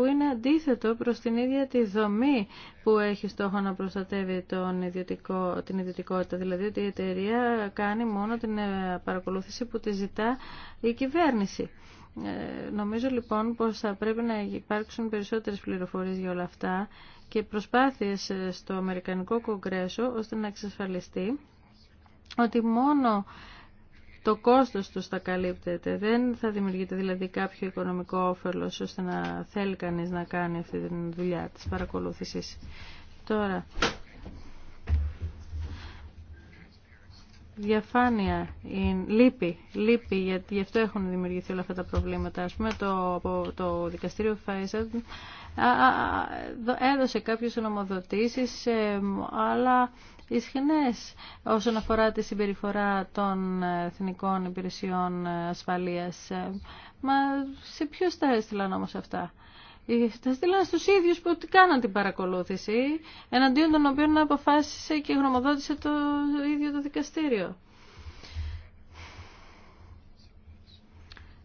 που είναι αντίθετο προς την ίδια τη δομή που έχει στόχο να προστατεύει τον ιδιωτικό, την ιδιωτικότητα. Δηλαδή ότι η εταιρεία κάνει μόνο την ε, παρακολούθηση που τη ζητά η κυβέρνηση. Ε, νομίζω λοιπόν πως θα πρέπει να υπάρξουν περισσότερες πληροφορίες για όλα αυτά και προσπάθειες ε, στο Αμερικανικό Κογκρέσο ώστε να εξασφαλιστεί ότι μόνο το κόστος τους θα καλύπτεται. Δεν θα δημιουργείται δηλαδή κάποιο οικονομικό όφελος ώστε να θέλει κανείς να κάνει αυτή τη δουλειά της παρακολούθησης. Τώρα, διαφάνεια λύπη. Λύπη, γιατί γι' αυτό έχουν δημιουργηθεί όλα αυτά τα προβλήματα. Ας πούμε το, το δικαστήριο Φάιζαντ έδωσε κάποιες ονομοδοτήσεις, αλλά όσον αφορά τη συμπεριφορά των εθνικών υπηρεσιών ασφαλείας. Μα σε ποιους τα έστειλαν όμως αυτά. Ε, τα στείλαν στους ίδιους που κάναν την παρακολούθηση, εναντίον των οποίων αποφάσισε και γνωμοδότησε το ίδιο το δικαστήριο.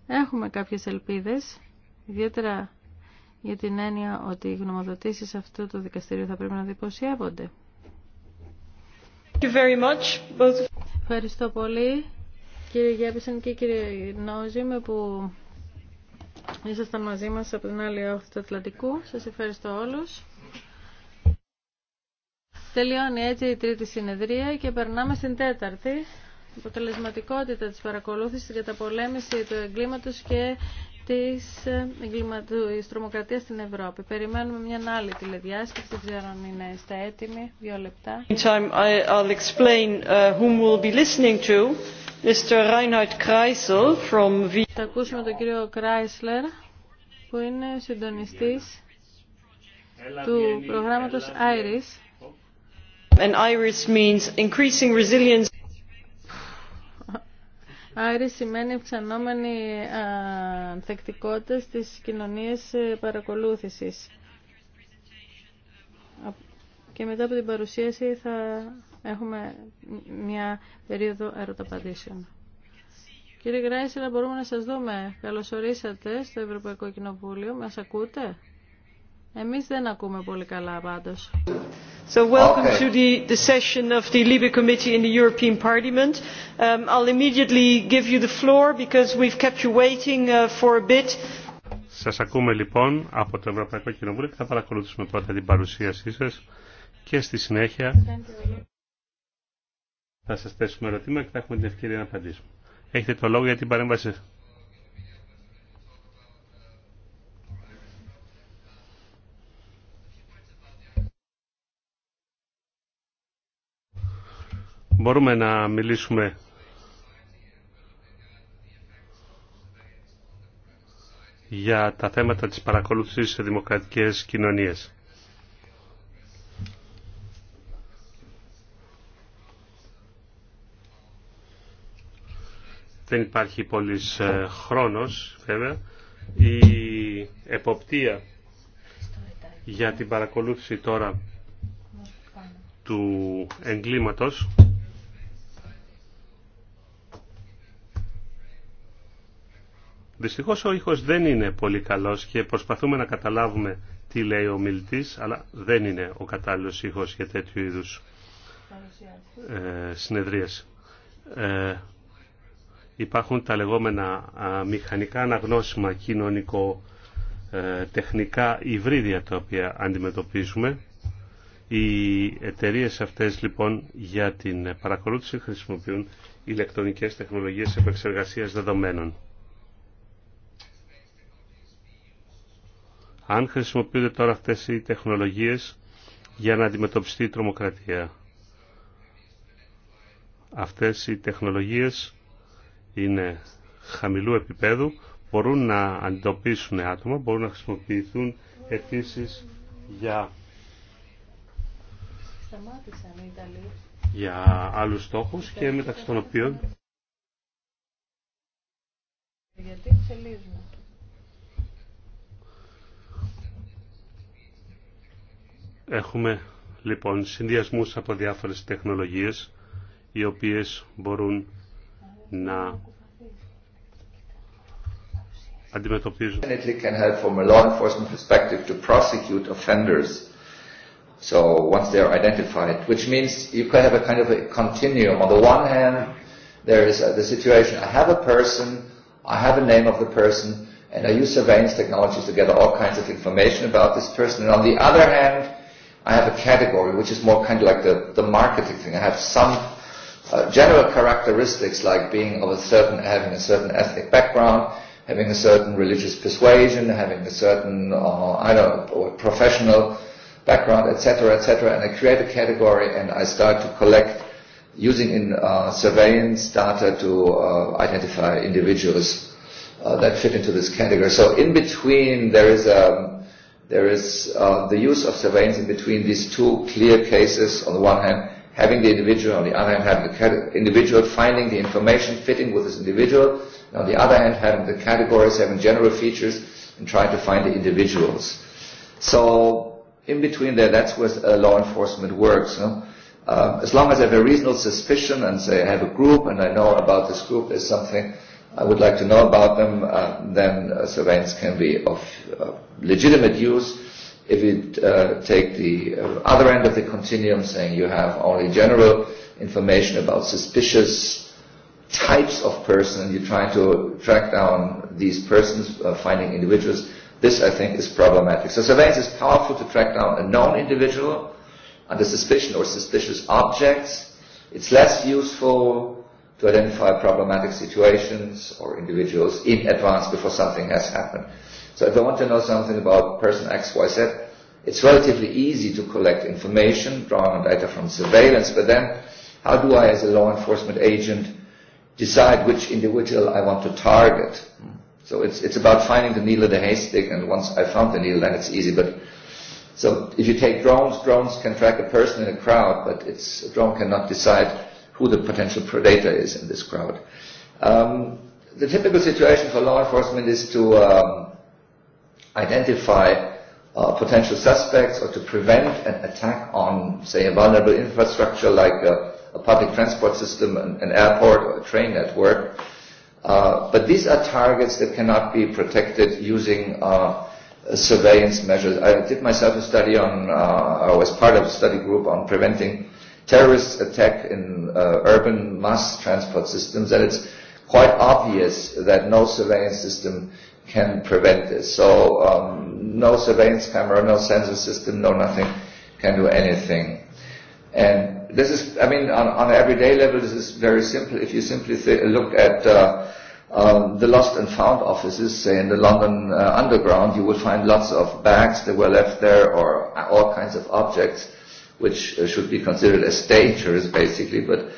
Έχουμε κάποιες ελπίδες, ιδιαίτερα για την έννοια ότι οι γνωμοδοτήσεις αυτού του δικαστήριου θα πρέπει να δημοσιεύονται. Ευχαριστώ πολύ κύριε Γέπισεν και κύριε Νόζιμε που ήσασταν μαζί μας από την άλλη όχθη του Ατλαντικού. Σας ευχαριστώ όλους. Τελειώνει έτσι η τρίτη συνεδρία και περνάμε στην τέταρτη. Αποτελεσματικότητα της παρακολούθησης, τα πολέμηση του εγκλήματος και ε, της τρομοκρατίας στην Ευρώπη. Περιμένουμε μια άλλη τηλεδιάσκεψη, δεν ξέρω αν είναι στα έτοιμη. Δύο λεπτά. In time I I'll explain ε, whom we'll be listening to. Mr. Reinhard Kreisel from Θα ακούσουμε τον κύριο Κράισλερ, που είναι συντονιστής του προγράμματος IRIS. And IRIS means increasing resilience. Άρη σημαίνει αυξανόμενη ανθεκτικότητα στις κοινωνίες ε, παρακολούθησης. Και μετά από την παρουσίαση θα έχουμε μια περίοδο ερωταπαντήσεων. Κύριε Γκράισερα, μπορούμε να σας δούμε. Καλώς ορίσατε στο Ευρωπαϊκό Κοινοβούλιο. Μας ακούτε? Εμείς δεν ακούμε πολύ καλά πάντως. So welcome to the session of the LIBE Committee in the European Parliament. I um, will immediately give you the floor because we've kept you waiting uh, for a bit. Σας ακούμε λοιπόν από το Ευρωπαϊκό Κοινοβούλιο και θα παρακολουθήσουμε πρώτα την παρουσίασή σας και στη συνέχεια θα σας θέσουμε ερωτήματα και θα έχουμε την ευκαιρία να απαντήσουμε. Έχετε το λόγο για την παρέμβαση σας. Μπορούμε να μιλήσουμε για τα θέματα της παρακολούθησης σε δημοκρατικές κοινωνίες. Δεν υπάρχει πολύς ε, χρόνος, βέβαια. Η εποπτεία για την παρακολούθηση τώρα του εγκλήματος Δυστυχώς ο ήχος δεν είναι πολύ καλός και προσπαθούμε να καταλάβουμε τι λέει ο μιλητής, αλλά δεν είναι ο κατάλληλος ήχος για τέτοιου είδους ε, συνεδρίες. Ε, υπάρχουν τα λεγόμενα μηχανικά αναγνώσιμα κοινωνικό ε, τεχνικά υβρίδια τα οποία αντιμετωπίζουμε. Οι εταιρείε αυτές λοιπόν για την παρακολούθηση χρησιμοποιούν ηλεκτρονικές τεχνολογίες επεξεργασίας δεδομένων. αν χρησιμοποιούνται τώρα αυτές οι τεχνολογίες για να αντιμετωπιστεί η τρομοκρατία. Αυτές οι τεχνολογίες είναι χαμηλού επίπεδου, μπορούν να αντιμετωπίσουν άτομα, μπορούν να χρησιμοποιηθούν επίσης για, για άλλους στόχους και μεταξύ των οποίων... Έχουμε λοιπόν συνδυασμούς από διάφορες τεχνολογίες οι οποίες μπορούν να αντιμετωπίζουν. perspective to prosecute offenders. So once they are identified, which means you could have a kind of a continuum. On the one hand, there is the situation, I have a person, I have a name of the person, and I use surveillance technologies to gather all kinds of information about this person. And on the other hand, I have a category which is more kind of like the, the marketing thing. I have some general characteristics like being of a certain, having a certain ethnic background, having a certain religious persuasion, having a certain, I don't know, professional background, etc., etc. And I create a category and I start to collect using in surveillance data to identify individuals that fit into this category. So in between there is a There is the use of surveillance in between these two clear cases. On the one hand, having the individual, on the other hand, having the individual, finding the information fitting with this individual, and on the other hand, having the categories, having general features, and trying to find the individuals. So in between there, that's where law enforcement works. As long as I have a reasonable suspicion and say I have a group and I know about this group, there's something I would like to know about them, then surveillance can be of legitimate use. If you take the other end of the continuum, saying you have only general information about suspicious types of person, you try to track down these persons, finding individuals, this I think is problematic. So surveillance is powerful to track down a known individual under suspicion or suspicious objects. It's less useful to identify problematic situations or individuals in advance before something has happened. So if I want to know something about person X, Y, Z, it's relatively easy to collect information, drawing on data from surveillance, but then how do I as a law enforcement agent decide which individual I want to target? So it's, it's about finding the needle in the haystack, and once I found the needle, then it's easy. But so if you take drones, drones can track a person in a crowd, but it's, a drone cannot decide who the potential predator is in this crowd. Um, the typical situation for law enforcement is to um, identify uh, potential suspects or to prevent an attack on, say, a vulnerable infrastructure like a, a public transport system, an, airport, or a train network. Uh, but these are targets that cannot be protected using uh, surveillance measures. I did myself a study on, uh, I was part of a study group on preventing terrorist attack in urban mass transport systems, and it's quite obvious that no surveillance system can prevent this. So no surveillance camera, no sensor system, no nothing can do anything. And this is, I mean, on, on an everyday level, this is very simple. If you simply look at uh, um, the lost and found offices, say in the London uh, underground, you will find lots of bags that were left there or all kinds of objects which should be considered as dangerous, basically, but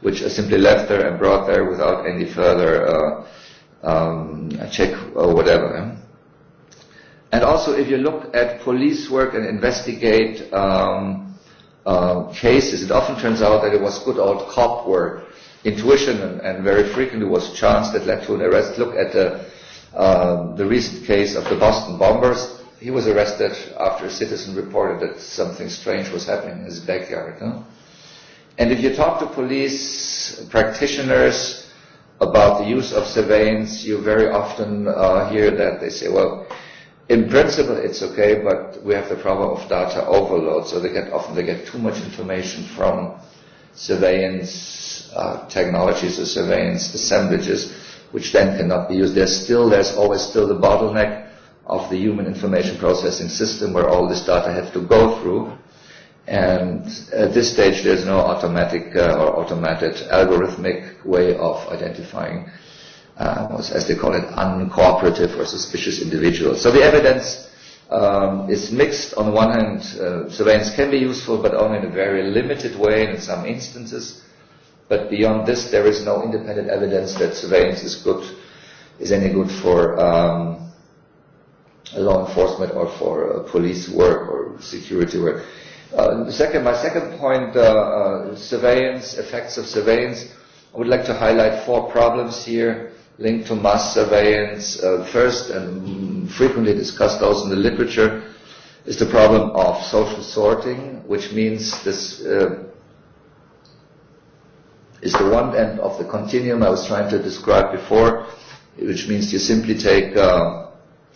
which are simply left there and brought there without any further um, check or whatever. And also, if you look at police work and investigate um, uh, cases, it often turns out that it was good old cop work, intuition, and, and very frequently was chance that led to an arrest. Look at the, uh, the recent case of the Boston bombers he was arrested after a citizen reported that something strange was happening in his backyard. And if you talk to police practitioners about the use of surveillance, you very often hear that they say, well, in principle it's okay, but we have the problem of data overload, so they get often they get too much information from surveillance technologies or surveillance assemblages, which then cannot be used. There's still, there's always still the bottleneck of the human information processing system where all this data has to go through. And at this stage, there's no automatic or automated algorithmic way of identifying, as they call it, uncooperative or suspicious individuals. So the evidence is mixed. On the one hand, surveillance can be useful, but only in a very limited way in some instances. But beyond this, there is no independent evidence that surveillance is good, is any good for law enforcement or for police work or security work. Second, my second point, surveillance, effects of surveillance. I would like to highlight four problems here linked to mass surveillance. First, and frequently discussed also in the literature, is the problem of social sorting, which means this is the one end of the continuum I was trying to describe before, which means you simply take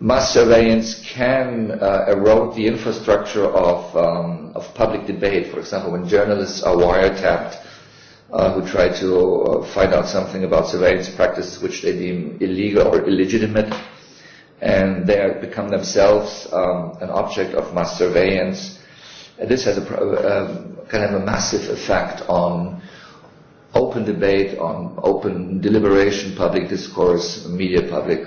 mass surveillance can erode the infrastructure of of public debate. For example, when journalists are wiretapped who try to find out something about surveillance practices which they deem illegal or illegitimate, and they become themselves an object of mass surveillance. This has a kind of a massive effect on open debate, on open deliberation, public discourse, media public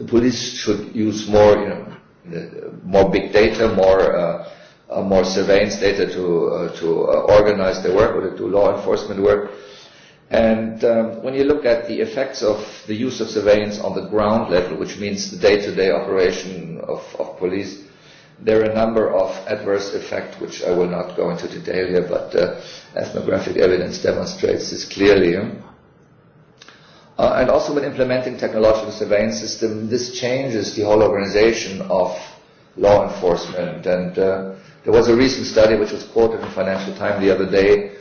the police should use more, you know, more big data, more uh, more surveillance data to to organize their work or to do law enforcement work. And when you look at the effects of the use of surveillance on the ground level, which means the day-to-day operation of of police, there are a number of adverse effects which I will not go into detail here, but ethnographic evidence demonstrates this clearly. And also when implementing technological surveillance system, this changes the whole organization of law enforcement. And there was a recent study which was quoted in Financial Times the other day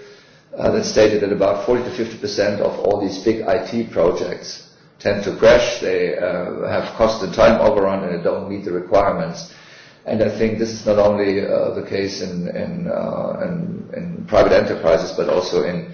that stated that about 40 to 50 percent of all these big IT projects tend to crash. They have cost and time overrun and they don't meet the requirements. And I think this is not only the case in in in private enterprises, but also in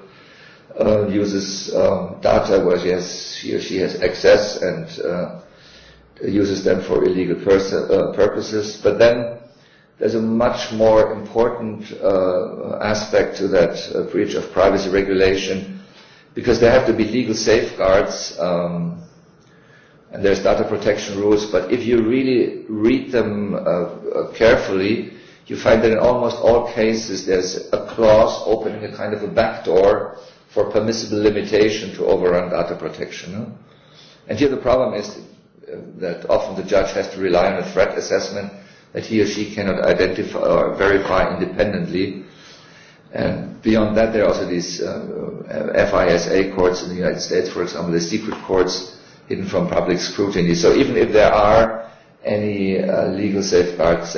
uses data where she has he or she has access and uses them for illegal purposes. But then there's a much more important aspect to that breach of privacy regulation because there have to be legal safeguards and there's data protection rules, but if you really read them carefully, you find that in almost all cases there's a clause opening a kind of a backdoor for permissible limitation to overrun data protection. And here the problem is that often the judge has to rely on a threat assessment that he or she cannot identify or verify independently. And beyond that, there are also these FISA courts in the United States, for example, the secret courts hidden from public scrutiny. So even if there are any legal safeguards,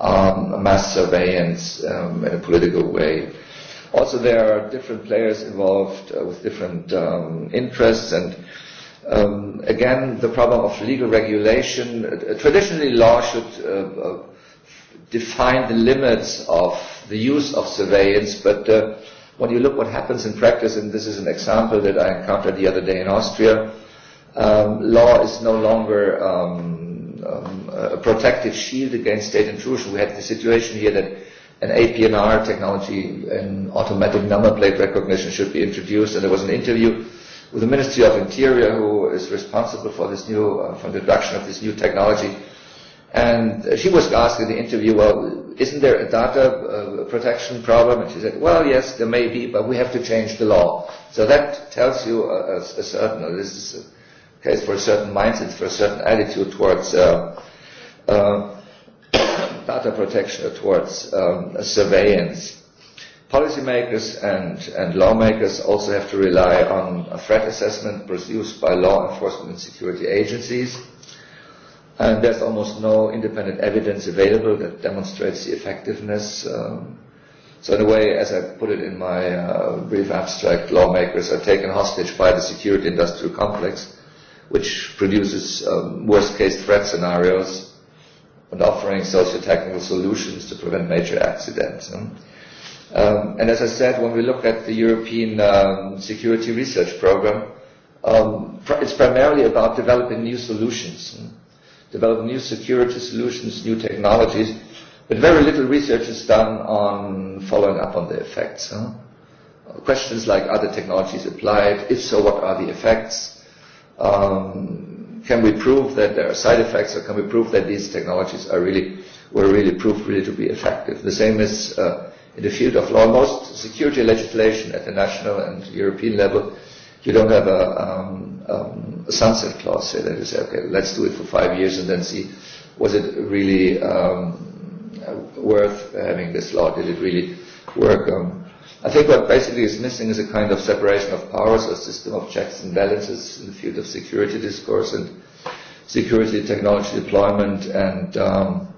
mass surveillance in a political way. Also, there are different players involved with different interests and again, the problem of legal regulation. Traditionally, law should define the limits of the use of surveillance, but when you look what happens in practice, and this is an example that I encountered the other day in Austria, law is no longer a protective shield against state intrusion. We had the situation here that an APNR technology and automatic number plate recognition should be introduced, and there was an interview with the Ministry of Interior, who is responsible for this new, for the introduction of this new technology. And she was asked in the interview, well, isn't there a data protection problem? And she said, well, yes, there may be, but we have to change the law. So that tells you a certain, this is case for a certain mindset, for a certain attitude towards data protection, towards surveillance. Policymakers and and lawmakers also have to rely on a threat assessment produced by law enforcement and security agencies. And there's almost no independent evidence available that demonstrates the effectiveness. So in a way, as I put it in my brief abstract, lawmakers are taken hostage by the security industrial complex which produces worst-case threat scenarios and offering socio-technical solutions to prevent major accidents. And as I said, when we look at the European Security Research Program, it's primarily about developing new solutions, developing new security solutions, new technologies, but very little research is done on following up on the effects. Questions like, are the technologies applied? If so, what are the effects? Can we prove that there are side effects, or can we prove that these technologies are really were really proved really to be effective? The same is in the field of law. Most security legislation at the national and European level, you don't have a a sunset clause. Say that you say, okay, let's do it for five years and then see was it really worth having this law? Did it really work? I think what basically is missing is a kind of separation of powers, a system of checks and balances in the field of security discourse and security technology deployment. And, um,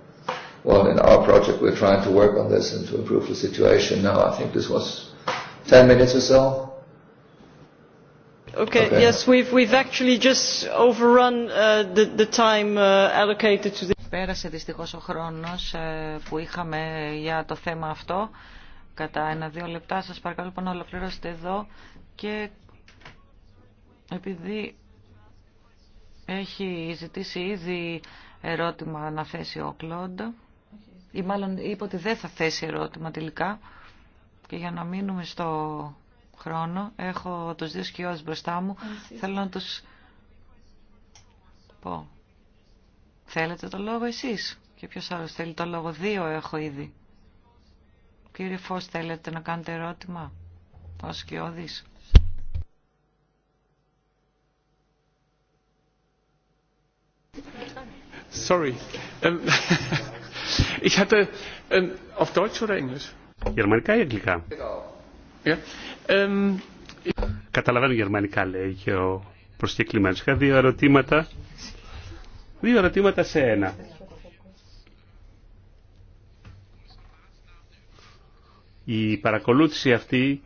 well, in our project, we're trying to work on this and to improve the situation. Now, I think this was 10 minutes or so. Okay, yes, we've, we've actually just overrun the, the time allocated to the... Πέρασε δυστυχώς ο χρόνος που είχαμε για το θέμα αυτό κατά ένα-δύο λεπτά. Σας παρακαλώ λοιπόν να ολοκληρώσετε εδώ και επειδή έχει ζητήσει ήδη ερώτημα να θέσει ο Κλοντ ή μάλλον είπε ότι δεν θα θέσει ερώτημα τελικά και για να μείνουμε στο χρόνο έχω τους δύο σκιώδες μπροστά μου θέλω να τους πω θέλετε το λόγο εσείς και ποιος άλλος θέλει το λόγο δύο έχω ήδη Κύριε Φως, θέλετε να κάνετε ερώτημα ο σκιώδης. Sorry. ich hatte auf Deutsch oder Englisch? Γερμανικά ή αγγλικά. Yeah. Ε, um... Ε, Καταλαβαίνω γερμανικά λέει και ο προσκεκλημένος. Είχα δύο ερωτήματα. Δύο ερωτήματα σε ένα. Η παρακολούθηση αυτή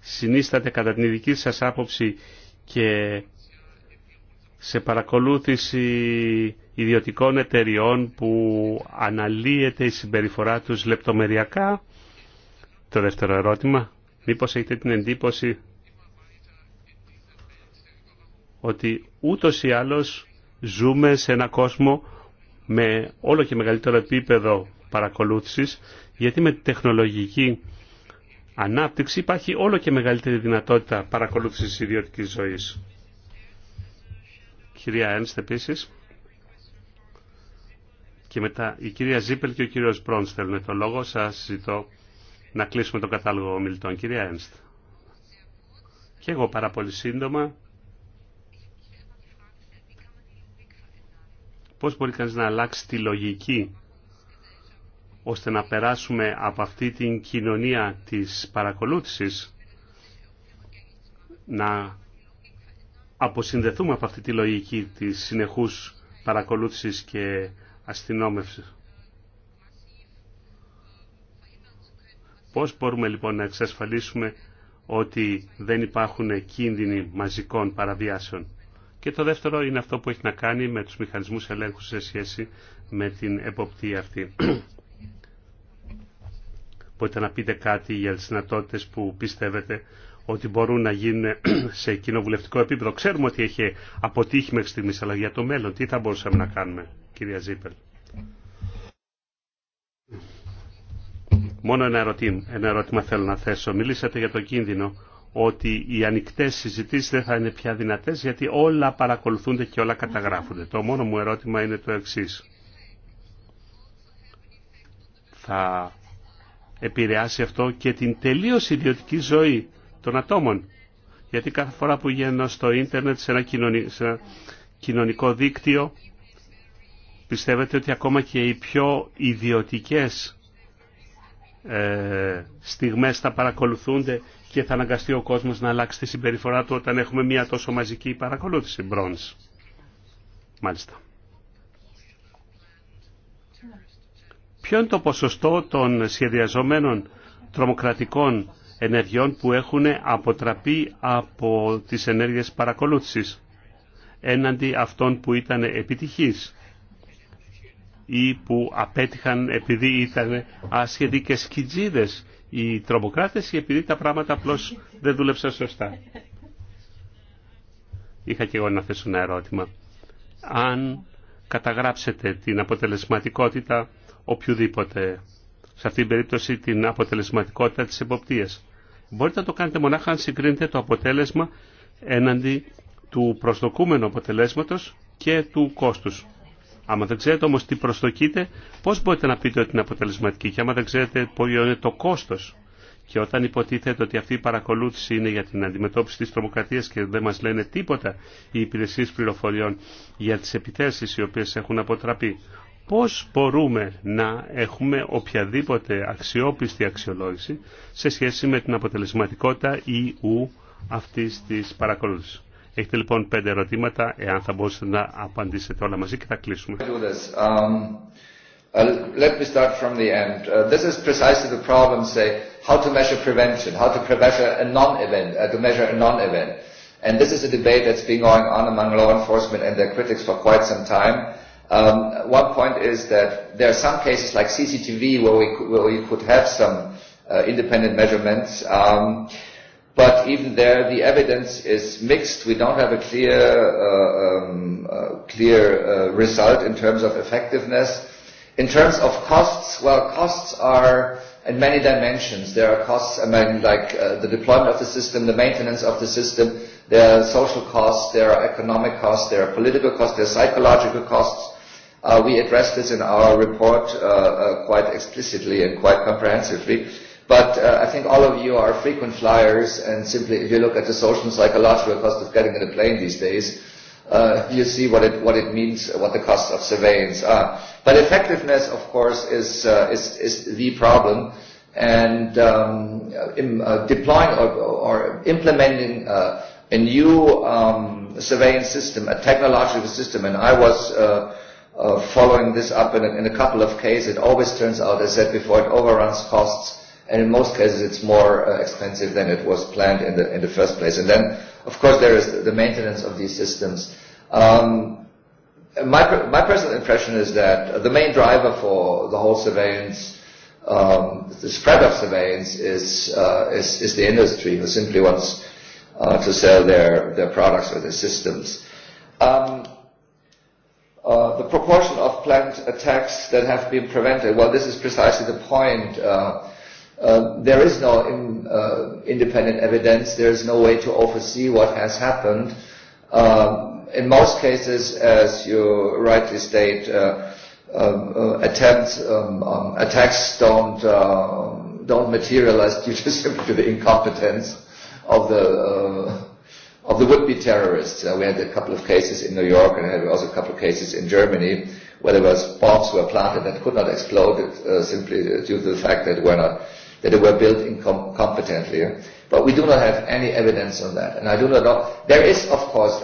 συνίσταται κατά την ειδική σας άποψη και σε παρακολούθηση ιδιωτικών εταιριών που αναλύεται η συμπεριφορά τους λεπτομεριακά. Το δεύτερο ερώτημα, μήπως έχετε την εντύπωση ότι ούτως ή άλλως ζούμε σε ένα κόσμο με όλο και μεγαλύτερο επίπεδο παρακολούθησης, γιατί με τη τεχνολογική ανάπτυξη υπάρχει όλο και μεγαλύτερη δυνατότητα παρακολούθησης ιδιωτικής ζωής. Κυρία Ένστ επίσης. Και μετά η κυρία Ζίπελ και ο κύριος Μπρόνς θέλουν το λόγο. Σας ζητώ να κλείσουμε τον κατάλογο ομιλητών. Κυρία Ένστ. Και εγώ πάρα πολύ σύντομα. Πώς μπορεί κανείς να αλλάξει τη λογική ώστε να περάσουμε από αυτή την κοινωνία της παρακολούθησης, να αποσυνδεθούμε από αυτή τη λογική της συνεχούς παρακολούθησης και αστυνόμευσης. Πώς μπορούμε λοιπόν να εξασφαλίσουμε ότι δεν υπάρχουν κίνδυνοι μαζικών παραβιάσεων. Και το δεύτερο είναι αυτό που έχει να κάνει με τους μηχανισμούς ελέγχου σε σχέση με την εποπτεία αυτή. Μπορείτε να πείτε κάτι για τις δυνατότητε που πιστεύετε ότι μπορούν να γίνουν σε κοινοβουλευτικό επίπεδο. Ξέρουμε ότι έχει αποτύχει μέχρι στιγμή, αλλά για το μέλλον τι θα μπορούσαμε να κάνουμε, κυρία Ζήπελ. Μόνο ένα ερώτημα, θέλω να θέσω. Μιλήσατε για το κίνδυνο ότι οι ανοιχτέ συζητήσει δεν θα είναι πια δυνατέ γιατί όλα παρακολουθούνται και όλα καταγράφονται. Το μόνο μου ερώτημα είναι το εξή. Θα επηρεάσει αυτό και την τελείως ιδιωτική ζωή των ατόμων. Γιατί κάθε φορά που γίνω στο ίντερνετ σε ένα, κοινωνικό δίκτυο πιστεύετε ότι ακόμα και οι πιο ιδιωτικές ε, στιγμές θα παρακολουθούνται και θα αναγκαστεί ο κόσμος να αλλάξει τη συμπεριφορά του όταν έχουμε μια τόσο μαζική παρακολούθηση μπρόνς. Μάλιστα. Ποιο είναι το ποσοστό των σχεδιαζομένων τρομοκρατικών ενεργειών που έχουν αποτραπεί από τις ενέργειες παρακολούθησης έναντι αυτών που ήταν επιτυχείς ή που απέτυχαν επειδή ήταν ασχετικές κιτζίδες οι τρομοκράτες ή επειδή τα πράγματα απλώς δεν δούλεψαν σωστά. Είχα και εγώ να θέσω ένα ερώτημα. Αν καταγράψετε την αποτελεσματικότητα οποιοδήποτε. Σε αυτήν την περίπτωση την αποτελεσματικότητα της εποπτείας. Μπορείτε να το κάνετε μονάχα αν συγκρίνετε το αποτέλεσμα έναντι του προσδοκούμενου αποτελέσματος και του κόστους. Άμα δεν ξέρετε όμως τι προσδοκείτε, πώς μπορείτε να πείτε ότι είναι αποτελεσματική και άμα δεν ξέρετε ποιο είναι το κόστος. Και όταν υποτίθεται ότι αυτή η παρακολούθηση είναι για την αντιμετώπιση της τρομοκρατίας και δεν μας λένε τίποτα οι υπηρεσίε πληροφοριών για τις επιθέσεις οι οποίες έχουν αποτραπεί. Πώς μπορούμε να έχουμε οποιαδήποτε αξιόπιστη αξιολόγηση σε σχέση με την αποτελεσματικότητα ή ου αυτής της παρακολούθησης. Έχετε λοιπόν πέντε ερωτήματα, εάν θα μπορούσατε να απαντήσετε όλα μαζί και θα κλείσουμε. Let me start from the end. This is precisely the problem, say, how to measure prevention, how to measure a non-event, to measure a non-event. And this is a debate that's been going on among law enforcement and their critics for quite some time. Um, one point is that there are some cases like CCTV where we, where we could have some independent measurements, um, but even there the evidence is mixed. We don't have a clear, um, clear result in terms of effectiveness. In terms of costs, well, costs are in many dimensions. There are costs, among like the deployment of the system, the maintenance of the system. There are social costs, there are economic costs, there are political costs, there are psychological costs We addressed this in our report quite explicitly and quite comprehensively. But I think all of you are frequent flyers, and simply if you look at the social and psychological cost of getting in a plane these days, you see what it what it means, what the costs of surveillance are. But effectiveness, of course, is is is the problem, and deploying or implementing a new surveillance system, a technological system, and I was following this up in in a couple of cases. It always turns out, as I said before, it overruns costs, and in most cases it's more expensive than it was planned in the in the first place. And then, of course, there is the maintenance of these systems. Um, my my personal impression is that the main driver for the whole surveillance um, the spread of surveillance is, is, the industry who simply wants to sell their, their products or their systems. Um, The proportion of planned attacks that have been prevented, well, this is precisely the point. There is no independent evidence. There is no way to oversee what has happened. In most cases, as you rightly state, attempts, attacks don't don't materialize due to simply the incompetence of the of the would-be terrorists. we had a couple of cases in New York and had also a couple of cases in Germany where there was bombs were planted that could not explode simply due to the fact that were not that they were built incompetently. But we do not have any evidence on that, and I do not know. There is, of course,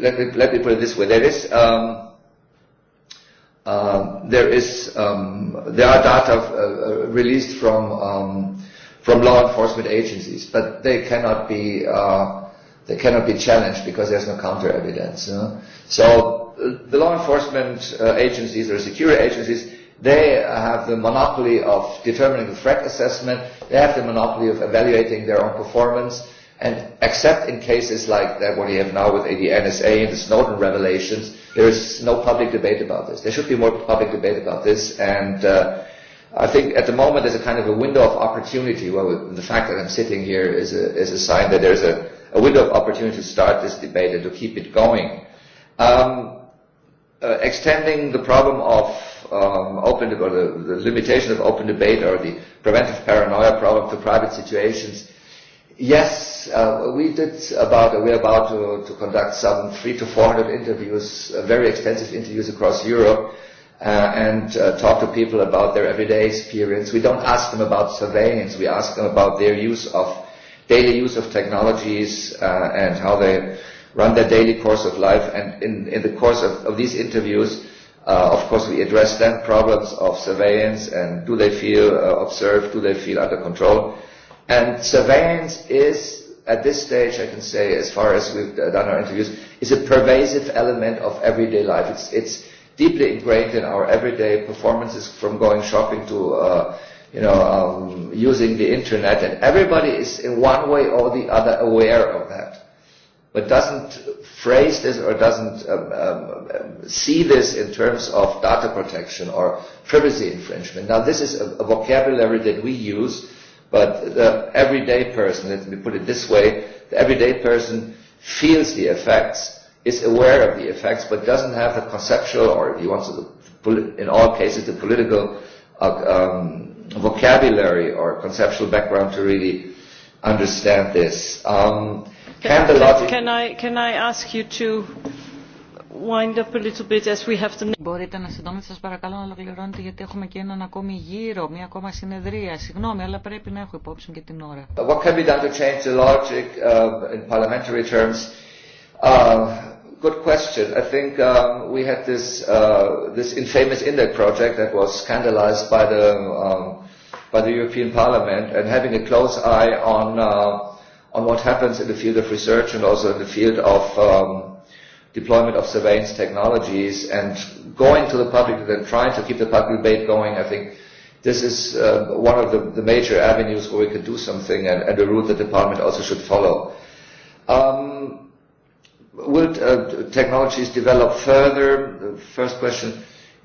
let me let me put it this way: there is there is there are data released from from law enforcement agencies, but they cannot be They cannot be challenged because there's no counter evidence. So the law enforcement agencies or security agencies, they have the monopoly of determining the threat assessment. They have the monopoly of evaluating their own performance. And except in cases like that what we have now with the NSA and the Snowden revelations, there is no public debate about this. There should be more public debate about this. And I think at the moment there's a kind of a window of opportunity. Well, the fact that I'm sitting here is a, is a sign that there's a a window of opportunity to start this debate and to keep it going. Um, extending the problem of um, open or the, the limitation of open debate or the preventive paranoia problem to private situations. Yes, we did about, we're about to, to conduct some three to four hundred interviews, very extensive interviews across Europe and talk to people about their everyday experience. We don't ask them about surveillance. We ask them about their use of daily use of technologies and how they run their daily course of life. And in, in the course of, of these interviews, of course, we address them problems of surveillance and do they feel observed, do they feel under control. And surveillance is, at this stage, I can say, as far as we've done our interviews, is a pervasive element of everyday life. It's, it's deeply ingrained in our everyday performances, from going shopping to you know, um, using the internet, and everybody is in one way or the other aware of that, but doesn't phrase this or doesn't um, um, see this in terms of data protection or privacy infringement. Now, this is a, a vocabulary that we use, but the everyday person, let me put it this way, the everyday person feels the effects, is aware of the effects, but doesn't have the conceptual or, if you want to, in all cases, the political um, vocabulary or conceptual background to really understand this. Um, can, the logic... can, I, can I ask you to wind up a little bit as we have the... Μπορείτε να συντομείτε σας παρακαλώ να ολοκληρώνετε γιατί έχουμε και έναν ακόμη γύρο, μια ακόμα συνεδρία. Συγγνώμη, αλλά πρέπει να έχω υπόψη και την ώρα. What can be done to change the logic uh, in parliamentary terms? Uh, Good question. I think we had this this infamous INDEC project that was scandalized by the by the European Parliament and having a close eye on on what happens in the field of research and also in the field of deployment of surveillance technologies and going to the public and then trying to keep the public debate going, I think this is one of the, major avenues where we can do something and, and a route that the department also should follow. Um, will technologies develop further? first question.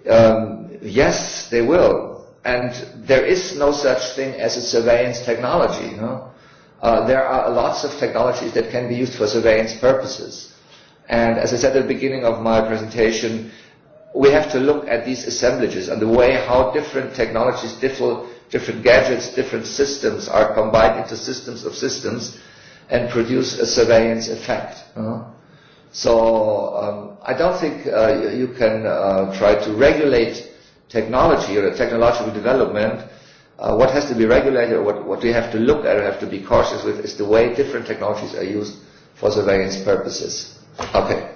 Um, yes, they will And there is no such thing as a surveillance technology. you know? There are lots of technologies that can be used for surveillance purposes. And as I said at the beginning of my presentation, we have to look at these assemblages and the way how different technologies, different gadgets, different systems are combined into systems of systems and produce a surveillance effect. So I don't think you can try to regulate technology or a technological development, what has to be regulated or what, what we have to look at or have to be cautious with is the way different technologies are used for surveillance purposes. Okay.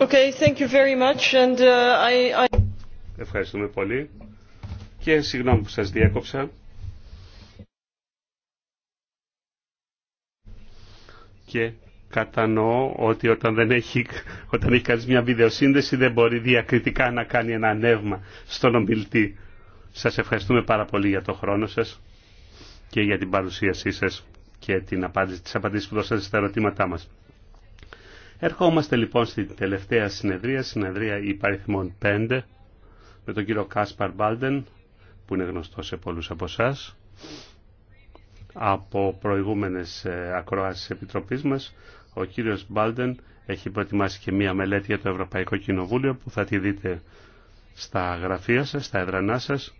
Okay, thank you very much and I, I... Ευχαριστούμε πολύ και συγγνώμη που σας διέκοψα. Και κατανοώ ότι όταν, δεν έχει, όταν έχει μια βιντεοσύνδεση δεν μπορεί διακριτικά να κάνει ένα ανέβημα στον ομιλητή. Σας ευχαριστούμε πάρα πολύ για το χρόνο σας και για την παρουσίασή σας και την απάντηση, τις απαντήσεις που δώσατε στα ερωτήματά μας. Ερχόμαστε λοιπόν στην τελευταία συνεδρία, συνεδρία υπαριθμών 5, με τον κύριο Κάσπαρ Μπάλτεν, που είναι γνωστό σε πολλούς από εσά από προηγούμενες ε, ακροάσεις επιτροπής μας ο κύριος Μπάλτεν έχει προετοιμάσει και μία μελέτη για το Ευρωπαϊκό Κοινοβούλιο που θα τη δείτε στα γραφεία σας, στα έδρανά σας.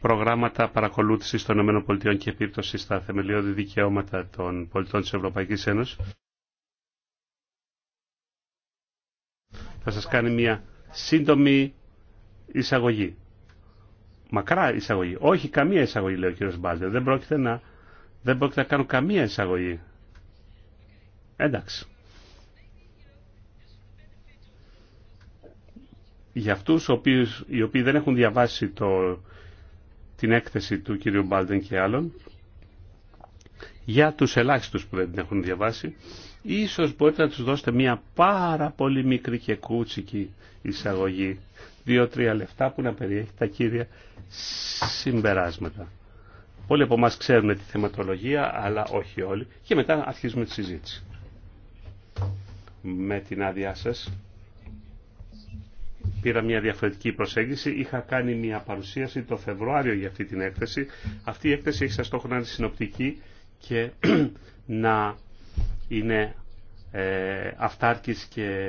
Προγράμματα παρακολούθησης των ΗΠΑ και επίπτωση στα θεμελιώδη δικαιώματα των πολιτών της Ευρωπαϊκής Ένωσης. Θα σας κάνει μία σύντομη εισαγωγή. Μακρά εισαγωγή. Όχι καμία εισαγωγή λέει ο κύριος Μπάλτεν. Δεν πρόκειται να, δεν πρόκειται να κάνω καμία εισαγωγή. Εντάξει. Για αυτούς οποίους, οι οποίοι δεν έχουν διαβάσει το, την έκθεση του κύριου Μπάλτεν και άλλων, για τους ελάχιστους που δεν την έχουν διαβάσει, ίσως μπορείτε να τους δώσετε μια πάρα πολύ μικρή και κούτσικη εισαγωγή, δύο-τρία λεφτά που να περιέχει τα κύρια συμπεράσματα. όλοι από εμά ξέρουμε τη θεματολογία, αλλά όχι όλοι. Και μετά αρχίζουμε τη συζήτηση με την άδειά σας. Πήρα μια διαφορετική προσέγγιση. Είχα κάνει μια παρουσίαση το Φεβρουάριο για αυτή την έκθεση. Αυτή η έκθεση έχει σαν στόχο να είναι συνοπτική και να είναι ε, αυτάρκης και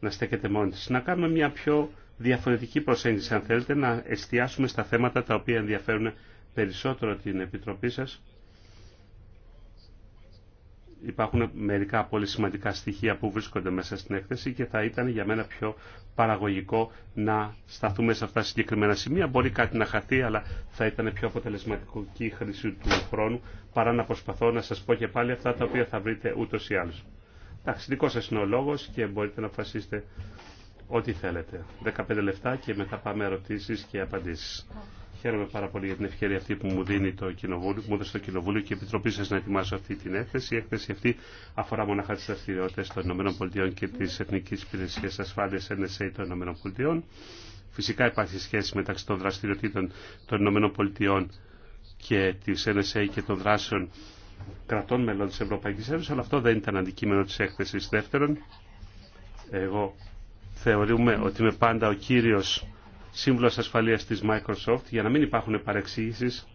να στέκεται μόνη της. Να κάνουμε μια πιο διαφορετική προσέγγιση αν θέλετε, να εστιάσουμε στα θέματα τα οποία ενδιαφέρουν περισσότερο την Επιτροπή σας υπάρχουν μερικά πολύ σημαντικά στοιχεία που βρίσκονται μέσα στην έκθεση και θα ήταν για μένα πιο παραγωγικό να σταθούμε σε αυτά συγκεκριμένα σημεία. Μπορεί κάτι να χαθεί, αλλά θα ήταν πιο αποτελεσματικό και η χρήση του χρόνου παρά να προσπαθώ να σας πω και πάλι αυτά τα οποία θα βρείτε ούτως ή άλλως. Εντάξει, δικό σας είναι ο λόγος και μπορείτε να αποφασίσετε ό,τι θέλετε. 15 λεπτά και μετά πάμε ερωτήσεις και απαντήσεις. Χαίρομαι πάρα πολύ για την ευκαιρία αυτή που μου δίνει το κοινοβούλιο, μου το κοινοβούλιο και η επιτροπή σα να ετοιμάσω αυτή την έκθεση. Η έκθεση αυτή αφορά μονάχα τι δραστηριότητε των ΗΠΑ και τη Εθνική Υπηρεσία Ασφάλεια NSA των ΗΠΑ. Φυσικά υπάρχει σχέση μεταξύ των δραστηριοτήτων των ΗΠΑ και τη NSA και των δράσεων κρατών μελών τη Ευρωπαϊκή Ένωση, αλλά αυτό δεν ήταν αντικείμενο τη έκθεση. Δεύτερον, εγώ θεωρούμε ότι είμαι πάντα ο κύριος σύμβουλος ασφαλείας της Microsoft για να μην υπάρχουν παρεξήγησεις.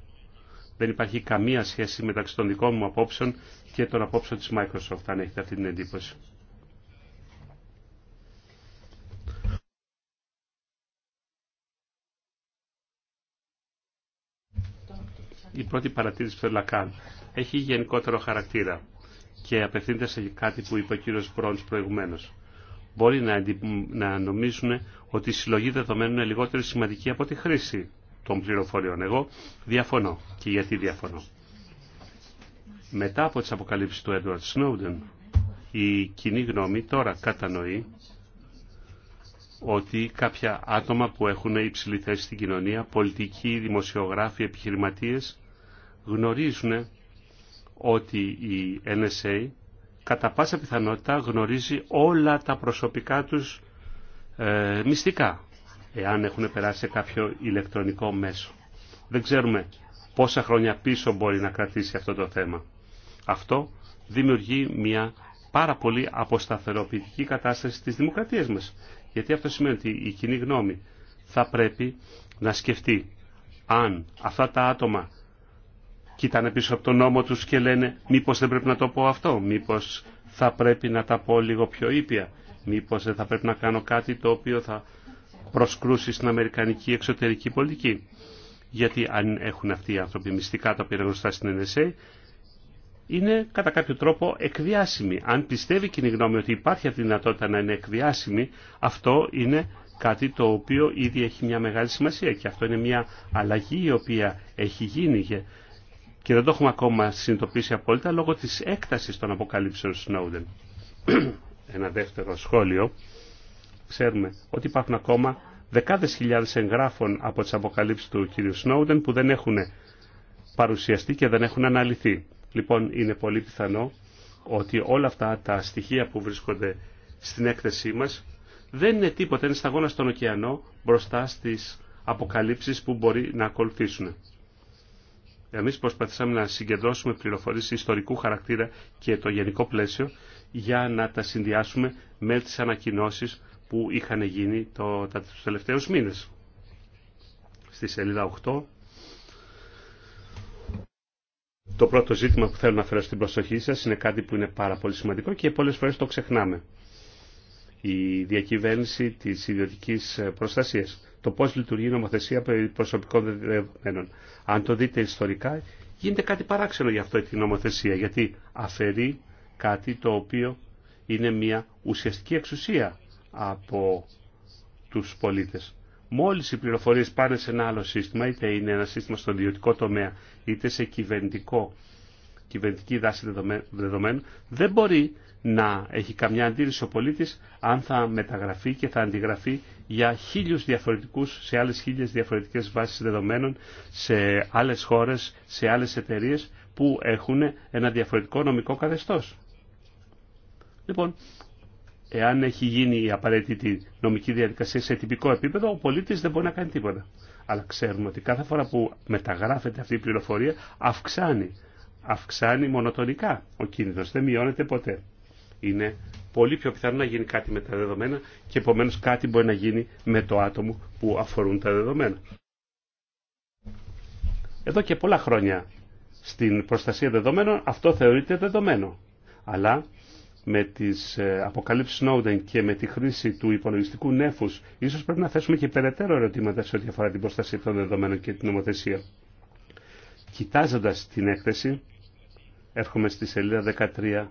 Δεν υπάρχει καμία σχέση μεταξύ των δικών μου απόψεων και των απόψεων της Microsoft, αν έχετε αυτή την εντύπωση. Η πρώτη παρατήρηση που θέλω να κάνω έχει γενικότερο χαρακτήρα και απευθύνεται σε κάτι που είπε ο κύριος Μπρόντς προηγουμένως μπορεί να, νομίζουν ότι η συλλογή δεδομένων είναι λιγότερο σημαντική από τη χρήση των πληροφοριών. Εγώ διαφωνώ. Και γιατί διαφωνώ. Μετά από τις αποκαλύψεις του Edward Snowden, η κοινή γνώμη τώρα κατανοεί ότι κάποια άτομα που έχουν υψηλή θέση στην κοινωνία, πολιτικοί, δημοσιογράφοι, επιχειρηματίες, γνωρίζουν ότι η NSA κατά πάσα πιθανότητα γνωρίζει όλα τα προσωπικά τους ε, μυστικά, εάν έχουν περάσει σε κάποιο ηλεκτρονικό μέσο. Δεν ξέρουμε πόσα χρόνια πίσω μπορεί να κρατήσει αυτό το θέμα. Αυτό δημιουργεί μια πάρα πολύ αποσταθεροποιητική κατάσταση στις δημοκρατίες μας. Γιατί αυτό σημαίνει ότι η κοινή γνώμη θα πρέπει να σκεφτεί αν αυτά τα άτομα κοιτάνε πίσω από τον νόμο τους και λένε μήπως δεν πρέπει να το πω αυτό, μήπως θα πρέπει να τα πω λίγο πιο ήπια, μήπως δεν θα πρέπει να κάνω κάτι το οποίο θα προσκρούσει στην Αμερικανική εξωτερική πολιτική. Γιατί αν έχουν αυτοί οι άνθρωποι μυστικά τα οποία είναι γνωστά στην NSA, είναι κατά κάποιο τρόπο εκδιάσιμη. Αν πιστεύει κοινή γνώμη ότι υπάρχει αυτή η δυνατότητα να είναι εκδιάσιμη, αυτό είναι κάτι το οποίο ήδη έχει μια μεγάλη σημασία και αυτό είναι μια αλλαγή η οποία έχει γίνει και δεν το έχουμε ακόμα συνειδητοποιήσει απόλυτα λόγω της έκτασης των αποκαλύψεων Σνόντεν. Ένα δεύτερο σχόλιο. Ξέρουμε ότι υπάρχουν ακόμα δεκάδες χιλιάδες εγγράφων από τις αποκαλύψεις του κ. Σνόντεν που δεν έχουν παρουσιαστεί και δεν έχουν αναλυθεί. Λοιπόν, είναι πολύ πιθανό ότι όλα αυτά τα στοιχεία που βρίσκονται στην έκθεσή μας δεν είναι τίποτα, είναι σταγόνα στον ωκεανό μπροστά στις αποκαλύψεις που μπορεί να ακολουθήσουν. Εμείς προσπαθήσαμε να συγκεντρώσουμε πληροφορίες ιστορικού χαρακτήρα και το γενικό πλαίσιο για να τα συνδυάσουμε με τις ανακοινώσεις που είχαν γίνει το, τα, τελευταίους μήνες. Στη σελίδα 8 το πρώτο ζήτημα που θέλω να φέρω στην προσοχή σας είναι κάτι που είναι πάρα πολύ σημαντικό και πολλές φορές το ξεχνάμε. Η διακυβέρνηση της ιδιωτικής προστασίας το πώς λειτουργεί η νομοθεσία προσωπικών δεδομένων. Αν το δείτε ιστορικά, γίνεται κάτι παράξενο για αυτό την νομοθεσία, γιατί αφαιρεί κάτι το οποίο είναι μια ουσιαστική εξουσία από τους πολίτες. Μόλις οι πληροφορίες πάνε σε ένα άλλο σύστημα, είτε είναι ένα σύστημα στον ιδιωτικό τομέα, είτε σε κυβερνητικό, κυβερνητική δάση δεδομένων, δεν μπορεί να έχει καμιά αντίρρηση ο πολίτης αν θα μεταγραφεί και θα αντιγραφεί για χίλιους διαφορετικούς, σε άλλες χίλιες διαφορετικές βάσεις δεδομένων, σε άλλες χώρες, σε άλλες εταιρείε που έχουν ένα διαφορετικό νομικό καθεστώς. Λοιπόν, εάν έχει γίνει η απαραίτητη νομική διαδικασία σε τυπικό επίπεδο, ο πολίτης δεν μπορεί να κάνει τίποτα. Αλλά ξέρουμε ότι κάθε φορά που μεταγράφεται αυτή η πληροφορία αυξάνει, αυξάνει μονοτονικά ο κίνδυνος, δεν μειώνεται ποτέ είναι πολύ πιο πιθανό να γίνει κάτι με τα δεδομένα και επομένω κάτι μπορεί να γίνει με το άτομο που αφορούν τα δεδομένα. Εδώ και πολλά χρόνια στην προστασία δεδομένων αυτό θεωρείται δεδομένο. Αλλά με τις ε, αποκαλύψεις Snowden και με τη χρήση του υπολογιστικού νέφους ίσως πρέπει να θέσουμε και περαιτέρω ερωτήματα σε ό,τι αφορά την προστασία των δεδομένων και την νομοθεσία. Κοιτάζοντας την έκθεση, έρχομαι στη σελίδα 13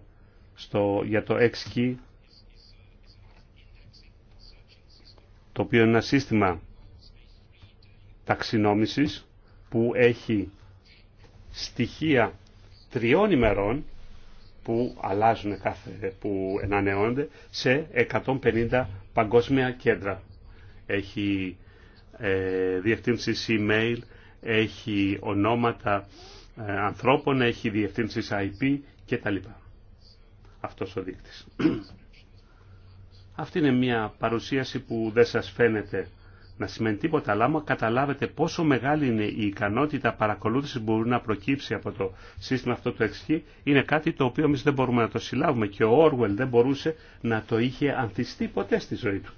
στο, για το XKey, το οποίο είναι ένα σύστημα ταξινόμησης που έχει στοιχεία τριών ημερών που αλλάζουν κάθε, που ενανεώνονται σε 150 παγκόσμια κέντρα. Έχει ε, διευθύνσεις email, έχει ονόματα ε, ανθρώπων, έχει διευθύνσεις IP κτλ αυτός ο δείκτης. Αυτή είναι μια παρουσίαση που δεν σας φαίνεται να σημαίνει τίποτα, αλλά καταλάβετε πόσο μεγάλη είναι η ικανότητα παρακολούθηση που μπορεί να προκύψει από το σύστημα αυτό του 6 είναι κάτι το οποίο εμεί δεν μπορούμε να το συλλάβουμε και ο Όρουελ δεν μπορούσε να το είχε ανθιστεί ποτέ στη ζωή του.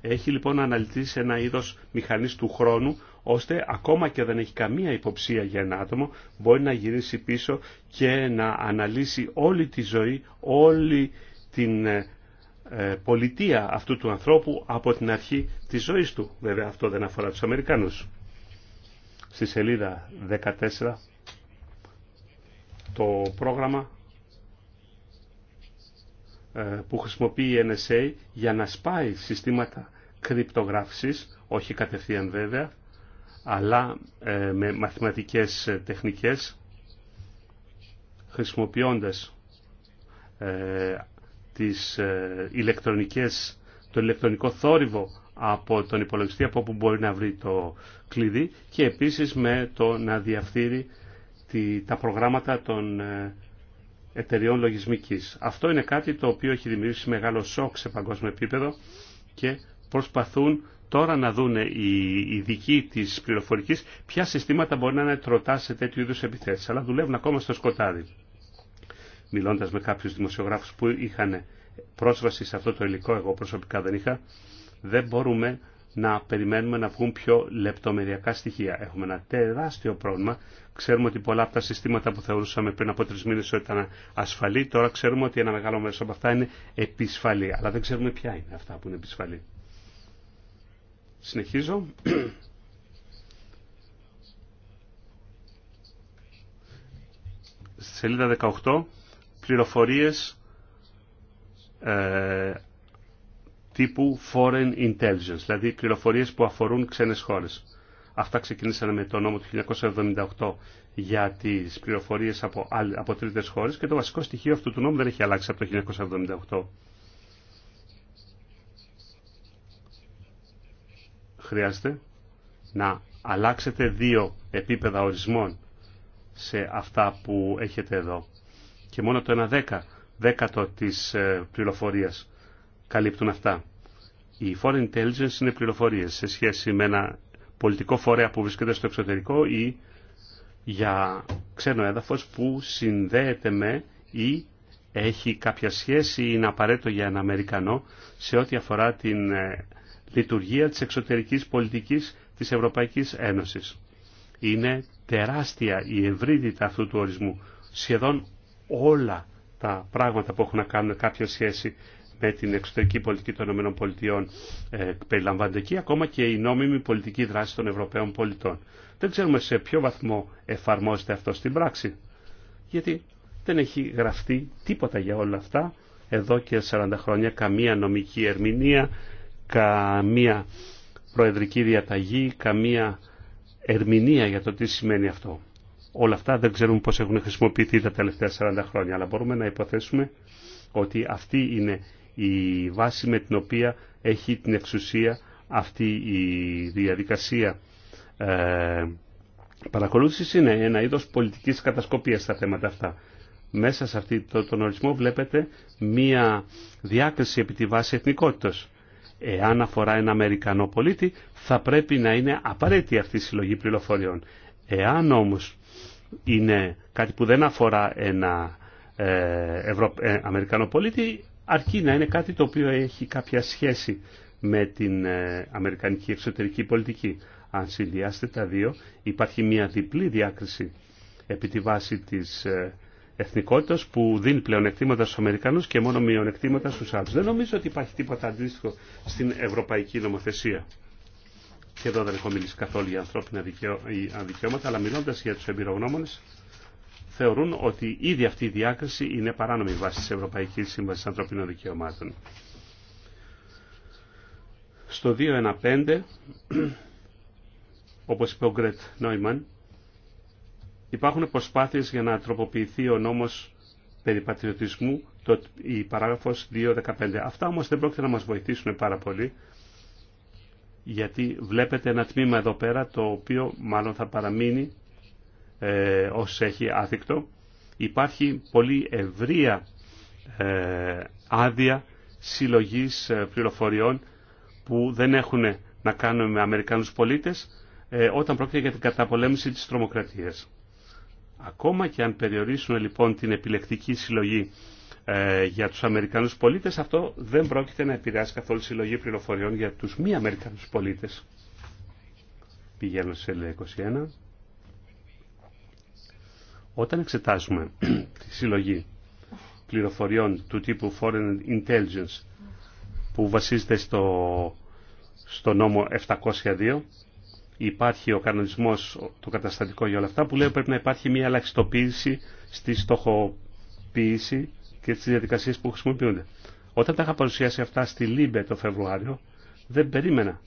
Έχει λοιπόν αναλυτήσει ένα είδος μηχανή του χρόνου ώστε ακόμα και δεν έχει καμία υποψία για ένα άτομο, μπορεί να γυρίσει πίσω και να αναλύσει όλη τη ζωή, όλη την ε, ε, πολιτεία αυτού του ανθρώπου από την αρχή της ζωής του. Βέβαια αυτό δεν αφορά τους Αμερικανούς. Στη σελίδα 14 το πρόγραμμα ε, που χρησιμοποιεί η NSA για να σπάει συστήματα κρυπτογράφησης, όχι κατευθείαν βέβαια, αλλά ε, με μαθηματικές τεχνικές χρησιμοποιώντας ε, τις ε, ηλεκτρονικές, το ηλεκτρονικό θόρυβο από τον υπολογιστή από όπου μπορεί να βρει το κλειδί και επίσης με το να διαφθείρει τη, τα προγράμματα των εταιριών λογισμικής. Αυτό είναι κάτι το οποίο έχει δημιουργήσει μεγάλο σοκ σε παγκόσμιο επίπεδο και προσπαθούν τώρα να δουν οι ειδικοί τη πληροφορική ποια συστήματα μπορεί να είναι τροτά σε τέτοιου είδου επιθέσει. Αλλά δουλεύουν ακόμα στο σκοτάδι. μιλώντα με κάποιου δημοσιογράφου που είχαν πρόσβαση σε αυτό το υλικό, εγώ προσωπικά δεν είχα, δεν μπορούμε να περιμένουμε να βγουν πιο λεπτομεριακά στοιχεία. Έχουμε ένα τεράστιο πρόβλημα. Ξέρουμε ότι πολλά από τα συστήματα που θεωρούσαμε πριν από τρει μήνε ότι ήταν ασφαλή, τώρα ξέρουμε ότι ένα μεγάλο μέρο από αυτά είναι επισφαλή. Αλλά δεν ξέρουμε ποια είναι αυτά που είναι επισφαλή. Συνεχίζω. Στη σελίδα 18, πληροφορίες ε, τύπου Foreign Intelligence, δηλαδή πληροφορίες που αφορούν ξένες χώρες. Αυτά ξεκίνησαν με το νόμο του 1978 για τις πληροφορίες από, από τρίτες χώρες και το βασικό στοιχείο αυτού του νόμου δεν έχει αλλάξει από το 1978. χρειάζεται να αλλάξετε δύο επίπεδα ορισμών σε αυτά που έχετε εδώ. Και μόνο το ένα δέκα, δέκατο της ε, πληροφορίας καλύπτουν αυτά. Η foreign intelligence είναι πληροφορίες σε σχέση με ένα πολιτικό φορέα που βρίσκεται στο εξωτερικό ή για ξένο έδαφος που συνδέεται με ή έχει κάποια σχέση ή είναι απαραίτητο για ένα Αμερικανό σε ό,τι αφορά την ε, λειτουργία της εξωτερικής πολιτικής της Ευρωπαϊκής Ένωσης. Είναι τεράστια η ευρύτητα αυτού του ορισμού. Σχεδόν όλα τα πράγματα που έχουν να κάνουν κάποια σχέση με την εξωτερική πολιτική των ΗΠΑ ε, περιλαμβάνεται εκεί, ακόμα και η νόμιμη πολιτική δράση των Ευρωπαίων πολιτών. Δεν ξέρουμε σε ποιο βαθμό εφαρμόζεται αυτό στην πράξη, γιατί δεν έχει γραφτεί τίποτα για όλα αυτά εδώ και 40 χρόνια, καμία νομική ερμηνεία, καμία προεδρική διαταγή, καμία ερμηνεία για το τι σημαίνει αυτό. Όλα αυτά δεν ξέρουμε πώς έχουν χρησιμοποιηθεί τα τελευταία 40 χρόνια, αλλά μπορούμε να υποθέσουμε ότι αυτή είναι η βάση με την οποία έχει την εξουσία αυτή η διαδικασία ε, παρακολούθησης είναι ένα είδος πολιτικής κατασκοπίας στα θέματα αυτά. Μέσα σε αυτόν τον ορισμό βλέπετε μία διάκριση επί τη βάση εθνικότητας. Εάν αφορά ένα Αμερικανό πολίτη, θα πρέπει να είναι απαραίτητη αυτή η συλλογή πληροφοριών. Εάν όμως είναι κάτι που δεν αφορά ένα ε, ε Αμερικανό πολίτη, αρκεί να είναι κάτι το οποίο έχει κάποια σχέση με την ε, Αμερικανική εξωτερική πολιτική. Αν συνδυάσετε τα δύο, υπάρχει μια διπλή διάκριση επί τη βάση της ε, εθνικότητα που δίνει πλεονεκτήματα στου Αμερικανού και μόνο μειονεκτήματα στου άλλου. Δεν νομίζω ότι υπάρχει τίποτα αντίστοιχο στην ευρωπαϊκή νομοθεσία. Και εδώ δεν έχω μιλήσει καθόλου για ανθρώπινα δικαιώματα, αλλά μιλώντα για του εμπειρογνώμονε θεωρούν ότι ήδη αυτή η διάκριση είναι παράνομη βάση τη Ευρωπαϊκή Σύμβαση Ανθρωπίνων Δικαιωμάτων. Στο 2.1.5, όπω είπε ο Γκρέτ Νόιμαν, Υπάρχουν προσπάθειες για να τροποποιηθεί ο νόμος περί πατριωτισμού, το, η παράγραφος 2.15. Αυτά όμως δεν πρόκειται να μας βοηθήσουν πάρα πολύ, γιατί βλέπετε ένα τμήμα εδώ πέρα το οποίο μάλλον θα παραμείνει ε, ως έχει άθικτο. Υπάρχει πολύ ευρεία ε, άδεια συλλογής ε, πληροφοριών που δεν έχουν να κάνουν με Αμερικανούς πολίτες ε, όταν πρόκειται για την καταπολέμηση της τρομοκρατίας. Ακόμα και αν περιορίσουν λοιπόν την επιλεκτική συλλογή ε, για τους Αμερικανούς πολίτες, αυτό δεν πρόκειται να επηρεάσει καθόλου συλλογή πληροφοριών για τους μη Αμερικανούς πολίτες. Πηγαίνω σε σελίδα 21. Όταν εξετάζουμε τη συλλογή πληροφοριών του τύπου Foreign Intelligence που βασίζεται στο, στο νόμο 702, υπάρχει ο κανονισμό το καταστατικό για όλα αυτά, που λέει πρέπει να υπάρχει μια ελαχιστοποίηση στη στοχοποίηση και τι διαδικασίες που χρησιμοποιούνται. Όταν τα είχα παρουσιάσει αυτά στη Λίμπε το Φεβρουάριο, δεν περίμενα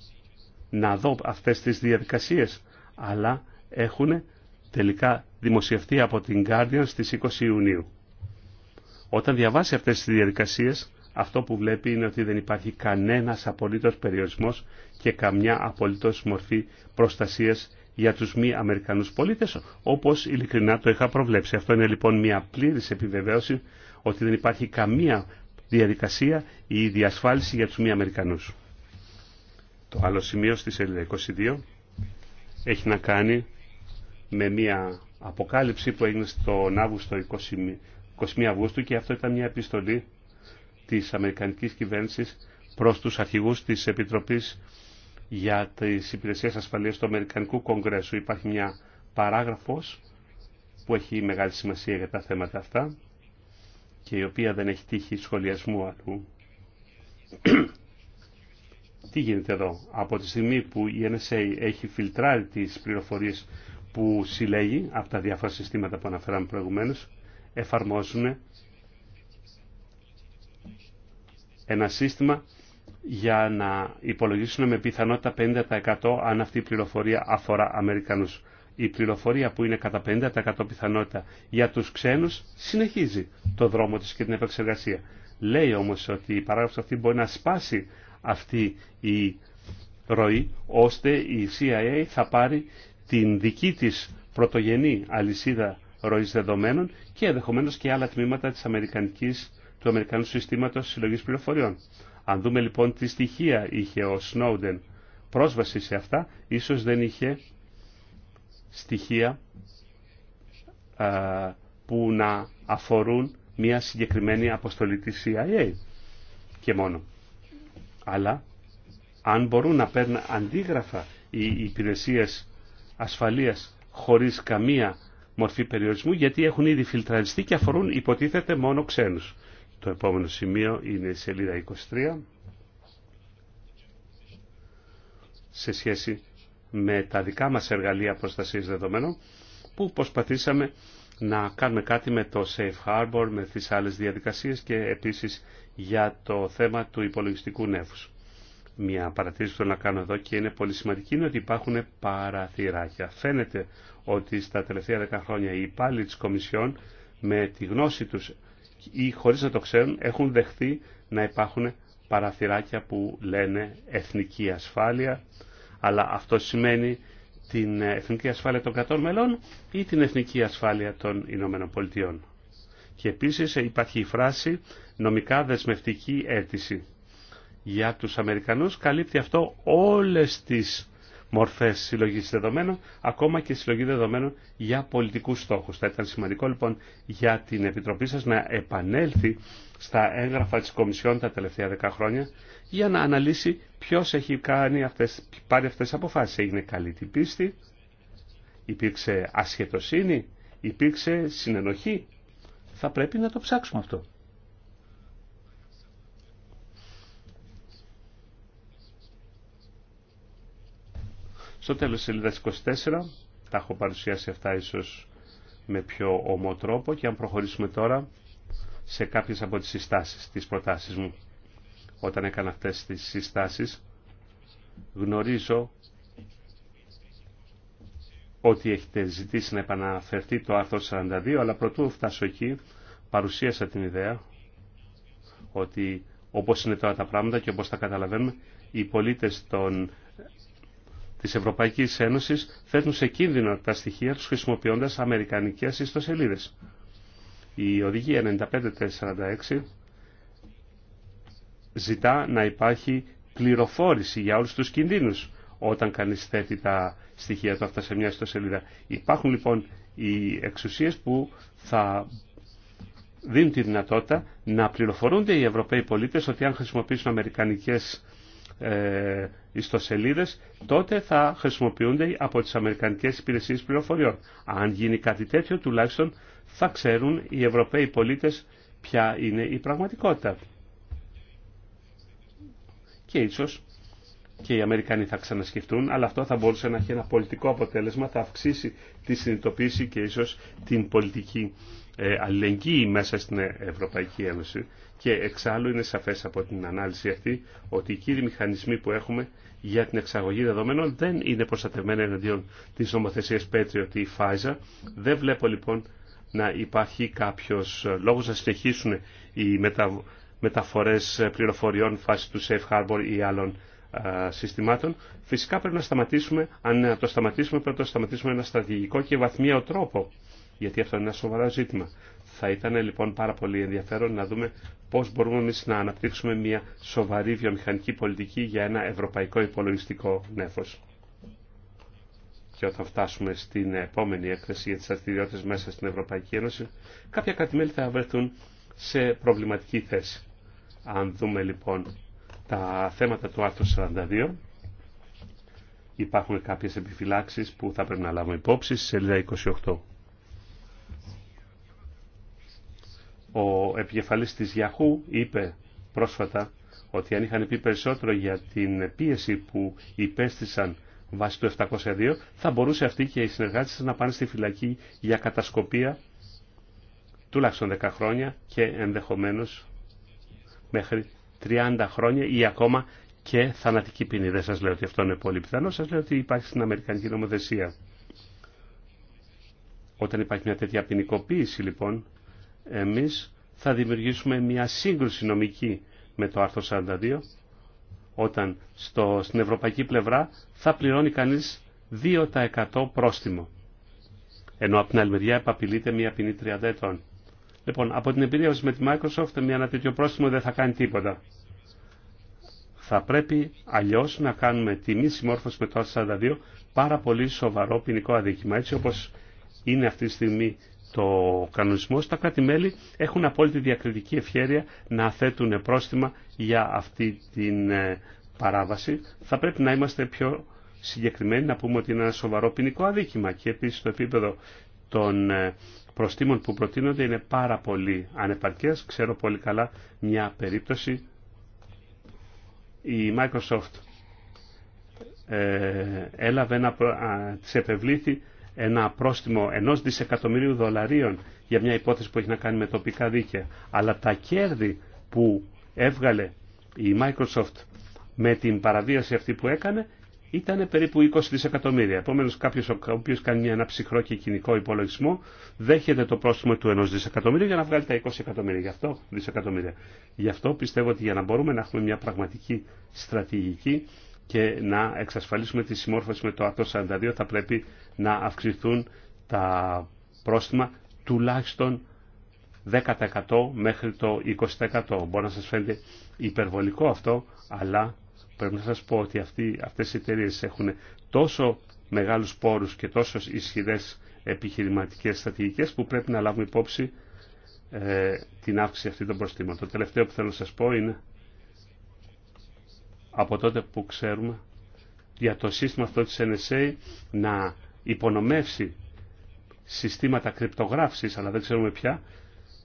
να δω αυτές τις διαδικασίες, αλλά έχουν τελικά δημοσιευτεί από την Guardian στις 20 Ιουνίου. Όταν διαβάσει αυτές τις διαδικασίες, αυτό που βλέπει είναι ότι δεν υπάρχει κανένας απολύτως περιορισμός και καμιά απολύτως μορφή προστασίας για τους μη Αμερικανούς πολίτες, όπως ειλικρινά το είχα προβλέψει. Αυτό είναι λοιπόν μια πλήρης επιβεβαίωση ότι δεν υπάρχει καμία διαδικασία ή διασφάλιση για τους μη Αμερικανούς. Το άλλο σημείο στη σελίδα 22 έχει να κάνει με μια αποκάλυψη που έγινε στον Αύγουστο 20, 21 Αυγούστου και αυτό ήταν μια επιστολή της Αμερικανικής κυβέρνησης προς τους αρχηγούς της Επιτροπής για τις Υπηρεσίες Ασφαλείας του Αμερικανικού Κογκρέσου. Υπάρχει μια παράγραφος που έχει μεγάλη σημασία για τα θέματα αυτά και η οποία δεν έχει τύχει σχολιασμού αλλού. Τι γίνεται εδώ. Από τη στιγμή που η NSA έχει φιλτράρει τις πληροφορίες που συλλέγει από τα διάφορα συστήματα που αναφέραμε προηγουμένως, εφαρμόζουν ένα σύστημα για να υπολογίσουν με πιθανότητα 50% αν αυτή η πληροφορία αφορά Αμερικανούς. Η πληροφορία που είναι κατά 50% πιθανότητα για τους ξένους συνεχίζει το δρόμο της και την επεξεργασία. Λέει όμως ότι η παράγραφος αυτή μπορεί να σπάσει αυτή η ροή ώστε η CIA θα πάρει την δική της πρωτογενή αλυσίδα ροής δεδομένων και ενδεχομένω και άλλα τμήματα της Αμερικανικής του Αμερικανού Συστήματος Συλλογής Πληροφοριών. Αν δούμε λοιπόν τι στοιχεία είχε ο Σνόουντεν πρόσβαση σε αυτά, ίσως δεν είχε στοιχεία α, που να αφορούν μια συγκεκριμένη αποστολή της CIA και μόνο. Αλλά αν μπορούν να παίρνουν αντίγραφα οι υπηρεσίες ασφαλείας χωρίς καμία μορφή περιορισμού γιατί έχουν ήδη φιλτραριστεί και αφορούν υποτίθεται μόνο ξένους. Το επόμενο σημείο είναι η σελίδα 23 σε σχέση με τα δικά μας εργαλεία προστασίας δεδομένων που προσπαθήσαμε να κάνουμε κάτι με το Safe Harbor, με τις άλλες διαδικασίες και επίσης για το θέμα του υπολογιστικού νεύους. Μια παρατήρηση που θέλω να κάνω εδώ και είναι πολύ σημαντική είναι ότι υπάρχουν παραθυράκια. Φαίνεται ότι στα τελευταία 10 χρόνια οι υπάλληλοι της Κομισιόν με τη γνώση τους ή χωρίς να το ξέρουν έχουν δεχθεί να υπάρχουν παραθυράκια που λένε εθνική ασφάλεια, αλλά αυτό σημαίνει την εθνική ασφάλεια των κρατών μελών ή την εθνική ασφάλεια των Ηνωμένων Πολιτειών. Και επίσης υπάρχει η φράση νομικά δεσμευτική αίτηση. Για τους Αμερικανούς καλύπτει αυτό όλες τις μορφές συλλογής δεδομένων, ακόμα και συλλογή δεδομένων για πολιτικούς στόχους. Θα ήταν σημαντικό λοιπόν για την Επιτροπή σας να επανέλθει στα έγγραφα της Κομισιόν τα τελευταία δέκα χρόνια για να αναλύσει ποιος έχει κάνει αυτές, πάρει αυτές τις αποφάσεις. Έγινε καλή την πίστη, υπήρξε ασχετοσύνη, υπήρξε συνενοχή. Θα πρέπει να το ψάξουμε αυτό. Στο τέλος της σελίδας 24, τα έχω παρουσιάσει αυτά ίσως με πιο ομό τρόπο και αν προχωρήσουμε τώρα σε κάποιες από τις συστάσεις, τις προτάσεις μου. Όταν έκανα αυτές τις συστάσεις γνωρίζω ότι έχετε ζητήσει να επαναφερθεί το άρθρο 42, αλλά προτού φτάσω εκεί παρουσίασα την ιδέα ότι όπως είναι τώρα τα πράγματα και όπως τα καταλαβαίνουμε, οι πολίτες των της Ευρωπαϊκής Ένωσης θέτουν σε κίνδυνο τα στοιχεία τους χρησιμοποιώντας αμερικανικές ιστοσελίδες. Η οδηγία 9546 ζητά να υπάρχει πληροφόρηση για όλους τους κινδύνους όταν κανείς θέτει τα στοιχεία του αυτά σε μια ιστοσελίδα. Υπάρχουν λοιπόν οι εξουσίες που θα δίνουν τη δυνατότητα να πληροφορούνται οι Ευρωπαίοι πολίτες ότι αν χρησιμοποιήσουν αμερικανικές ε, ιστοσελίδες, τότε θα χρησιμοποιούνται από τις Αμερικανικές Υπηρεσίες Πληροφοριών. Αν γίνει κάτι τέτοιο, τουλάχιστον θα ξέρουν οι Ευρωπαίοι πολίτες ποια είναι η πραγματικότητα. Και ίσως και οι Αμερικανοί θα ξανασκεφτούν, αλλά αυτό θα μπορούσε να έχει ένα πολιτικό αποτέλεσμα, θα αυξήσει τη συνειδητοποίηση και ίσως την πολιτική ε, αλληλεγγύη μέσα στην Ευρωπαϊκή Ένωση. Και εξάλλου είναι σαφές από την ανάλυση αυτή ότι οι κύριοι μηχανισμοί που έχουμε για την εξαγωγή δεδομένων δεν είναι προστατευμένοι εναντίον της νομοθεσίας Patriot ή Pfizer. Δεν βλέπω λοιπόν να υπάρχει κάποιος λόγος να συνεχίσουν οι μετα... μεταφορές πληροφοριών φάση του Safe Harbor ή άλλων συστημάτων. Φυσικά πρέπει να σταματήσουμε, αν το σταματήσουμε πρέπει να το σταματήσουμε ένα στρατηγικό και βαθμιαίο τρόπο, γιατί αυτό είναι ένα σοβαρό ζήτημα. Θα ήταν λοιπόν πάρα πολύ ενδιαφέρον να δούμε πώς μπορούμε εμείς να αναπτύξουμε μια σοβαρή βιομηχανική πολιτική για ένα ευρωπαϊκό υπολογιστικό νέφος. Και όταν φτάσουμε στην επόμενη έκθεση για τις αστηριότητε μέσα στην Ευρωπαϊκή Ένωση, κάποια κρατημέλη θα βρεθούν σε προβληματική θέση. Αν δούμε λοιπόν τα θέματα του άρθρου 42, υπάρχουν κάποιες επιφυλάξεις που θα πρέπει να λάβουμε υπόψη στη σελίδα 28. Ο επικεφαλής της Yahoo είπε πρόσφατα ότι αν είχαν πει περισσότερο για την πίεση που υπέστησαν βάσει του 702, θα μπορούσε αυτοί και οι συνεργάτες να πάνε στη φυλακή για κατασκοπία τουλάχιστον 10 χρόνια και ενδεχομένως μέχρι 30 χρόνια ή ακόμα και θανατική ποινή. Δεν σας λέω ότι αυτό είναι πολύ πιθανό, σας λέω ότι υπάρχει στην Αμερικανική νομοθεσία. Όταν υπάρχει μια τέτοια ποινικοποίηση λοιπόν, εμείς θα δημιουργήσουμε μια σύγκρουση νομική με το άρθρο 42 όταν στο, στην ευρωπαϊκή πλευρά θα πληρώνει κανείς 2% πρόστιμο ενώ από την άλλη μεριά επαπειλείται μια ποινή 30 ετών. Λοιπόν, από την εμπειρία μας με τη Microsoft, μια ένα τέτοιο πρόστιμο δεν θα κάνει τίποτα. Θα πρέπει αλλιώς να κάνουμε τη μη συμμόρφωση με το Άρθρο 42 πάρα πολύ σοβαρό ποινικό αδίκημα. Έτσι όπως είναι αυτή τη στιγμή το κανονισμό, τα κράτη-μέλη έχουν απόλυτη διακριτική ευχέρεια να θέτουν πρόστιμα για αυτή την ε, παράβαση. Θα πρέπει να είμαστε πιο συγκεκριμένοι, να πούμε ότι είναι ένα σοβαρό ποινικό αδίκημα και επίσης το επίπεδο των ε, προστήμων που προτείνονται είναι πάρα πολύ ανεπαρκές. Ξέρω πολύ καλά μια περίπτωση. Η Microsoft ε, έλαβε ένα, της επευλήθη ένα πρόστιμο ενός δισεκατομμυρίου δολαρίων για μια υπόθεση που έχει να κάνει με τοπικά δίκαια. Αλλά τα κέρδη που έβγαλε η Microsoft με την παραβίαση αυτή που έκανε ήταν περίπου 20 δισεκατομμύρια. Επομένως κάποιος ο οποίος κάνει ένα ψυχρό και κοινικό υπολογισμό δέχεται το πρόστιμο του ενός δισεκατομμύρια για να βγάλει τα 20 εκατομμύρια. Γι' αυτό, δισεκατομμύρια. Γι' αυτό πιστεύω ότι για να μπορούμε να έχουμε μια πραγματική στρατηγική και να εξασφαλίσουμε τη συμμόρφωση με το άρθρο 42 θα πρέπει να αυξηθούν τα πρόστιμα τουλάχιστον 10% μέχρι το 20%. Μπορεί να σας φαίνεται υπερβολικό αυτό, αλλά πρέπει να σας πω ότι αυτοί, αυτές οι εταιρείε έχουν τόσο μεγάλους πόρους και τόσο ισχυρές επιχειρηματικές στρατηγικές που πρέπει να λάβουμε υπόψη ε, την αύξηση αυτή των προστήμων. Το τελευταίο που θέλω να σας πω είναι από τότε που ξέρουμε για το σύστημα αυτό της NSA να υπονομεύσει συστήματα κρυπτογράφησης, αλλά δεν ξέρουμε πια,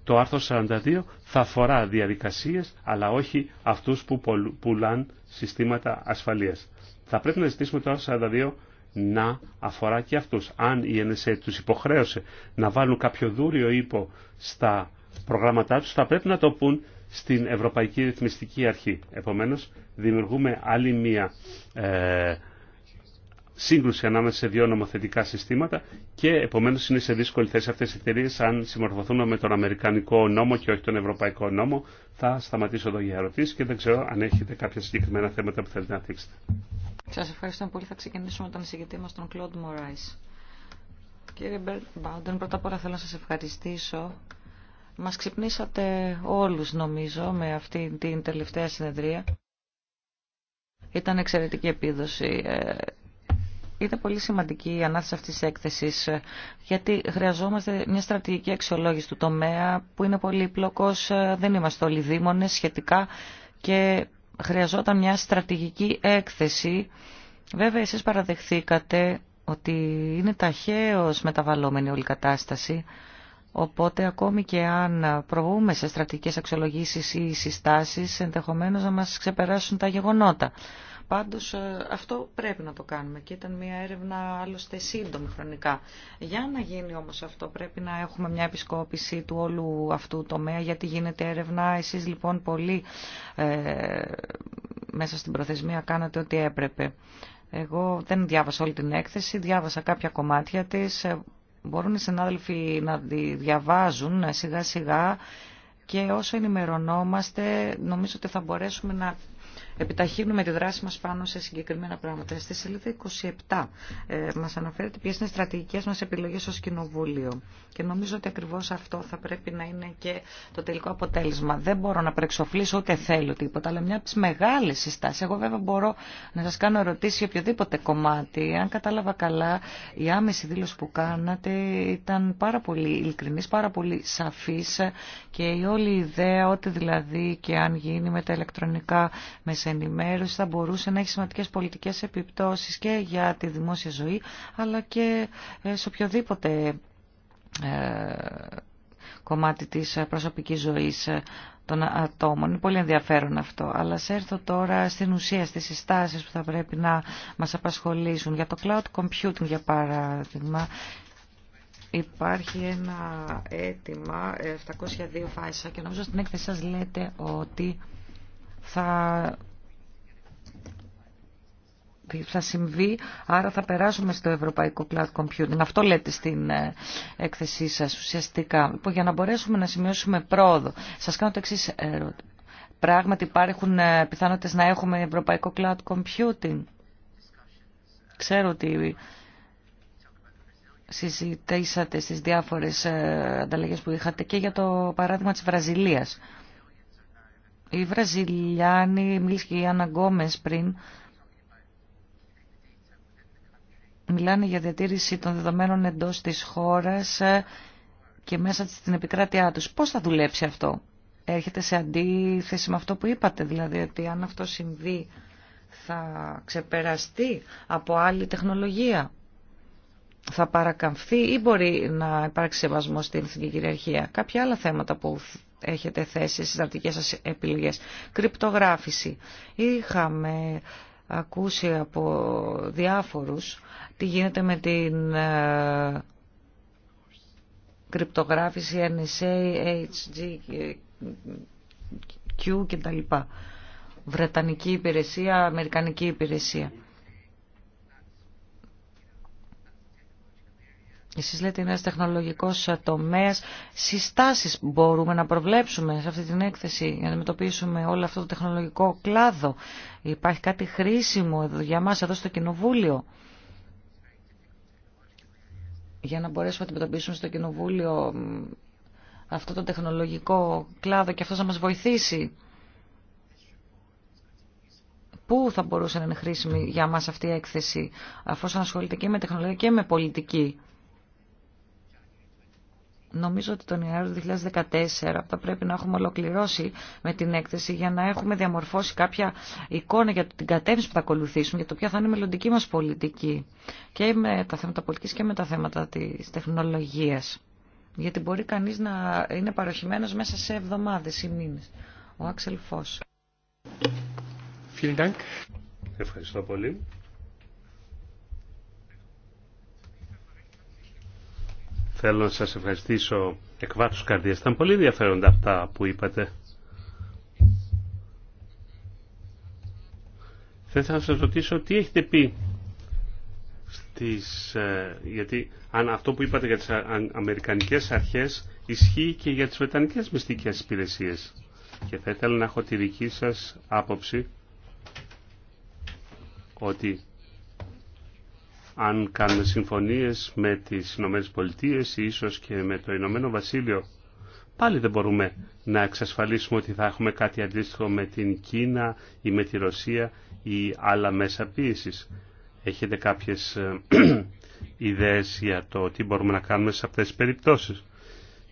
το άρθρο 42 θα αφορά διαδικασίες, αλλά όχι αυτούς που πουλάν συστήματα ασφαλείας. Θα πρέπει να ζητήσουμε το άρθρο 42 να αφορά και αυτούς. Αν η NSA τους υποχρέωσε να βάλουν κάποιο δούριο ύπο στα προγράμματά τους, θα πρέπει να το πούν στην Ευρωπαϊκή Ρυθμιστική Αρχή. Επομένως, δημιουργούμε άλλη μία ε, σύγκρουση ανάμεσα σε δύο νομοθετικά συστήματα και επομένως είναι σε δύσκολη θέση αυτές οι εταιρείε αν συμμορφωθούν με τον Αμερικανικό νόμο και όχι τον Ευρωπαϊκό νόμο. Θα σταματήσω εδώ για ερωτήσει και δεν ξέρω αν έχετε κάποια συγκεκριμένα θέματα που θέλετε να θίξετε. Σας ευχαριστώ πολύ. Θα ξεκινήσουμε με τον εισηγητή μας, τον Κλοντ Μωράης. Κύριε πρώτα απ' όλα θέλω να σας ευχαριστήσω μας ξυπνήσατε όλους νομίζω με αυτή την τελευταία συνεδρία. Ήταν εξαιρετική επίδοση. Ε, ήταν πολύ σημαντική η ανάθεση αυτής της έκθεσης, ε, γιατί χρειαζόμαστε μια στρατηγική αξιολόγηση του τομέα που είναι πολύ πλοκός, ε, δεν είμαστε όλοι δήμονες σχετικά και χρειαζόταν μια στρατηγική έκθεση. Βέβαια εσείς παραδεχθήκατε ότι είναι ταχαίως μεταβαλλόμενη όλη η κατάσταση. Οπότε ακόμη και αν προβούμε σε στρατηγικές αξιολογήσεις ή συστάσεις, ενδεχομένως να μας ξεπεράσουν τα γεγονότα. Πάντως ε, αυτό πρέπει να το κάνουμε και ήταν μια έρευνα άλλωστε σύντομη χρονικά. Για να γίνει όμως αυτό πρέπει να έχουμε μια επισκόπηση του όλου αυτού τομέα γιατί γίνεται έρευνα. Εσείς λοιπόν πολύ ε, μέσα στην προθεσμία κάνατε ό,τι έπρεπε. Εγώ δεν διάβασα όλη την έκθεση, διάβασα κάποια κομμάτια της μπορούν οι συνάδελφοι να τη διαβάζουν σιγά σιγά και όσο ενημερωνόμαστε νομίζω ότι θα μπορέσουμε να επιταχύνουμε τη δράση μας πάνω σε συγκεκριμένα πράγματα. Στη σελίδα 27 ε, μας αναφέρεται ποιες είναι οι στρατηγικές μας επιλογές ως Κοινοβούλιο. Και νομίζω ότι ακριβώς αυτό θα πρέπει να είναι και το τελικό αποτέλεσμα. Δεν μπορώ να προεξοφλήσω ούτε θέλω τίποτα, αλλά μια από τις μεγάλες συστάσεις. Εγώ βέβαια μπορώ να σας κάνω ερωτήσει για οποιοδήποτε κομμάτι. Αν κατάλαβα καλά, η άμεση δήλωση που κάνατε ήταν πάρα πολύ ειλικρινής, πάρα πολύ σαφής και η όλη ιδέα ότι δηλαδή και αν γίνει με τα ηλεκτρονικά μέσα Ενημέρωση θα μπορούσε να έχει σημαντικές πολιτικές επιπτώσεις και για τη δημόσια ζωή, αλλά και ε, σε οποιοδήποτε ε, κομμάτι της προσωπικής ζωής ε, των ατόμων. Είναι πολύ ενδιαφέρον αυτό. Αλλά σε έρθω τώρα στην ουσία, στις συστάσεις που θα πρέπει να μας απασχολήσουν. Για το cloud computing, για παράδειγμα, υπάρχει ένα αίτημα 702 φάσα και νομίζω στην έκθεση σας λέτε ότι θα θα συμβεί, άρα θα περάσουμε στο ευρωπαϊκό cloud computing. Αυτό λέτε στην ε, έκθεσή σας ουσιαστικά. Λοιπόν, για να μπορέσουμε να σημειώσουμε πρόοδο, σας κάνω το εξής ερώτημα. Πράγματι υπάρχουν ε, πιθανότητες να έχουμε ευρωπαϊκό cloud computing. Ξέρω ότι συζητήσατε στις διάφορες ε, ανταλλαγές που είχατε και για το παράδειγμα της Βραζιλίας. Οι Βραζιλιάνοι, μίλησε και η Άννα πριν, μιλάνε για διατήρηση των δεδομένων εντός της χώρας ε, και μέσα στην επικράτειά τους. Πώς θα δουλέψει αυτό. Έρχεται σε αντίθεση με αυτό που είπατε, δηλαδή ότι αν αυτό συμβεί θα ξεπεραστεί από άλλη τεχνολογία. Θα παρακαμφθεί ή μπορεί να υπάρξει σεβασμό στην εθνική κυριαρχία. Κάποια άλλα θέματα που έχετε θέσει στις δαρτικές σας επιλογές. Κρυπτογράφηση. Είχαμε ακούσει από διάφορους τι γίνεται με την ε, κρυπτογράφηση NSA, HGQ λοιπά, Βρετανική υπηρεσία, Αμερικανική υπηρεσία. Εσείς λέτε είναι ένας τεχνολογικός τομέας. Συστάσεις μπορούμε να προβλέψουμε σε αυτή την έκθεση για να αντιμετωπίσουμε όλο αυτό το τεχνολογικό κλάδο. Υπάρχει κάτι χρήσιμο εδώ, για μας εδώ στο Κοινοβούλιο. Για να μπορέσουμε να αντιμετωπίσουμε στο Κοινοβούλιο αυτό το τεχνολογικό κλάδο και αυτό να μας βοηθήσει. Πού θα μπορούσε να είναι χρήσιμη για μας αυτή η έκθεση, αφού ασχολείται και με τεχνολογία και με πολιτική. Νομίζω ότι τον Ιανουάριο 2014 θα πρέπει να έχουμε ολοκληρώσει με την έκθεση για να έχουμε διαμορφώσει κάποια εικόνα για την κατεύθυνση που θα ακολουθήσουμε, για το ποια θα είναι η μελλοντική μας πολιτική και με τα θέματα πολιτικής και με τα θέματα της τεχνολογίας. Γιατί μπορεί κανείς να είναι παροχημένος μέσα σε εβδομάδες ή μήνες. Ο Άξελ Φως. Ευχαριστώ πολύ. Θέλω να σας ευχαριστήσω εκ βάθους καρδίας. Ήταν πολύ ενδιαφέροντα αυτά που είπατε. Θα ήθελα να σας ρωτήσω τι έχετε πει στις, ε, γιατί αν αυτό που είπατε για τις αμερικανικές αρχές ισχύει και για τις βρετανικές μυστικές υπηρεσίες. Και θα ήθελα να έχω τη δική σας άποψη ότι αν κάνουμε συμφωνίες με τις Ηνωμένες Πολιτείες ή ίσως και με το Ηνωμένο Βασίλειο. Πάλι δεν μπορούμε να εξασφαλίσουμε ότι θα έχουμε κάτι αντίστοιχο με την Κίνα ή με τη Ρωσία ή άλλα μέσα πίεσης. Έχετε κάποιες ε, ιδέες για το τι μπορούμε να κάνουμε σε αυτές τις περιπτώσεις.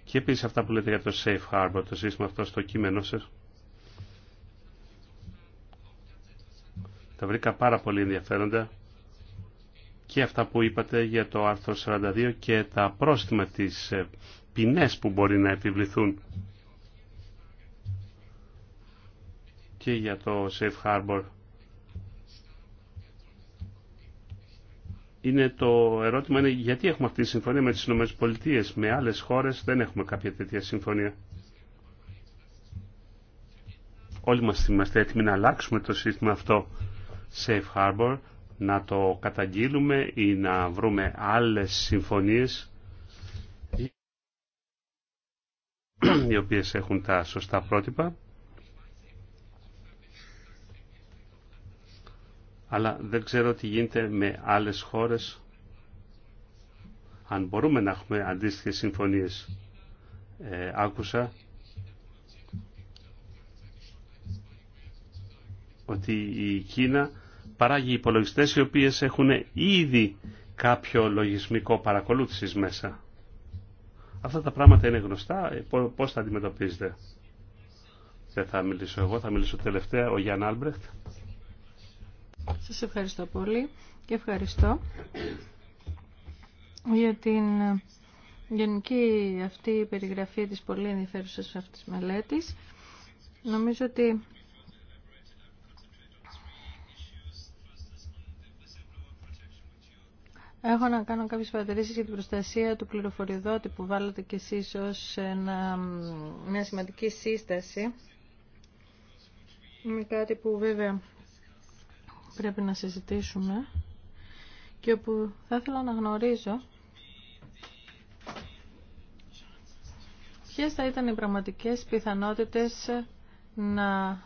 Και επίση αυτά που λέτε για το Safe Harbor, το σύστημα αυτό στο κείμενό σας. Τα βρήκα πάρα πολύ ενδιαφέροντα και αυτά που είπατε για το άρθρο 42 και τα πρόστιμα της ε, ποινές που μπορεί να επιβληθούν και για το Safe Harbor. Είναι το ερώτημα είναι γιατί έχουμε αυτή τη συμφωνία με τις ΗΠΑ, με άλλες χώρες δεν έχουμε κάποια τέτοια συμφωνία. Όλοι μας είμαστε έτοιμοι να αλλάξουμε το σύστημα αυτό Safe Harbor να το καταγγείλουμε ή να βρούμε άλλες συμφωνίες οι οποίες έχουν τα σωστά πρότυπα. Αλλά δεν ξέρω τι γίνεται με άλλες χώρες αν μπορούμε να έχουμε αντίστοιχες συμφωνίες. Ε, άκουσα ότι η να βρουμε αλλες συμφωνιες οι οποιες εχουν τα σωστα προτυπα αλλα δεν ξερω τι γινεται με αλλες χωρες αν μπορουμε να εχουμε αντιστοιχες συμφωνιες ακουσα οτι η κινα παράγει υπολογιστές οι οποίες έχουν ήδη κάποιο λογισμικό παρακολούθησης μέσα. Αυτά τα πράγματα είναι γνωστά, ε, πώς τα αντιμετωπίζετε. Δεν θα μιλήσω εγώ, θα μιλήσω τελευταία, ο Γιάνν Άλμπρεχτ. Σας ευχαριστώ πολύ και ευχαριστώ για την γενική αυτή περιγραφή της πολύ ενδιαφέρουσας αυτής μελέτης. Νομίζω ότι Έχω να κάνω κάποιες παρατηρήσεις για την προστασία του πληροφοριδότη που βάλατε κι εσείς ως ένα, μια σημαντική σύσταση. Με κάτι που βέβαια πρέπει να συζητήσουμε και όπου θα ήθελα να γνωρίζω ποιες θα ήταν οι πραγματικές πιθανότητες να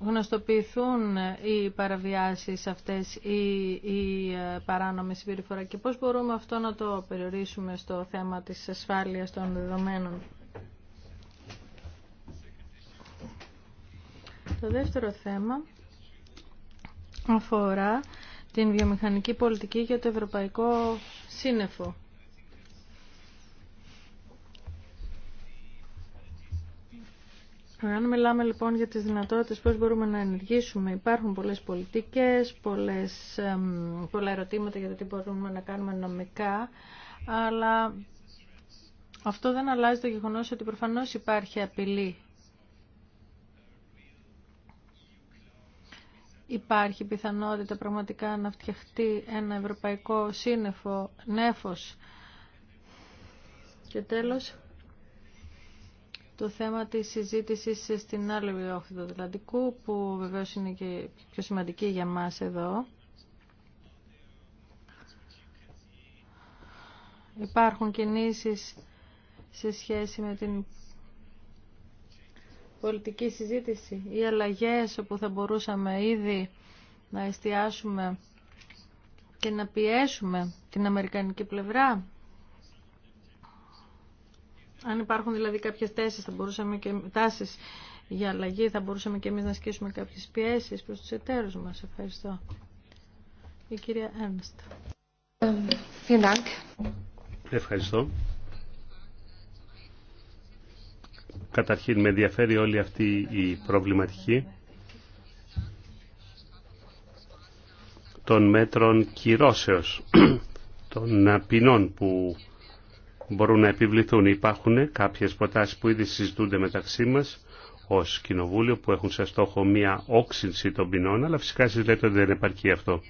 γνωστοποιηθούν οι παραβιάσεις αυτές ή η οι ε, παράνομες συμπεριφορά και πώς μπορούμε αυτό να το περιορίσουμε στο θέμα της ασφάλειας των δεδομένων. Το δεύτερο θέμα αφορά την βιομηχανική πολιτική για το ευρωπαϊκό σύννεφο. Αν μιλάμε λοιπόν για τις δυνατότητες, πώς μπορούμε να ενεργήσουμε, υπάρχουν πολλές πολιτικές, πολλές, πολλά ερωτήματα για το τι μπορούμε να κάνουμε νομικά, αλλά αυτό δεν αλλάζει το γεγονός ότι προφανώς υπάρχει απειλή. Υπάρχει πιθανότητα πραγματικά να φτιαχτεί ένα ευρωπαϊκό σύννεφο, νέφος. Και τέλος, το θέμα της συζήτησης στην άλλη όχθη του Ατλαντικού, που βεβαίως είναι και πιο σημαντική για μας εδώ. Υπάρχουν κινήσεις σε σχέση με την πολιτική συζήτηση ή αλλαγές όπου θα μπορούσαμε ήδη να εστιάσουμε και να πιέσουμε την Αμερικανική πλευρά αν υπάρχουν δηλαδή κάποιε τάσει, θα μπορούσαμε και τάσεις για αλλαγή, θα μπορούσαμε και εμεί να ασκήσουμε κάποιες πιέσει προς του εταίρου μας. Ευχαριστώ. Η κυρία Έρνστ. Ευχαριστώ. Καταρχήν με ενδιαφέρει όλη αυτή η προβληματική των μέτρων κυρώσεως των ποινών που μπορούν να επιβληθούν. Υπάρχουν κάποιες προτάσεις που ήδη συζητούνται μεταξύ μας ως κοινοβούλιο που έχουν σε στόχο μία όξυνση των ποινών, αλλά φυσικά εσείς λέτε ότι δεν επαρκεί αυτό.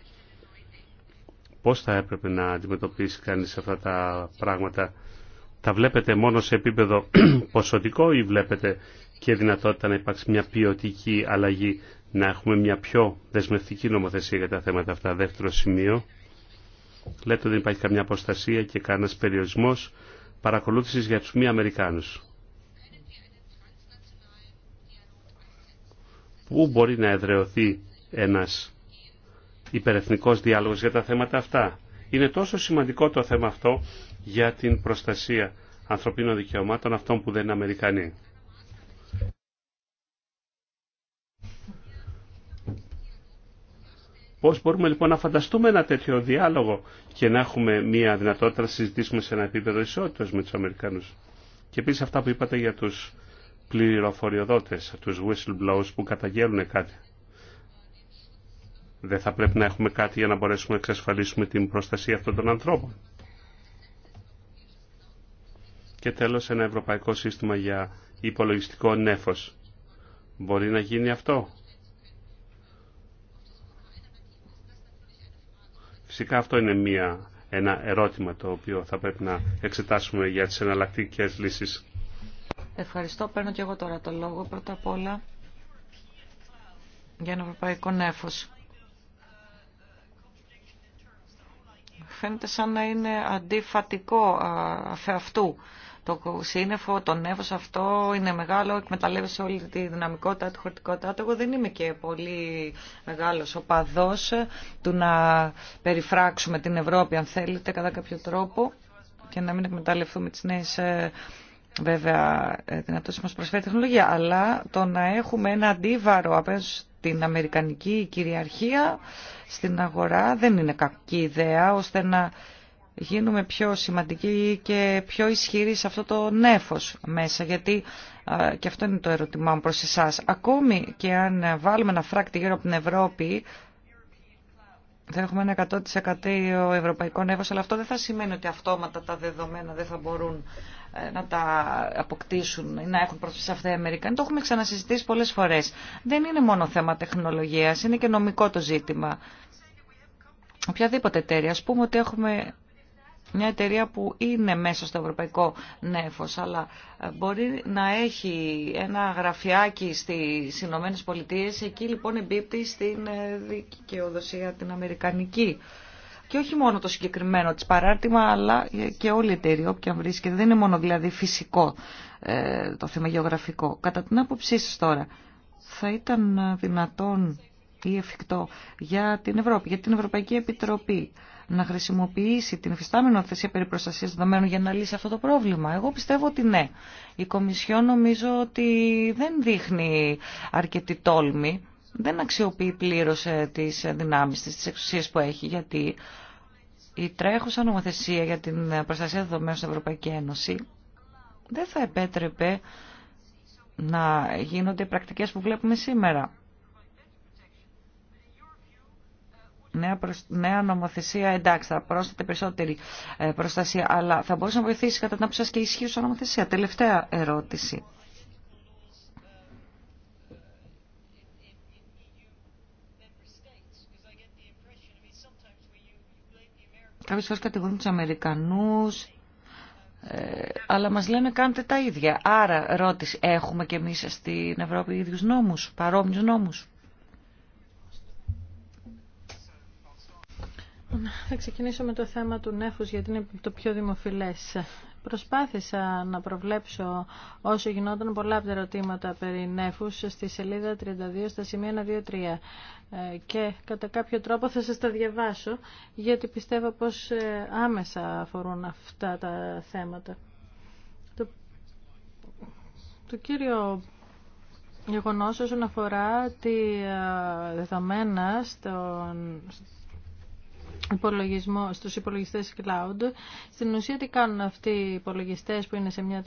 Πώς θα έπρεπε να αντιμετωπίσει κανείς αυτά τα πράγματα. Τα βλέπετε μόνο σε επίπεδο ποσοτικό ή βλέπετε και δυνατότητα να υπάρξει μια ποιοτική αλλαγή, να αντιμετωπισει κανεί αυτα τα πραγματα τα βλεπετε μονο σε επιπεδο ποσοτικο η βλεπετε και δυνατοτητα να υπαρξει μια ποιοτικη αλλαγη να εχουμε μια πιο δεσμευτική νομοθεσία για τα θέματα αυτά. Δεύτερο σημείο, λέτε ότι δεν υπάρχει καμιά αποστασία και κανένας περιορισμός παρακολούθησης για τους μη Αμερικάνους. Πού μπορεί να εδρεωθεί ένας υπερεθνικός διάλογος για τα θέματα αυτά. Είναι τόσο σημαντικό το θέμα αυτό για την προστασία ανθρωπίνων δικαιωμάτων αυτών που δεν είναι Αμερικανοί. Πώς μπορούμε λοιπόν να φανταστούμε ένα τέτοιο διάλογο και να έχουμε μια δυνατότητα να συζητήσουμε σε ένα επίπεδο ισότητας με τους Αμερικανούς. Και επίσης αυτά που είπατε για τους πληροφοριοδότες, τους whistleblowers που καταγγέλνουν κάτι. Δεν θα πρέπει να έχουμε κάτι για να μπορέσουμε να εξασφαλίσουμε την προστασία αυτών των ανθρώπων. Και τέλος ένα ευρωπαϊκό σύστημα για υπολογιστικό νέφος. Μπορεί να γίνει αυτό Φυσικά αυτό είναι μια, ένα ερώτημα το οποίο θα πρέπει να εξετάσουμε για τις εναλλακτικέ λύσεις. Ευχαριστώ. Παίρνω και εγώ τώρα το λόγο πρώτα απ' όλα για ένα ευρωπαϊκό νέφος. Φαίνεται σαν να είναι αντιφατικό αφ' αυτού το σύννεφο, το νεύος αυτό είναι μεγάλο, σε όλη τη δυναμικότητα, τη χωρητικότητα. Εγώ δεν είμαι και πολύ μεγάλος οπαδός του να περιφράξουμε την Ευρώπη, αν θέλετε, κατά κάποιο τρόπο και να μην εκμεταλλευτούμε τις νέες ε, βέβαια ε, δυνατότητες μας προσφέρει τεχνολογία, αλλά το να έχουμε ένα αντίβαρο απέναντι στην αμερικανική κυριαρχία στην αγορά δεν είναι κακή ιδέα ώστε να γίνουμε πιο σημαντικοί και πιο ισχυροί σε αυτό το νέφος μέσα, γιατί και αυτό είναι το ερώτημά μου προς εσάς. Ακόμη και αν βάλουμε ένα φράκτη γύρω από την Ευρώπη, θα έχουμε ένα 100% ευρωπαϊκό νέφος, αλλά αυτό δεν θα σημαίνει ότι αυτόματα τα δεδομένα δεν θα μπορούν ε, να τα αποκτήσουν ή να έχουν πρόσβαση σε αυτά οι Αμερικανοί. Το έχουμε ξανασυζητήσει πολλές φορές. Δεν είναι μόνο θέμα τεχνολογίας, είναι και νομικό το ζήτημα. Οποιαδήποτε εταιρεία, α πούμε ότι έχουμε μια εταιρεία που είναι μέσα στο ευρωπαϊκό νέφος, αλλά ε, μπορεί να έχει ένα γραφιάκι στις Ηνωμένε Πολιτείε, εκεί λοιπόν εμπίπτει στην ε, δικαιοδοσία την Αμερικανική. Και όχι μόνο το συγκεκριμένο της παράρτημα, αλλά και όλη η εταιρεία, όποια βρίσκεται. Δεν είναι μόνο δηλαδή φυσικό ε, το θέμα γεωγραφικό. Κατά την άποψή σας τώρα, θα ήταν δυνατόν ή εφικτό για την Ευρώπη, για την Ευρωπαϊκή Επιτροπή να χρησιμοποιήσει την εφιστάμενη νομοθεσία περί προστασίας δεδομένων για να λύσει αυτό το πρόβλημα. Εγώ πιστεύω ότι ναι. Η Κομισιό νομίζω ότι δεν δείχνει αρκετή τόλμη, δεν αξιοποιεί πλήρως ε, τις δυνάμεις της, τις εξουσίες που έχει, γιατί η τρέχουσα νομοθεσία για την προστασία δεδομένων στην Ευρωπαϊκή Ένωση δεν θα επέτρεπε να γίνονται οι πρακτικές που βλέπουμε σήμερα. νέα, νομοθεσία εντάξει θα πρόσθεται περισσότερη ε, προστασία αλλά θα μπορούσε να βοηθήσει κατά την άποψη σας και ισχύουσα νομοθεσία. Τελευταία ερώτηση. Κάποιες φορέ κατηγορούν του Αμερικανούς, ε, αλλά μας λένε κάντε τα ίδια. Άρα, ρώτηση, έχουμε κι εμείς στην Ευρώπη ίδιους νόμους, παρόμοιους νόμους. Θα ξεκινήσω με το θέμα του νέφους γιατί είναι το πιο δημοφιλές. Προσπάθησα να προβλέψω όσο γινόταν πολλά από τα ερωτήματα περί νέφους στη σελίδα 32 στα σημεία 1-2-3 ε, και κατά κάποιο τρόπο θα σας τα διαβάσω γιατί πιστεύω πως ε, άμεσα αφορούν αυτά τα θέματα. Το, το κύριο γεγονός όσον αφορά τη ε, δεδομένα στον, υπολογισμό, στους υπολογιστές cloud. Στην ουσία τι κάνουν αυτοί οι υπολογιστές που είναι σε μια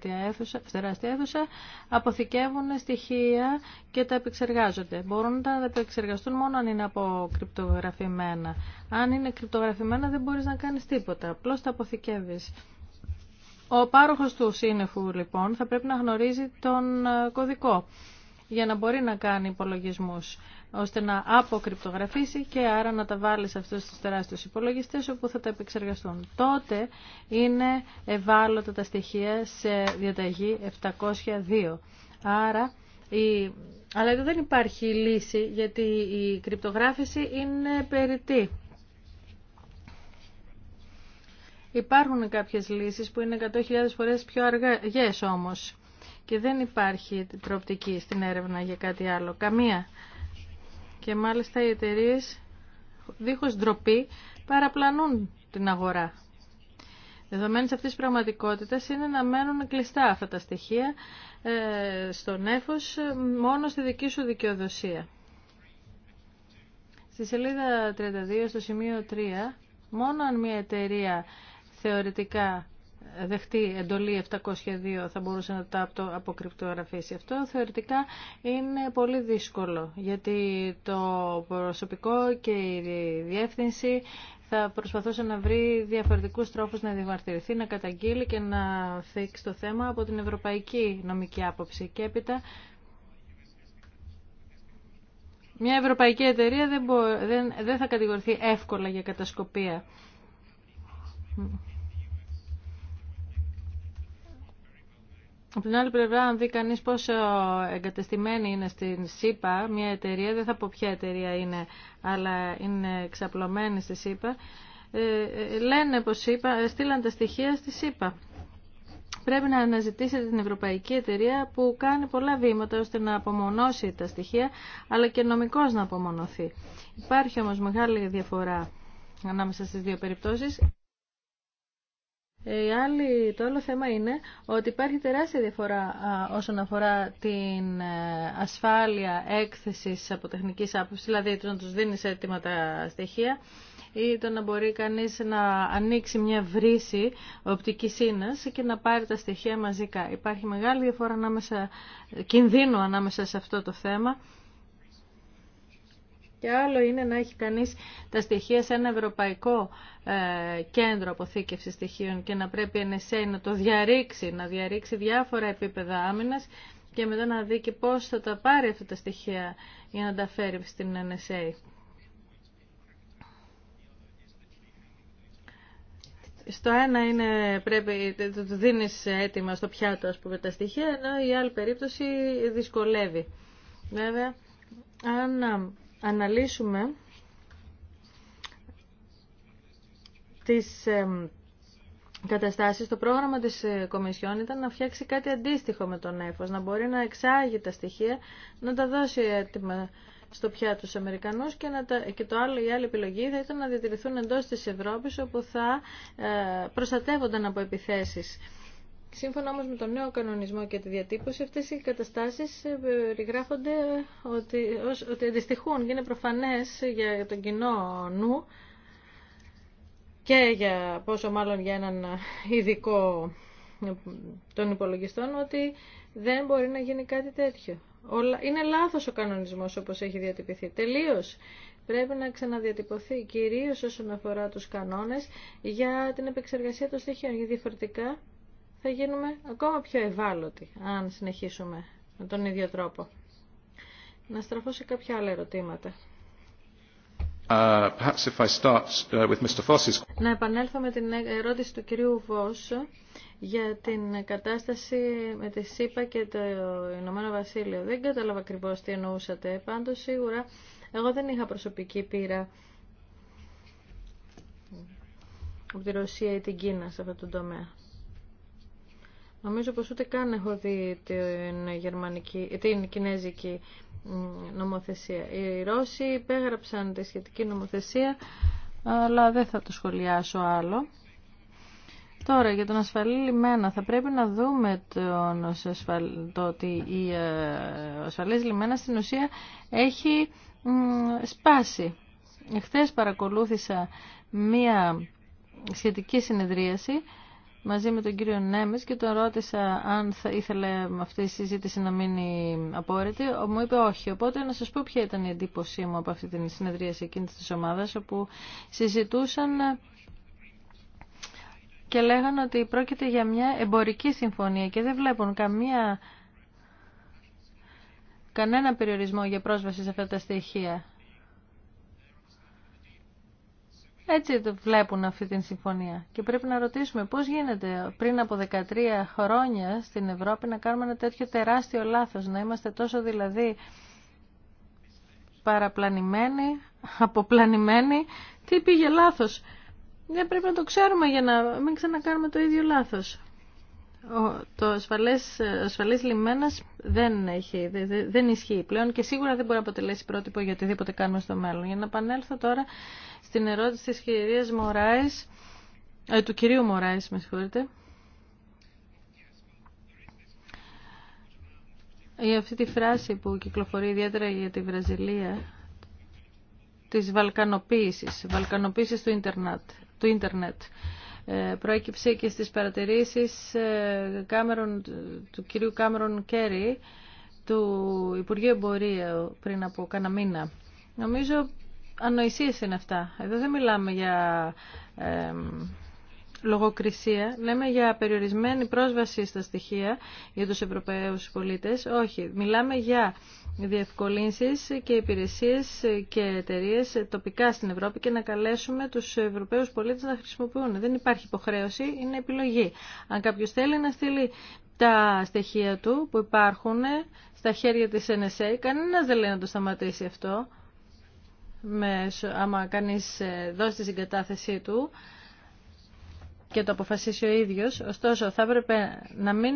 τεράστια αίθουσα, αποθηκεύουν στοιχεία και τα επεξεργάζονται. Μπορούν να τα επεξεργαστούν μόνο αν είναι αποκρυπτογραφημένα. Αν είναι κρυπτογραφημένα δεν μπορείς να κάνεις τίποτα, απλώ τα αποθηκεύεις. Ο πάροχος του σύννεφου λοιπόν θα πρέπει να γνωρίζει τον ε, κωδικό για να μπορεί να κάνει υπολογισμούς ώστε να αποκρυπτογραφήσει και άρα να τα βάλει σε αυτούς τους τεράστιους υπολογιστές όπου θα τα επεξεργαστούν. Τότε είναι ευάλωτα τα στοιχεία σε διαταγή 702. Άρα η... Αλλά εδώ δεν υπάρχει λύση γιατί η κρυπτογράφηση είναι περιττή. Υπάρχουν κάποιες λύσεις που είναι 100.000 φορές πιο αργές όμως και δεν υπάρχει προοπτική στην έρευνα για κάτι άλλο. Καμία. Και μάλιστα οι εταιρείε δίχως ντροπή παραπλανούν την αγορά. Δεδομένω αυτή τη πραγματικότητα είναι να μένουν κλειστά αυτά τα στοιχεία ε, στον έφο μόνο στη δική σου δικαιοδοσία. Στη σελίδα 32, στο σημείο 3, μόνο αν μια εταιρεία θεωρητικά δεχτεί εντολή 702 θα μπορούσε να τα αποκρυπτογραφήσει. Αυτό θεωρητικά είναι πολύ δύσκολο γιατί το προσωπικό και η διεύθυνση θα προσπαθούσε να βρει διαφορετικούς τρόπους να διαμαρτυρηθεί, να καταγγείλει και να θέξει το θέμα από την ευρωπαϊκή νομική άποψη. Και έπειτα μια ευρωπαϊκή εταιρεία δεν, δεν θα κατηγορηθεί εύκολα για κατασκοπία. Από την άλλη πλευρά, αν δει κανεί πόσο εγκατεστημένη είναι στην ΣΥΠΑ μια εταιρεία, δεν θα πω ποια εταιρεία είναι, αλλά είναι εξαπλωμένη στη ΣΥΠΑ, ε, ε, λένε πως ε, στείλαν τα στοιχεία στη ΣΥΠΑ. Πρέπει να αναζητήσετε την ευρωπαϊκή εταιρεία που κάνει πολλά βήματα ώστε να απομονώσει τα στοιχεία, αλλά και νομικώ να απομονωθεί. Υπάρχει όμω μεγάλη διαφορά ανάμεσα στι δύο περιπτώσει. Ε, η το άλλο θέμα είναι ότι υπάρχει τεράστια διαφορά όσον αφορά την ε, ασφάλεια έκθεσης από τεχνική άποψη, δηλαδή το να τους δίνεις έτοιμα τα στοιχεία ή το να μπορεί κανείς να ανοίξει μια βρύση οπτικής σύνα και να πάρει τα στοιχεία μαζικά. Υπάρχει μεγάλη διαφορά ανάμεσα, κινδύνου ανάμεσα σε αυτό το θέμα και άλλο είναι να έχει κανείς τα στοιχεία σε ένα ευρωπαϊκό ε, κέντρο αποθήκευσης στοιχείων και να πρέπει NSA να το διαρρήξει, να διαρρήξει διάφορα επίπεδα άμυνας και μετά να δει και πώς θα τα πάρει αυτά τα στοιχεία για να τα φέρει στην NSA. Στο ένα είναι πρέπει, το δίνεις έτοιμα στο πιάτο ας πούμε τα στοιχεία, ενώ η άλλη περίπτωση δυσκολεύει. Βέβαια, αν αναλύσουμε τις καταστάσεις, το πρόγραμμα της ε, Κομισιόν ήταν να φτιάξει κάτι αντίστοιχο με τον έφος, να μπορεί να εξάγει τα στοιχεία, να τα δώσει έτοιμα στο πιάτο τους Αμερικανούς και, να τα, και το άλλο, η άλλη επιλογή θα ήταν να διατηρηθούν εντός της Ευρώπης όπου θα ε, προστατεύονταν από επιθέσεις. Σύμφωνα όμως με τον νέο κανονισμό και τη διατύπωση, αυτές οι καταστάσεις ε, περιγράφονται ότι, ότι αντιστοιχούν και είναι προφανές για τον κοινό νου και για πόσο μάλλον για έναν ειδικό ε, των υπολογιστών ότι δεν μπορεί να γίνει κάτι τέτοιο. Είναι λάθος ο κανονισμός όπως έχει διατυπηθεί. Τελείως πρέπει να ξαναδιατυπωθεί κυρίως όσον αφορά τους κανόνες για την επεξεργασία των στοιχείων. Γιατί διαφορετικά θα γίνουμε ακόμα πιο ευάλωτοι αν συνεχίσουμε με τον ίδιο τρόπο. Να στραφώ σε κάποια άλλα ερωτήματα. Uh, if I start uh, with Mr. Να επανέλθω με την ερώτηση του κυρίου Βόσ για την κατάσταση με τη ΣΥΠΑ και το Ηνωμένο Βασίλειο. Δεν κατάλαβα ακριβώ τι εννοούσατε. Πάντως σίγουρα εγώ δεν είχα προσωπική πείρα από τη Ρωσία ή την Κίνα σε αυτό το τομέα. Νομίζω πως ούτε καν έχω δει την, γερμανική, την κινέζικη νομοθεσία. Οι Ρώσοι υπέγραψαν τη σχετική νομοθεσία, αλλά δεν θα το σχολιάσω άλλο. Τώρα για τον ασφαλή λιμένα θα πρέπει να δούμε τον, το ότι η ε, ασφαλής λιμένα στην ουσία έχει σπάσει. Χθες παρακολούθησα μία σχετική συνεδρίαση μαζί με τον κύριο Νέμις και τον ρώτησα αν θα ήθελε αυτή η συζήτηση να μείνει απόρριτη. Μου είπε όχι. Οπότε να σας πω ποια ήταν η εντύπωσή μου από αυτή την συνεδρίαση εκείνης της ομάδας όπου συζητούσαν και λέγανε ότι πρόκειται για μια εμπορική συμφωνία και δεν βλέπουν καμία, κανένα περιορισμό για πρόσβαση σε αυτά τα στοιχεία. Έτσι το βλέπουν αυτή την συμφωνία. Και πρέπει να ρωτήσουμε πώς γίνεται πριν από 13 χρόνια στην Ευρώπη να κάνουμε ένα τέτοιο τεράστιο λάθος, να είμαστε τόσο δηλαδή παραπλανημένοι, αποπλανημένοι. Τι πήγε λάθος. Δεν πρέπει να το ξέρουμε για να μην ξανακάνουμε το ίδιο λάθος το ασφαλές, ασφαλής λιμένας δεν, έχει, δεν, δεν ισχύει πλέον και σίγουρα δεν μπορεί να αποτελέσει πρότυπο για οτιδήποτε κάνουμε στο μέλλον. Για να επανέλθω τώρα στην ερώτηση της κυρίας Μωράης, ε, του κυρίου Μωράης, με συγχωρείτε. Για αυτή τη φράση που κυκλοφορεί ιδιαίτερα για τη Βραζιλία, της βαλκανοποίησης, βαλκανοποίησης Του ίντερνετ. Ε, προέκυψε και στις παρατηρήσεις ε, του κυρίου Κάμερον Κέρι του Υπουργείου Εμπορίου πριν από κάνα μήνα. Νομίζω ανοησίες είναι αυτά. Εδώ δεν μιλάμε για ε, λογοκρισία, λέμε για περιορισμένη πρόσβαση στα στοιχεία για τους Ευρωπαίους πολίτες. Όχι, μιλάμε για διευκολύνσεις και υπηρεσίες και εταιρείε τοπικά στην Ευρώπη και να καλέσουμε τους Ευρωπαίους πολίτες να χρησιμοποιούν. Δεν υπάρχει υποχρέωση, είναι επιλογή. Αν κάποιο θέλει να στείλει τα στοιχεία του που υπάρχουν στα χέρια της NSA, κανένας δεν λέει να το σταματήσει αυτό, με, άμα κανείς ε, δώσει τη συγκατάθεσή του, και το αποφασίσει ο ίδιο, Ωστόσο, θα έπρεπε να μην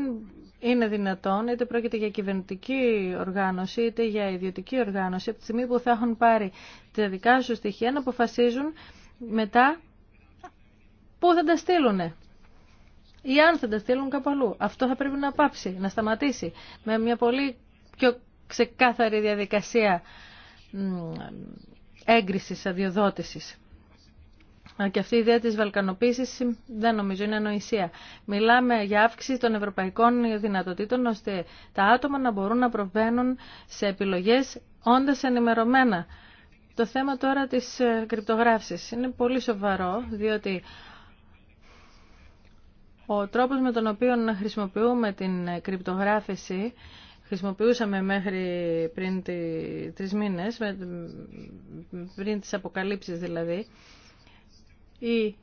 είναι δυνατόν, είτε πρόκειται για κυβερνητική οργάνωση, είτε για ιδιωτική οργάνωση, από τη στιγμή που θα έχουν πάρει τα δικά σου στοιχεία, να αποφασίζουν μετά πού θα τα στείλουν ή αν θα τα στείλουν κάπου αλλού. Αυτό θα πρέπει να πάψει, να σταματήσει με μια πολύ πιο ξεκάθαρη διαδικασία έγκρισης, αδειοδότησης. Και αυτή η ιδέα της βαλκανοποίησης δεν νομίζω είναι ανοησία. Μιλάμε για αύξηση των ευρωπαϊκών δυνατοτήτων ώστε τα άτομα να μπορούν να προβαίνουν σε επιλογές όντας ενημερωμένα. Το θέμα τώρα της ε, κρυπτογράφησης είναι πολύ σοβαρό διότι ο τρόπος με τον οποίο χρησιμοποιούμε την ε, κρυπτογράφηση χρησιμοποιούσαμε μέχρι πριν τρεις μήνες, πριν τις αποκαλύψεις δηλαδή, οι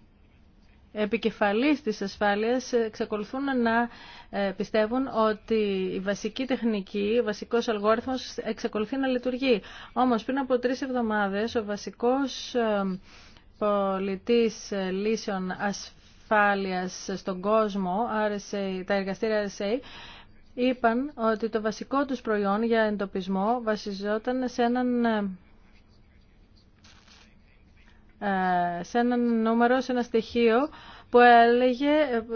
επικεφαλής της ασφάλειας εξακολουθούν να ε, πιστεύουν ότι η βασική τεχνική, ο βασικός αλγόριθμος εξακολουθεί να λειτουργεί. Όμως πριν από τρεις εβδομάδες ο βασικός ε, πολιτής ε, λύσεων ασφάλειας στον κόσμο, τα εργαστήρια RSA, είπαν ότι το βασικό τους προϊόν για εντοπισμό βασιζόταν σε έναν ε, σε ένα νούμερο, σε ένα στοιχείο που έλεγε,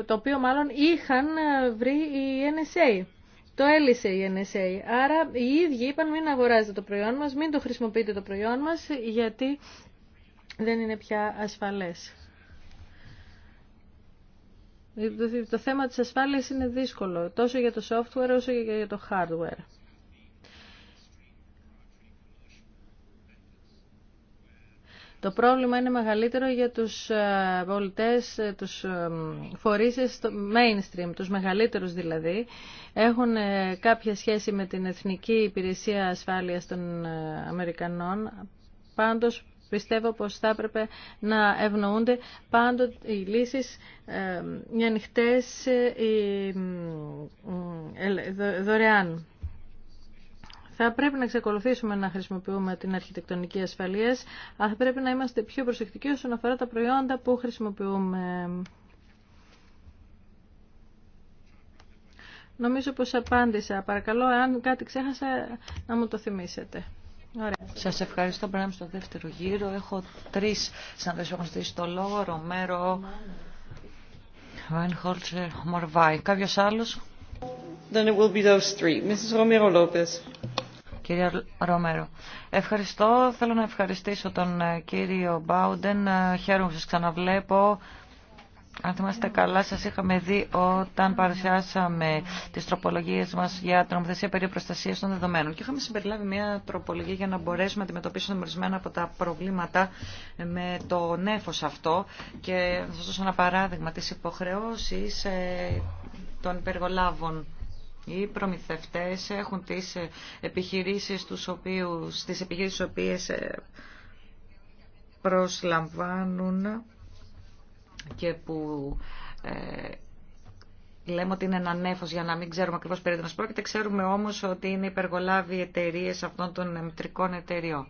το οποίο μάλλον είχαν ε, βρει η NSA. Το έλυσε η NSA. Άρα οι ίδιοι είπαν μην αγοράζετε το προϊόν μας, μην το χρησιμοποιείτε το προϊόν μας, γιατί δεν είναι πια ασφαλές. Ε, το θέμα της ασφάλειας είναι δύσκολο, τόσο για το software όσο και για το hardware. Το πρόβλημα είναι μεγαλύτερο για τους ε, πολιτές, ε, τους ε, φορείς στο mainstream, τους μεγαλύτερους δηλαδή. Έχουν κάποια σχέση με την Εθνική Υπηρεσία Ασφάλειας των Αμερικανών. Πάντως πιστεύω πως θα έπρεπε να ευνοούνται πάντοτε οι λύσεις, οι ανοιχτές, δωρεάν. Θα πρέπει να εξακολουθήσουμε να χρησιμοποιούμε την αρχιτεκτονική ασφαλείας, αλλά θα πρέπει να είμαστε πιο προσεκτικοί όσον αφορά τα προϊόντα που χρησιμοποιούμε. Νομίζω πως απάντησα. Παρακαλώ, αν κάτι ξέχασα, να μου το θυμίσετε. Ωραία. Σας ευχαριστώ. Περνάμε στο δεύτερο γύρο. Έχω τρεις συναντές που έχουν στήσει το λόγο. Ρομέρο, Βάινχολτσερ, Μορβάη. Κάποιος άλλος. Then it will be those three. Κύριε, Ρομέρο, ευχαριστώ. Θέλω να ευχαριστήσω τον ε, κύριο Μπάουντεν. Ε, χαίρομαι που σας ξαναβλέπω. Αν θυμάστε καλά, σας είχαμε δει όταν παρουσιάσαμε τις τροπολογίες μας για την νομοθεσία περί προστασίας των δεδομένων. Και είχαμε συμπεριλάβει μια τροπολογία για να μπορέσουμε να αντιμετωπίσουμε ορισμένα από τα προβλήματα με το νέφος αυτό. Και θα σας δώσω ένα παράδειγμα, της υποχρεώσεις ε, των υπεργολάβων οι προμηθευτές έχουν τις επιχειρήσεις τους οποίους, τις επιχειρήσεις οποίες ε, προσλαμβάνουν και που ε, λέμε ότι είναι ένα νέφος για να μην ξέρουμε ακριβώς περί τίνος πρόκειται. Ξέρουμε όμως ότι είναι υπεργολάβοι εταιρείε αυτών των μητρικών εταιριών.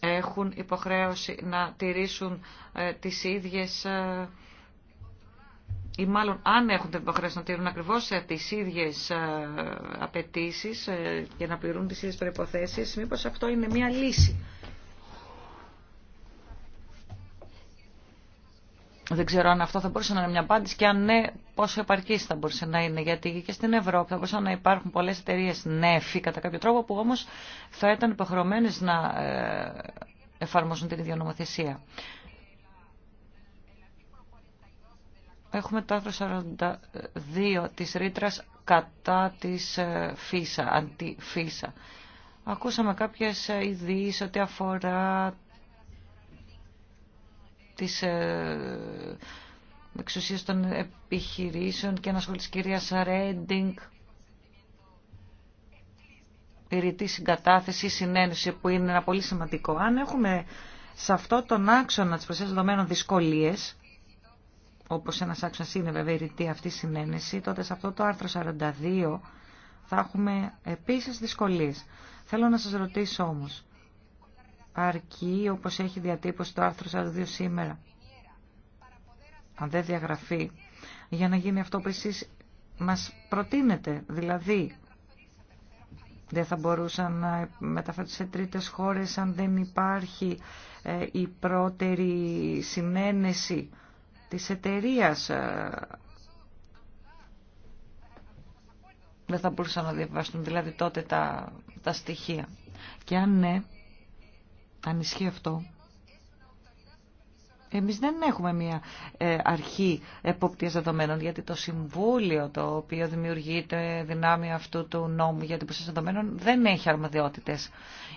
Έχουν υποχρέωση να τηρήσουν ε, τις ίδιες ή μάλλον αν έχουν την υποχρέωση να τηρούν ακριβώς ε, τις ίδιες ε, απαιτήσει ε, και να πληρούν τις ίδιες προποθέσει, μήπως αυτό είναι μια λύση. Δεν ξέρω αν αυτό θα μπορούσε να είναι μια απάντηση και αν ναι, πόσο επαρκή θα μπορούσε να είναι. Γιατί και στην Ευρώπη θα μπορούσαν να υπάρχουν πολλέ εταιρείε νέφη κατά κάποιο τρόπο που όμω θα ήταν υποχρεωμένε να εφαρμόσουν την ίδια νομοθεσία. Έχουμε το άρθρο 42 της ρήτρα κατά της ε, φύσα, αντιφύσα. Ακούσαμε κάποιες ε, ειδήσει ότι αφορά τις ε, εξουσίες των επιχειρήσεων και ανασχολή της κυρίας Ρέντινγκ πυρητή συγκατάθεση, συνένωση που είναι ένα πολύ σημαντικό. Αν έχουμε σε αυτό τον άξονα της προσέγγισης δεδομένων δυσκολίες, όπως ένα άξονα είναι αυτή η ρητή συνένεση, τότε σε αυτό το άρθρο 42 θα έχουμε επίσης δυσκολίες. Θέλω να σας ρωτήσω όμως, αρκεί όπω έχει διατύπωση το άρθρο 42 σήμερα, αν δεν διαγραφεί, για να γίνει αυτό που εσεί μας προτείνετε, δηλαδή δεν θα μπορούσαν να μεταφέρουν σε τρίτες χώρες αν δεν υπάρχει ε, η πρώτερη συνένεση της εταιρείας ε, δεν θα μπορούσαν να διαβάσουν δηλαδή τότε τα, τα στοιχεία. Και αν ναι, αν ισχύει αυτό, εμείς δεν έχουμε μια ε, αρχή εποπτείας δεδομένων, γιατί το Συμβούλιο το οποίο δημιουργείται δυνάμει αυτού του νόμου για την προστασία δεδομένων δεν έχει αρμοδιότητες.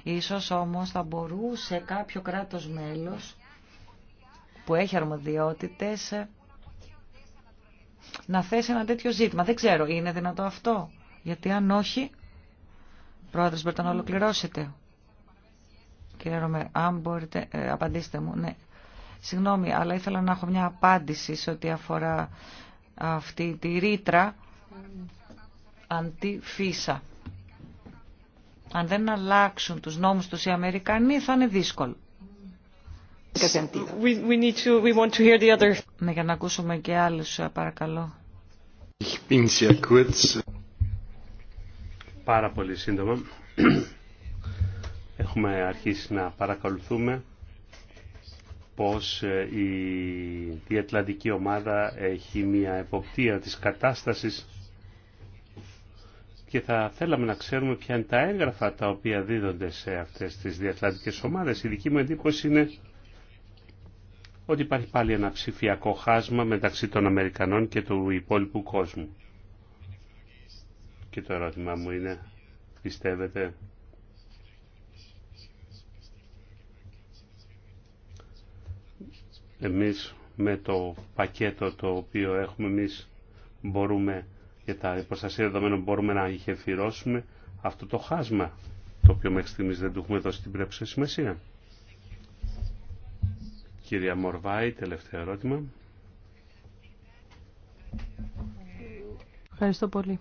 Ίσως όμως θα μπορούσε κάποιο κράτος μέλος που έχει αρμοδιότητες ε, να θέσει ένα τέτοιο ζήτημα. Δεν ξέρω, είναι δυνατό αυτό. Γιατί αν όχι, πρόεδρος μπορείτε να ολοκληρώσετε. Κύριε Ρωμέ, αν μπορείτε, ε, απαντήστε μου. Ναι. Συγγνώμη, αλλά ήθελα να έχω μια απάντηση σε ό,τι αφορά αυτή τη ρήτρα αντιφύσα. Αν δεν αλλάξουν τους νόμους τους οι Αμερικανοί θα είναι δύσκολο. Ναι, για να ακούσουμε και άλλους, ε, παρακαλώ. Πάρα πολύ σύντομα. Έχουμε αρχίσει να παρακολουθούμε πως ε, η διατλαντική ομάδα έχει μια εποπτεία της κατάστασης και θα θέλαμε να ξέρουμε ποια είναι τα έγγραφα τα οποία δίδονται σε αυτές τις διατλαντικές ομάδες. Η δική μου εντύπωση είναι ότι υπάρχει πάλι ένα ψηφιακό χάσμα μεταξύ των Αμερικανών και του υπόλοιπου κόσμου. Και το ερώτημα μου είναι, πιστεύετε εμείς με το πακέτο το οποίο έχουμε εμείς μπορούμε για τα υποστασία δεδομένων μπορούμε να γεφυρώσουμε αυτό το χάσμα το οποίο μέχρι στιγμής δεν του έχουμε δώσει την πρέπουσα σημασία. Κυρία Μορβάη, τελευταίο ερώτημα. Ευχαριστώ πολύ.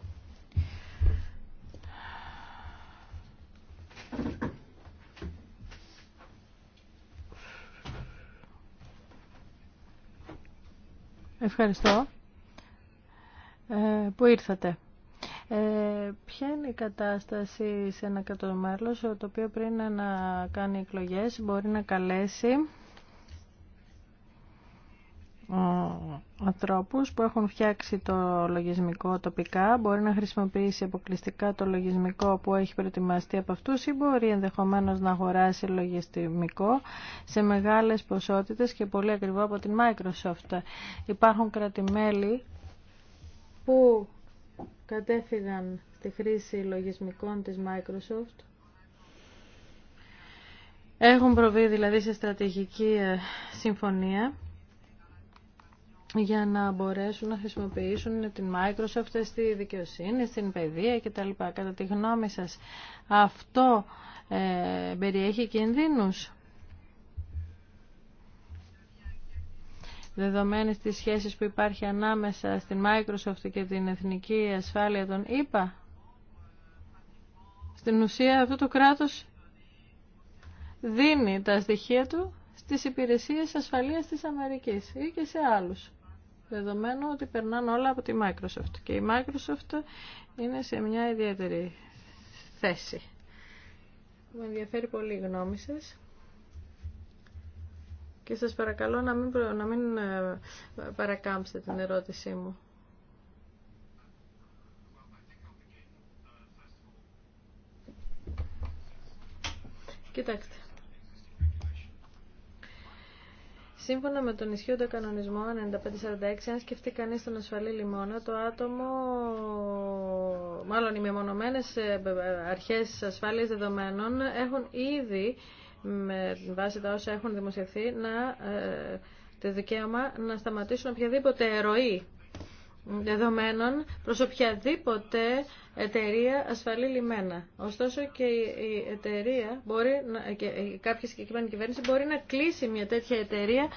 Ευχαριστώ ε, που ήρθατε. Ε, ποια είναι η κατάσταση σε ένα κατωμέλος το οποίο πριν να κάνει εκλογές μπορεί να καλέσει ανθρώπου που έχουν φτιάξει το λογισμικό τοπικά. Μπορεί να χρησιμοποιήσει αποκλειστικά το λογισμικό που έχει προετοιμαστεί από αυτούς ή μπορεί ενδεχομένω να αγοράσει λογισμικό σε μεγάλες ποσότητες και πολύ ακριβό από την Microsoft. Υπάρχουν κρατημέλη που κατέφυγαν στη χρήση λογισμικών της Microsoft έχουν προβεί δηλαδή σε στρατηγική ε, συμφωνία για να μπορέσουν να χρησιμοποιήσουν την Microsoft στη δικαιοσύνη, στην παιδεία κτλ. Κατά τη γνώμη σας, αυτό ε, περιέχει κινδύνους. Δεδομένης της σχέσης που υπάρχει ανάμεσα στην Microsoft και την Εθνική Ασφάλεια των ΗΠΑ, στην ουσία αυτό το κράτος δίνει τα στοιχεία του στις υπηρεσίες ασφαλείας της Αμερικής ή και σε άλλους δεδομένου ότι περνάνε όλα από τη Microsoft. Και η Microsoft είναι σε μια ιδιαίτερη θέση. Με ενδιαφέρει πολύ η γνώμη σας. Και σας παρακαλώ να μην, να μην ε, παρακάμψετε την ερώτησή μου. Κοιτάξτε. Σύμφωνα με τον ισχύοντα κανονισμό 9546, αν σκεφτεί κανεί τον ασφαλή λιμόνα, το άτομο, μάλλον οι μεμονωμένε ε, ε, αρχές ασφαλεία δεδομένων έχουν ήδη, με βάση τα όσα έχουν δημοσιευθεί, να, ε, το δικαίωμα να σταματήσουν οποιαδήποτε ροή δεδομένων προς οποιαδήποτε εταιρεία ασφαλή λιμένα. Ωστόσο και η εταιρεία μπορεί, και κάποια συγκεκριμένη κυβέρνηση μπορεί να κλείσει μια τέτοια εταιρεία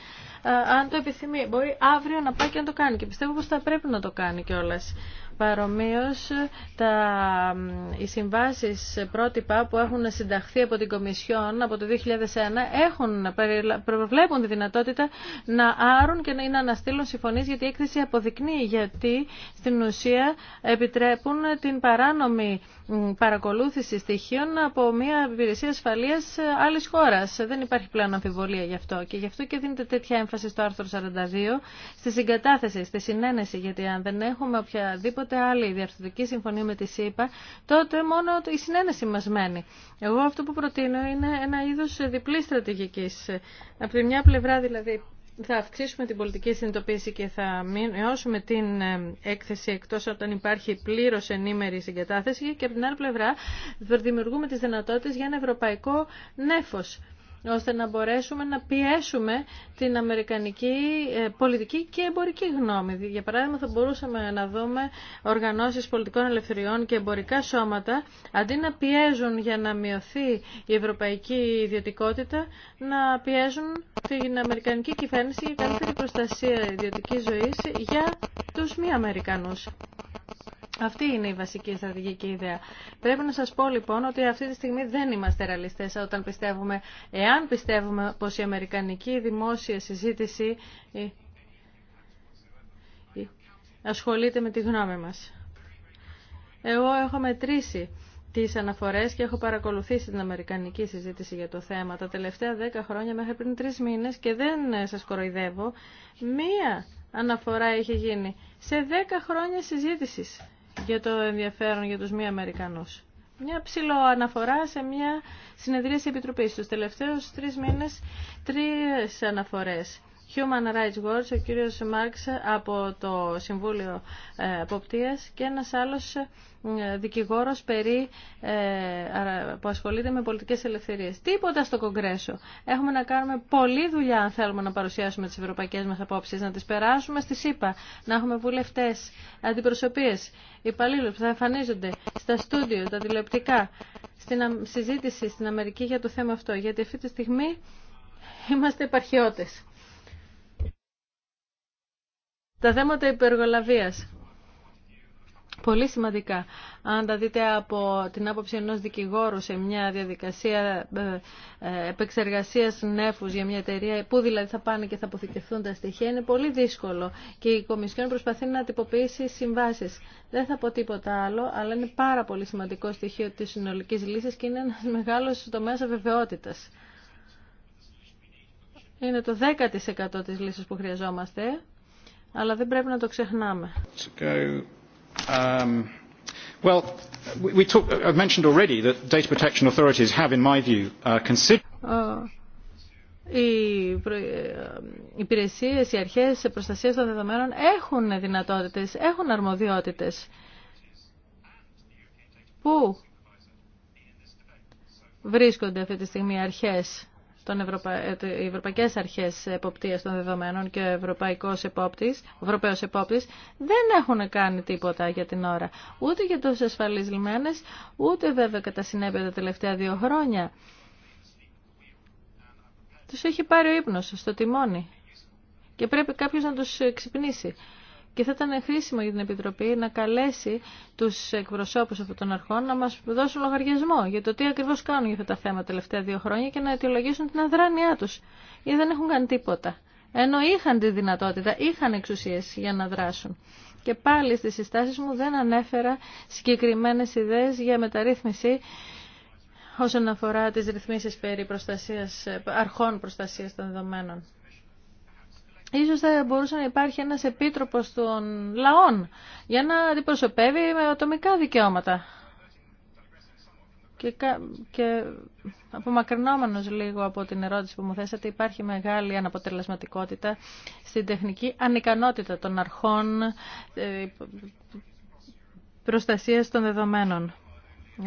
αν το επιθυμεί. Μπορεί αύριο να πάει και να το κάνει και πιστεύω πως θα πρέπει να το κάνει κιόλας. Παρομοίως, τα, οι συμβάσεις πρότυπα που έχουν συνταχθεί από την Κομισιόν από το 2001 έχουν, προβλέπουν τη δυνατότητα να άρουν και να αναστείλουν συμφωνίες γιατί η έκθεση αποδεικνύει γιατί στην ουσία επιτρέπουν την παράνομη παρακολούθηση στοιχείων από μια υπηρεσία ασφαλεία ε, άλλη χώρα. Δεν υπάρχει πλέον αμφιβολία γι' αυτό. Και γι' αυτό και δίνεται τέτοια έμφαση στο άρθρο 42, στη συγκατάθεση, στη συνένεση. Γιατί αν δεν έχουμε οποιαδήποτε άλλη διαρθρωτική συμφωνία με τη ΣΥΠΑ, τότε μόνο η συνένεση μα μένει. Εγώ αυτό που προτείνω είναι ένα είδο διπλή στρατηγική. Ε, από τη μια πλευρά δηλαδή θα αυξήσουμε την πολιτική συνειδητοποίηση και θα μειώσουμε την ε, έκθεση εκτός όταν υπάρχει πλήρως ενήμερη συγκατάθεση και από την άλλη πλευρά δημιουργούμε τις δυνατότητες για ένα ευρωπαϊκό νέφος ώστε να μπορέσουμε να πιέσουμε την αμερικανική ε, πολιτική και εμπορική γνώμη. Για παράδειγμα, θα μπορούσαμε να δούμε οργανώσεις πολιτικών ελευθεριών και εμπορικά σώματα, αντί να πιέζουν για να μειωθεί η ευρωπαϊκή ιδιωτικότητα, να πιέζουν την αμερικανική κυβέρνηση για καλύτερη προστασία ιδιωτικής ζωής για τους μη Αμερικανούς. Αυτή είναι η βασική στρατηγική ιδέα. Πρέπει να σας πω λοιπόν ότι αυτή τη στιγμή δεν είμαστε ρεαλιστές όταν πιστεύουμε, εάν πιστεύουμε πως η αμερικανική δημόσια συζήτηση ε, ε, ασχολείται με τη γνώμη μας. Εγώ έχω μετρήσει τις αναφορές και έχω παρακολουθήσει την Αμερικανική συζήτηση για το θέμα τα τελευταία δέκα χρόνια μέχρι πριν τρει μήνε και δεν ε, σα κοροϊδεύω. Μία αναφορά έχει γίνει σε δέκα χρόνια συζήτηση για το ενδιαφέρον για τους μη Αμερικανούς. Μια ψηλό αναφορά σε μια συνεδρίαση επιτροπής. Στους τελευταίους τρεις μήνες τρεις αναφορές Human Rights Watch, ο κύριος Μάρξ από το Συμβούλιο Αποπτίας ε, και ένας άλλος ε, δικηγόρος περί, ε, που ασχολείται με πολιτικές ελευθερίες. Τίποτα στο Κογκρέσο. Έχουμε να κάνουμε πολλή δουλειά αν θέλουμε να παρουσιάσουμε τις ευρωπαϊκές μας απόψεις, να τις περάσουμε στη ΣΥΠΑ, να έχουμε βουλευτές, αντιπροσωπείες, υπαλλήλους που θα εμφανίζονται στα στούντιο, τα τηλεοπτικά, στην συζήτηση στην Αμερική για το θέμα αυτό. Γιατί αυτή τη στιγμή είμαστε επαρχιώτες. Τα θέματα υπεργολαβίας. Πολύ σημαντικά. Αν τα δείτε από την άποψη ενός δικηγόρου σε μια διαδικασία ε, ε, επεξεργασίας νέφους για μια εταιρεία, που δηλαδή θα πάνε και θα αποθηκευθούν τα στοιχεία, είναι πολύ δύσκολο και η Κομισιόν προσπαθεί να τυποποιήσει συμβάσεις. Δεν θα πω τίποτα άλλο, αλλά είναι πάρα πολύ σημαντικό στοιχείο της συνολικής λύσης και είναι ένας μεγάλος τομέας αβεβαιότητας. Είναι το 10% της λύσης που χρειαζόμαστε αλλά δεν πρέπει να το ξεχνάμε. Um, well, we talk, I've mentioned already that data protection authorities have, in my view, uh, considered. Οι ε, υπηρεσίες, οι αρχές προστασίας των δεδομένων έχουν δυνατότητες, έχουν αρμοδιότητες που βρίσκονται αυτή τη στιγμή αρχές των ε, οι Ευρωπαϊκές Αρχές Εποπτείας των Δεδομένων και ο Ευρωπαϊκός Επόπτης, ο Ευρωπαίος Επόπτης, δεν έχουν κάνει τίποτα για την ώρα. Ούτε για τους ασφαλείς λιμένες, ούτε βέβαια κατά συνέπεια τα τελευταία δύο χρόνια. Τους έχει πάρει ο ύπνος στο τιμόνι και πρέπει κάποιος να τους ξυπνήσει. Και θα ήταν χρήσιμο για την Επιτροπή να καλέσει του εκπροσώπου αυτών των αρχών να μα δώσουν λογαριασμό για το τι ακριβώ κάνουν για αυτά τα θέματα τα τελευταία δύο χρόνια και να αιτιολογήσουν την αδράνειά του. Γιατί δεν έχουν κάνει τίποτα. Ενώ είχαν τη δυνατότητα, είχαν εξουσίες για να δράσουν. Και πάλι στι συστάσει μου δεν ανέφερα συγκεκριμένε ιδέε για μεταρρύθμιση όσον αφορά τις ρυθμίσεις περί προστασίας, αρχών προστασίας των δεδομένων. Ίσως θα μπορούσε να υπάρχει ένας επίτροπος των λαών για να αντιπροσωπεύει με ατομικά δικαιώματα. Και, και απομακρυνόμενος λίγο από την ερώτηση που μου θέσατε, υπάρχει μεγάλη αναποτελεσματικότητα στην τεχνική ανικανότητα των αρχών ε, προστασίας των δεδομένων.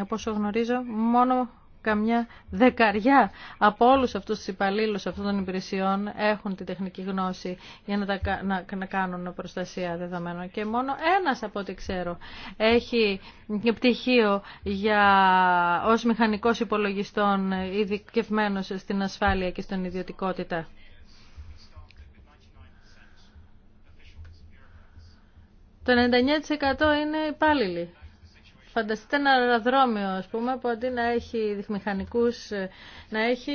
Όπως γνωρίζω, μόνο καμιά δεκαριά από όλους αυτούς τους υπαλλήλους αυτών των υπηρεσιών έχουν τη τεχνική γνώση για να, να, να κάνουν προστασία δεδομένων και μόνο ένας από ό,τι ξέρω έχει πτυχίο για, ως μηχανικός υπολογιστών ειδικευμένος στην ασφάλεια και στην ιδιωτικότητα. Το 99% είναι υπάλληλοι. Φανταστείτε ένα αεροδρόμιο, α πούμε, που αντί να έχει διχμηχανικούς, ε, να έχει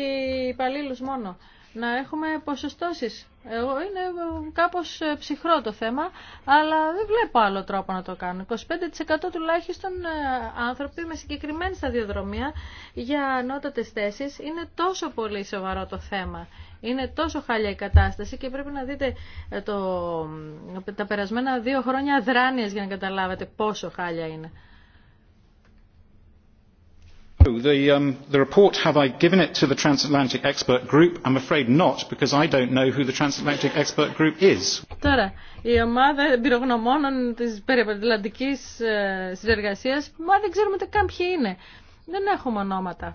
υπαλλήλου μόνο. Να έχουμε ποσοστώσεις. Εγώ είναι ε, κάπως ε, ψυχρό το θέμα, αλλά δεν βλέπω άλλο τρόπο να το κάνω. 25% τουλάχιστον άνθρωποι με συγκεκριμένη σταδιοδρομία για ανώτατες θέσεις είναι τόσο πολύ σοβαρό το θέμα. Είναι τόσο χάλια η κατάσταση και πρέπει να δείτε το, τα περασμένα δύο χρόνια δράνειας για να καταλάβετε πόσο χάλια είναι. Oh, um, the report, Τώρα, η ομάδα εμπειρογνωμόνων τη περιβαλλοντικής ε, συνεργασία μα δεν ξέρουμε καν ποιοι είναι. Δεν έχουμε ονόματα.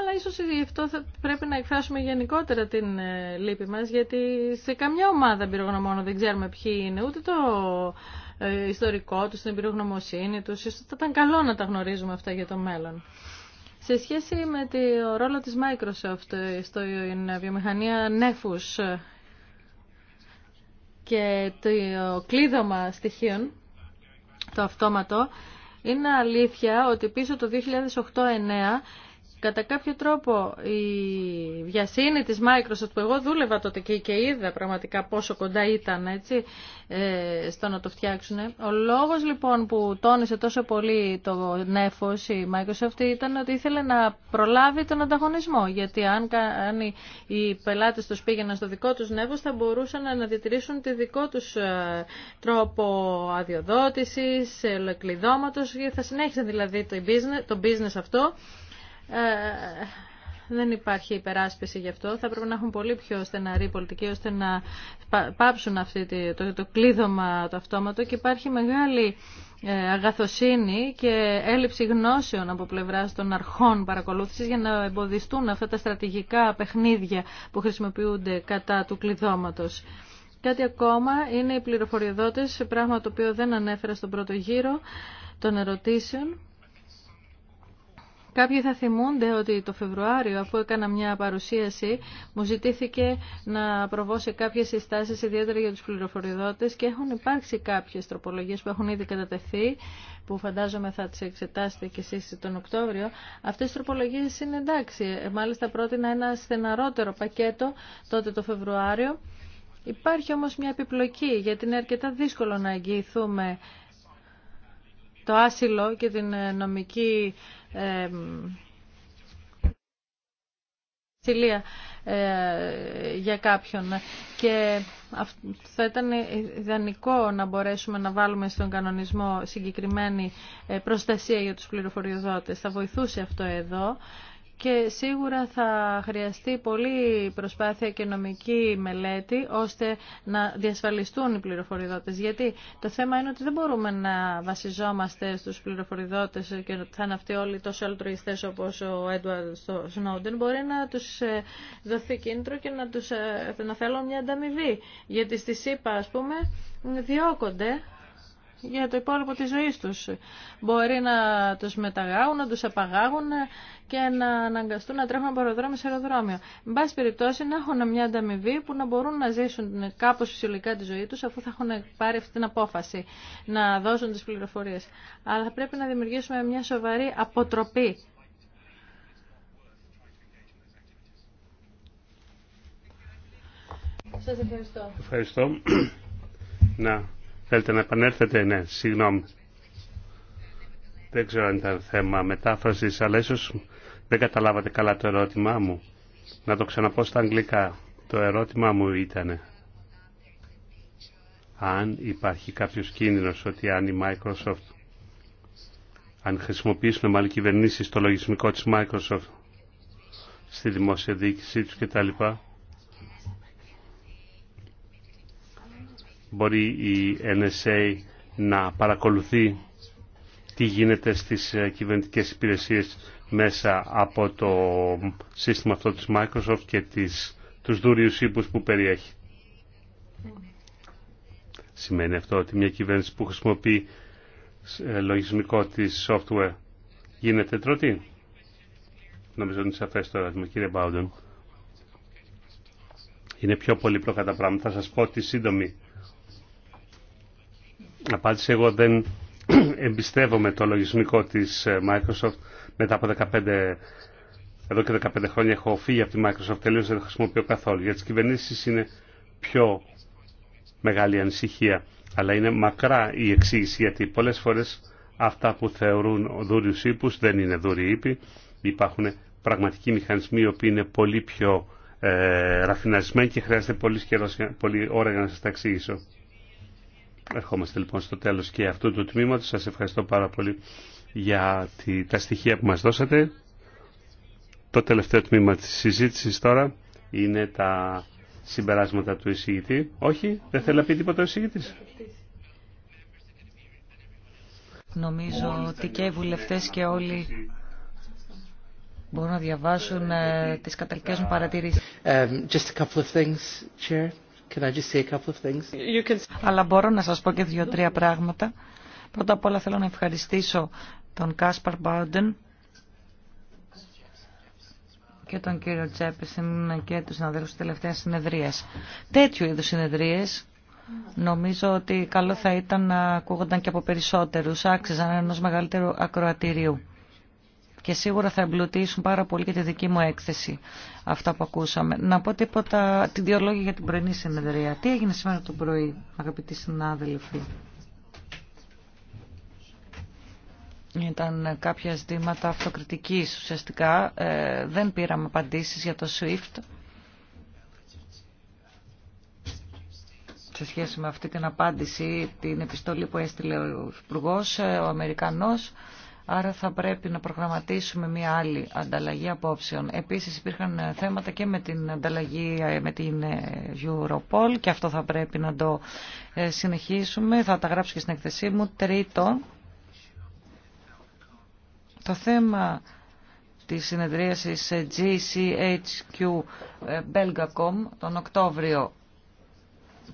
Αλλά ίσω γι' αυτό θα πρέπει να εκφράσουμε γενικότερα την ε, λύπη μα γιατί σε καμιά ομάδα εμπειρογνωμόνων δεν ξέρουμε ποιοι είναι, ούτε το ε, ιστορικό τους, την εμπειρογνωμοσύνη τους. Ίσως θα ήταν καλό να τα γνωρίζουμε αυτά για το μέλλον. Σε σχέση με το ρόλο της Microsoft ε, ε, στην βιομηχανία νέφους και το κλείδωμα στοιχείων, το αυτόματο, είναι αλήθεια ότι πίσω το 2008-2009 Κατά κάποιο τρόπο η βιασύνη της Microsoft που εγώ δούλευα τότε και, και είδα πραγματικά πόσο κοντά ήταν έτσι, ε, στο να το φτιάξουν. Ο λόγος λοιπόν που τόνισε τόσο πολύ το νέφος η Microsoft ήταν ότι ήθελε να προλάβει τον ανταγωνισμό γιατί αν, οι, οι πελάτες τους πήγαιναν στο δικό τους νέφος θα μπορούσαν να διατηρήσουν τη δικό τους ε, τρόπο αδειοδότησης, ε, κλειδώματο και θα συνέχισαν δηλαδή το το business αυτό ε, δεν υπάρχει υπεράσπιση γι' αυτό. Θα πρέπει να έχουν πολύ πιο στεναρή πολιτική ώστε να πάψουν αυτή το, το κλείδωμα το αυτόματο και υπάρχει μεγάλη ε, αγαθοσύνη και έλλειψη γνώσεων από πλευρά των αρχών παρακολούθησης για να εμποδιστούν αυτά τα στρατηγικά παιχνίδια που χρησιμοποιούνται κατά του κλειδώματο. Κάτι ακόμα είναι οι πληροφοριοδότες, πράγμα το οποίο δεν ανέφερα στον πρώτο γύρο των ερωτήσεων. Κάποιοι θα θυμούνται ότι το Φεβρουάριο, αφού έκανα μια παρουσίαση, μου ζητήθηκε να προβώ σε κάποιες συστάσεις, ιδιαίτερα για του πληροφοριδότε, και έχουν υπάρξει κάποιε τροπολογίε που έχουν ήδη κατατεθεί, που φαντάζομαι θα τι εξετάσετε κι εσεί τον Οκτώβριο. Αυτέ οι τροπολογίε είναι εντάξει. Ε, μάλιστα πρότεινα ένα στεναρότερο πακέτο τότε το Φεβρουάριο. Υπάρχει όμω μια επιπλοκή, γιατί είναι αρκετά δύσκολο να εγγυηθούμε το άσυλο και την ε, νομική ε, για κάποιον και θα ήταν ιδανικό να μπορέσουμε να βάλουμε στον κανονισμό συγκεκριμένη ε, προστασία για τους πληροφοριοδότες. Θα βοηθούσε αυτό εδώ και σίγουρα θα χρειαστεί πολλή προσπάθεια και νομική μελέτη ώστε να διασφαλιστούν οι πληροφοριδότες. Γιατί το θέμα είναι ότι δεν μπορούμε να βασιζόμαστε στους πληροφοριδότες και θα είναι αυτοί όλοι τόσο αλτρουιστές όπως ο Έντουαρντ Σνόντεν. Μπορεί να τους ε, δοθεί κίνητρο και να, τους, ε, να θέλουν μια ανταμοιβή. Γιατί στη ΣΥΠΑ, ας πούμε, διώκονται για το υπόλοιπο της ζωής τους. Μπορεί να τους μεταγάγουν, να τους απαγάγουν και να αναγκαστούν να τρέχουν από αεροδρόμιο σε αεροδρόμιο. Με πάση περιπτώσει να έχουν μια ανταμοιβή που να μπορούν να ζήσουν κάπως φυσιολογικά τη ζωή τους αφού θα έχουν πάρει αυτή την απόφαση να δώσουν τις πληροφορίες. Αλλά πρέπει να δημιουργήσουμε μια σοβαρή αποτροπή Σας ευχαριστώ. Ευχαριστώ. Να Θέλετε να επανέλθετε, ναι, συγγνώμη. Δεν ξέρω αν ήταν θέμα μετάφρασης, αλλά ίσως δεν καταλάβατε καλά το ερώτημά μου. Να το ξαναπώ στα αγγλικά. Το ερώτημά μου ήταν αν υπάρχει κάποιος κίνδυνος ότι αν η Microsoft αν χρησιμοποιήσουν μάλλον κυβερνήσεις το λογισμικό της Microsoft στη δημόσια διοίκησή τους κτλ. μπορεί η NSA να παρακολουθεί τι γίνεται στις ε, κυβερνητικές υπηρεσίες μέσα από το σύστημα αυτό της Microsoft και τις, τους δούριους ύπους που περιέχει. Σημαίνει αυτό ότι μια κυβέρνηση που χρησιμοποιεί ε, λογισμικό της software γίνεται τρωτή. Νομίζω ότι είναι σαφές τώρα, κύριε Μπάουντον. Είναι πιο πολύπλοκα τα πράγματα. Θα σας πω τη σύντομη Απάντηση, εγώ δεν εμπιστεύομαι το λογισμικό της ε, Microsoft μετά από 15 εδώ και 15 χρόνια έχω φύγει από τη Microsoft τελείως δεν χρησιμοποιώ καθόλου για τις κυβερνήσεις είναι πιο μεγάλη ανησυχία αλλά είναι μακρά η εξήγηση γιατί πολλές φορές αυτά που θεωρούν δούριους ύπους δεν είναι δούριοι ύποι υπάρχουν πραγματικοί μηχανισμοί οι οποίοι είναι πολύ πιο ε, και χρειάζεται πολύ, πολύ ώρα για να σας τα εξήγησω. Ερχόμαστε λοιπόν στο τέλος και αυτού του τμήματος. Σας ευχαριστώ πάρα πολύ για τα στοιχεία που μας δώσατε. Το τελευταίο τμήμα της συζήτησης τώρα είναι τα συμπεράσματα του εισηγητή. Όχι, δεν θέλει να πει τίποτα ο εισηγητής. Νομίζω ότι και οι βουλευτές και όλοι μπορούν να διαβάσουν ε, τις καταλικές μου παρατηρήσεις. Um, just a couple of things, Chair. Αλλά μπορώ να σας πω και δύο-τρία πράγματα. Πρώτα απ' όλα θέλω να ευχαριστήσω τον Κάσπαρ Μπάουντεν και τον κύριο Τσέπεσιν και τους συναδέλφους της τελευταίας συνεδρίας. Τέτοιου είδους συνεδρίες νομίζω ότι καλό θα ήταν να ακούγονταν και από περισσότερους, άξιζαν ενός μεγαλύτερου ακροατηρίου και σίγουρα θα εμπλουτίσουν πάρα πολύ και τη δική μου έκθεση αυτά που ακούσαμε. Να πω τίποτα, τη δύο λόγια για την πρωινή συνεδρία. Τι έγινε σήμερα το πρωί, αγαπητοί συνάδελφοι. Ήταν κάποια ζητήματα αυτοκριτικής ουσιαστικά. Ε, δεν πήραμε απαντήσεις για το SWIFT. Σε σχέση με αυτή την απάντηση, την επιστολή που έστειλε ο Υπουργός, ε, ο Αμερικανός, Άρα θα πρέπει να προγραμματίσουμε μια άλλη ανταλλαγή απόψεων. Επίσης υπήρχαν ε, θέματα και με την ανταλλαγή ε, με την ε, Europol και αυτό θα πρέπει να το συνεχίσουμε. Θα τα γράψω και στην εκθεσή μου. Τρίτο, το θέμα της συνεδρίασης GCHQ Belgacom τον Οκτώβριο.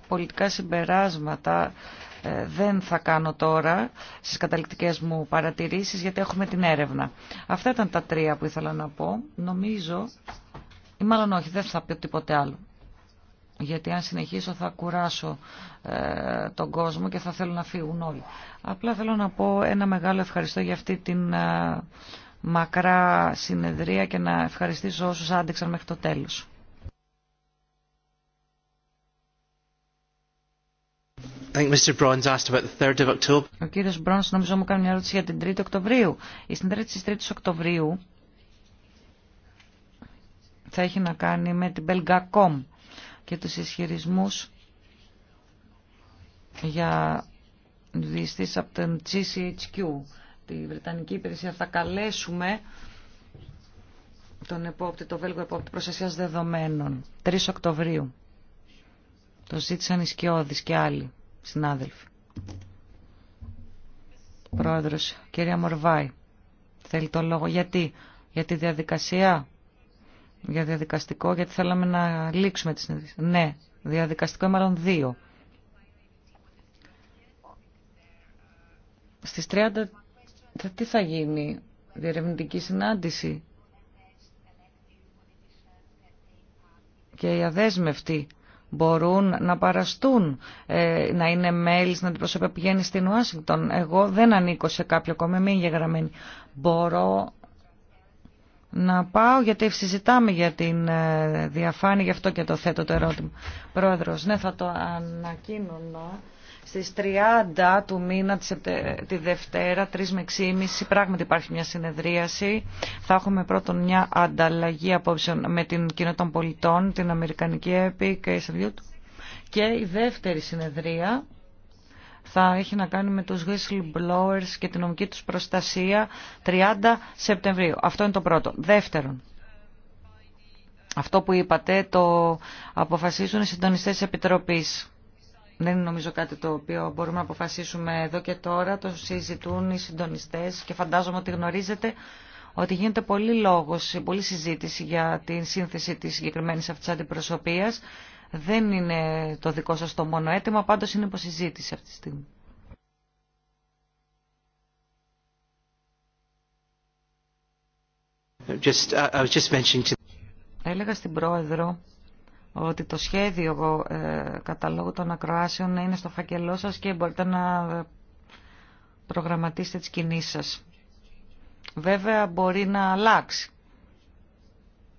Πολιτικά συμπεράσματα ε, δεν θα κάνω τώρα στις καταληκτικές μου παρατηρήσεις γιατί έχουμε την έρευνα. Αυτά ήταν τα τρία που ήθελα να πω. Νομίζω, ή μάλλον όχι, δεν θα πω τίποτε άλλο. Γιατί αν συνεχίσω θα κουράσω ε, τον κόσμο και θα θέλω να φύγουν όλοι. Απλά θέλω να πω ένα μεγάλο ευχαριστώ για αυτή την ε, μακρά συνεδρία και να ευχαριστήσω όσους άντεξαν μέχρι το τέλος. Ο κύριος Μπρόνς νομίζω μου κάνει μια ερώτηση για την 3η Οκτωβρίου. Η συνέντευξη της 3ης Οκτωβρίου θα έχει να κάνει με την Belgacom και τους ισχυρισμούς για διεστήσεις από την GCHQ, τη Βρετανική Υπηρεσία. Θα καλέσουμε τον επόπτη, το Βέλγο Επόπτη Προστασίας Δεδομένων, 3 Οκτωβρίου. Το ζήτησαν οι Σκιώδης και άλλοι συνάδελφοι. Πρόεδρος, κυρία Μορβάη, θέλει το λόγο γιατί, για τη διαδικασία, για διαδικαστικό, γιατί θέλαμε να λήξουμε τη συνέντευξη. Ναι, διαδικαστικό μάλλον δύο. Στις 30, τι θα γίνει, διερευνητική συνάντηση και η αδέσμευτη μπορούν να παραστούν, ε, να είναι μέλη να την που πηγαίνει στην Ουάσιγκτον. Εγώ δεν ανήκω σε κάποιο κόμμα, είμαι εγγεγραμμένη. Μπορώ να πάω γιατί συζητάμε για την ε, διαφάνεια, γι' αυτό και το θέτω το ερώτημα. Πρόεδρος, ναι θα το ανακοίνω. Στις 30 του μήνα, τη Δευτέρα, 3 με 6.30, πράγματι υπάρχει μια συνεδρίαση. Θα έχουμε πρώτον μια ανταλλαγή απόψεων με την κοινότητα των πολιτών, την Αμερικανική ΕΠΗ και η Και η δεύτερη συνεδρία θα έχει να κάνει με τους whistleblowers και την νομική τους προστασία 30 Σεπτεμβρίου. Αυτό είναι το πρώτο. Δεύτερον, αυτό που είπατε το αποφασίζουν οι συντονιστές επιτροπής. Δεν είναι νομίζω κάτι το οποίο μπορούμε να αποφασίσουμε εδώ και τώρα. Το συζητούν οι συντονιστές και φαντάζομαι ότι γνωρίζετε ότι γίνεται πολύ λόγος, πολύ συζήτηση για την σύνθεση της συγκεκριμένης αυτής αντιπροσωπείας. Δεν είναι το δικό σας το μόνο έτοιμο. πάντως είναι υποσυζήτηση αυτή τη στιγμή. Just, I was just mentioning to... Έλεγα στην Πρόεδρο ότι το σχέδιο ε, καταλόγου των ακροάσεων είναι στο φακελό σας και μπορείτε να ε, προγραμματίσετε τις κινήσεις σας. Βέβαια μπορεί να αλλάξει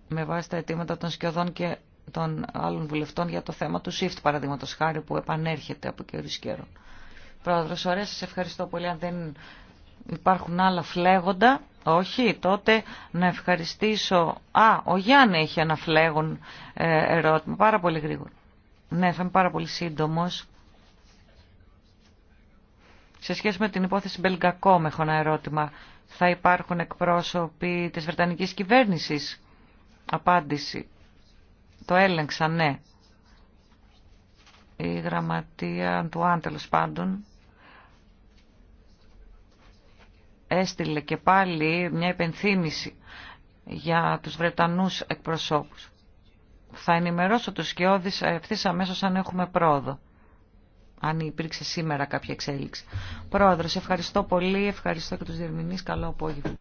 με βάση τα αιτήματα των σκιωδών και των άλλων βουλευτών για το θέμα του SWIFT παραδείγματο χάρη που επανέρχεται από καιρού καιρό. Πρόεδρος, ωραία, σας ευχαριστώ πολύ. Αν δεν υπάρχουν άλλα φλέγοντα, όχι, τότε να ευχαριστήσω... Α, ο Γιάννη έχει ένα φλέγον ε, ερώτημα, πάρα πολύ γρήγορα. Ναι, θα είμαι πάρα πολύ σύντομος. Σε σχέση με την υπόθεση Μπελγκακόμ έχω ένα ερώτημα. Θα υπάρχουν εκπρόσωποι της Βρετανικής κυβέρνησης. Απάντηση. Το έλεγξα, ναι. Η γραμματεία του Άντελος πάντων έστειλε και πάλι μια υπενθύμηση για τους Βρετανούς εκπροσώπους. Θα ενημερώσω τους Σκιώδης ευθύ αμέσω αν έχουμε πρόοδο. Αν υπήρξε σήμερα κάποια εξέλιξη. Πρόεδρος, ευχαριστώ πολύ, ευχαριστώ και τους διερμηνείς. Καλό απόγευμα.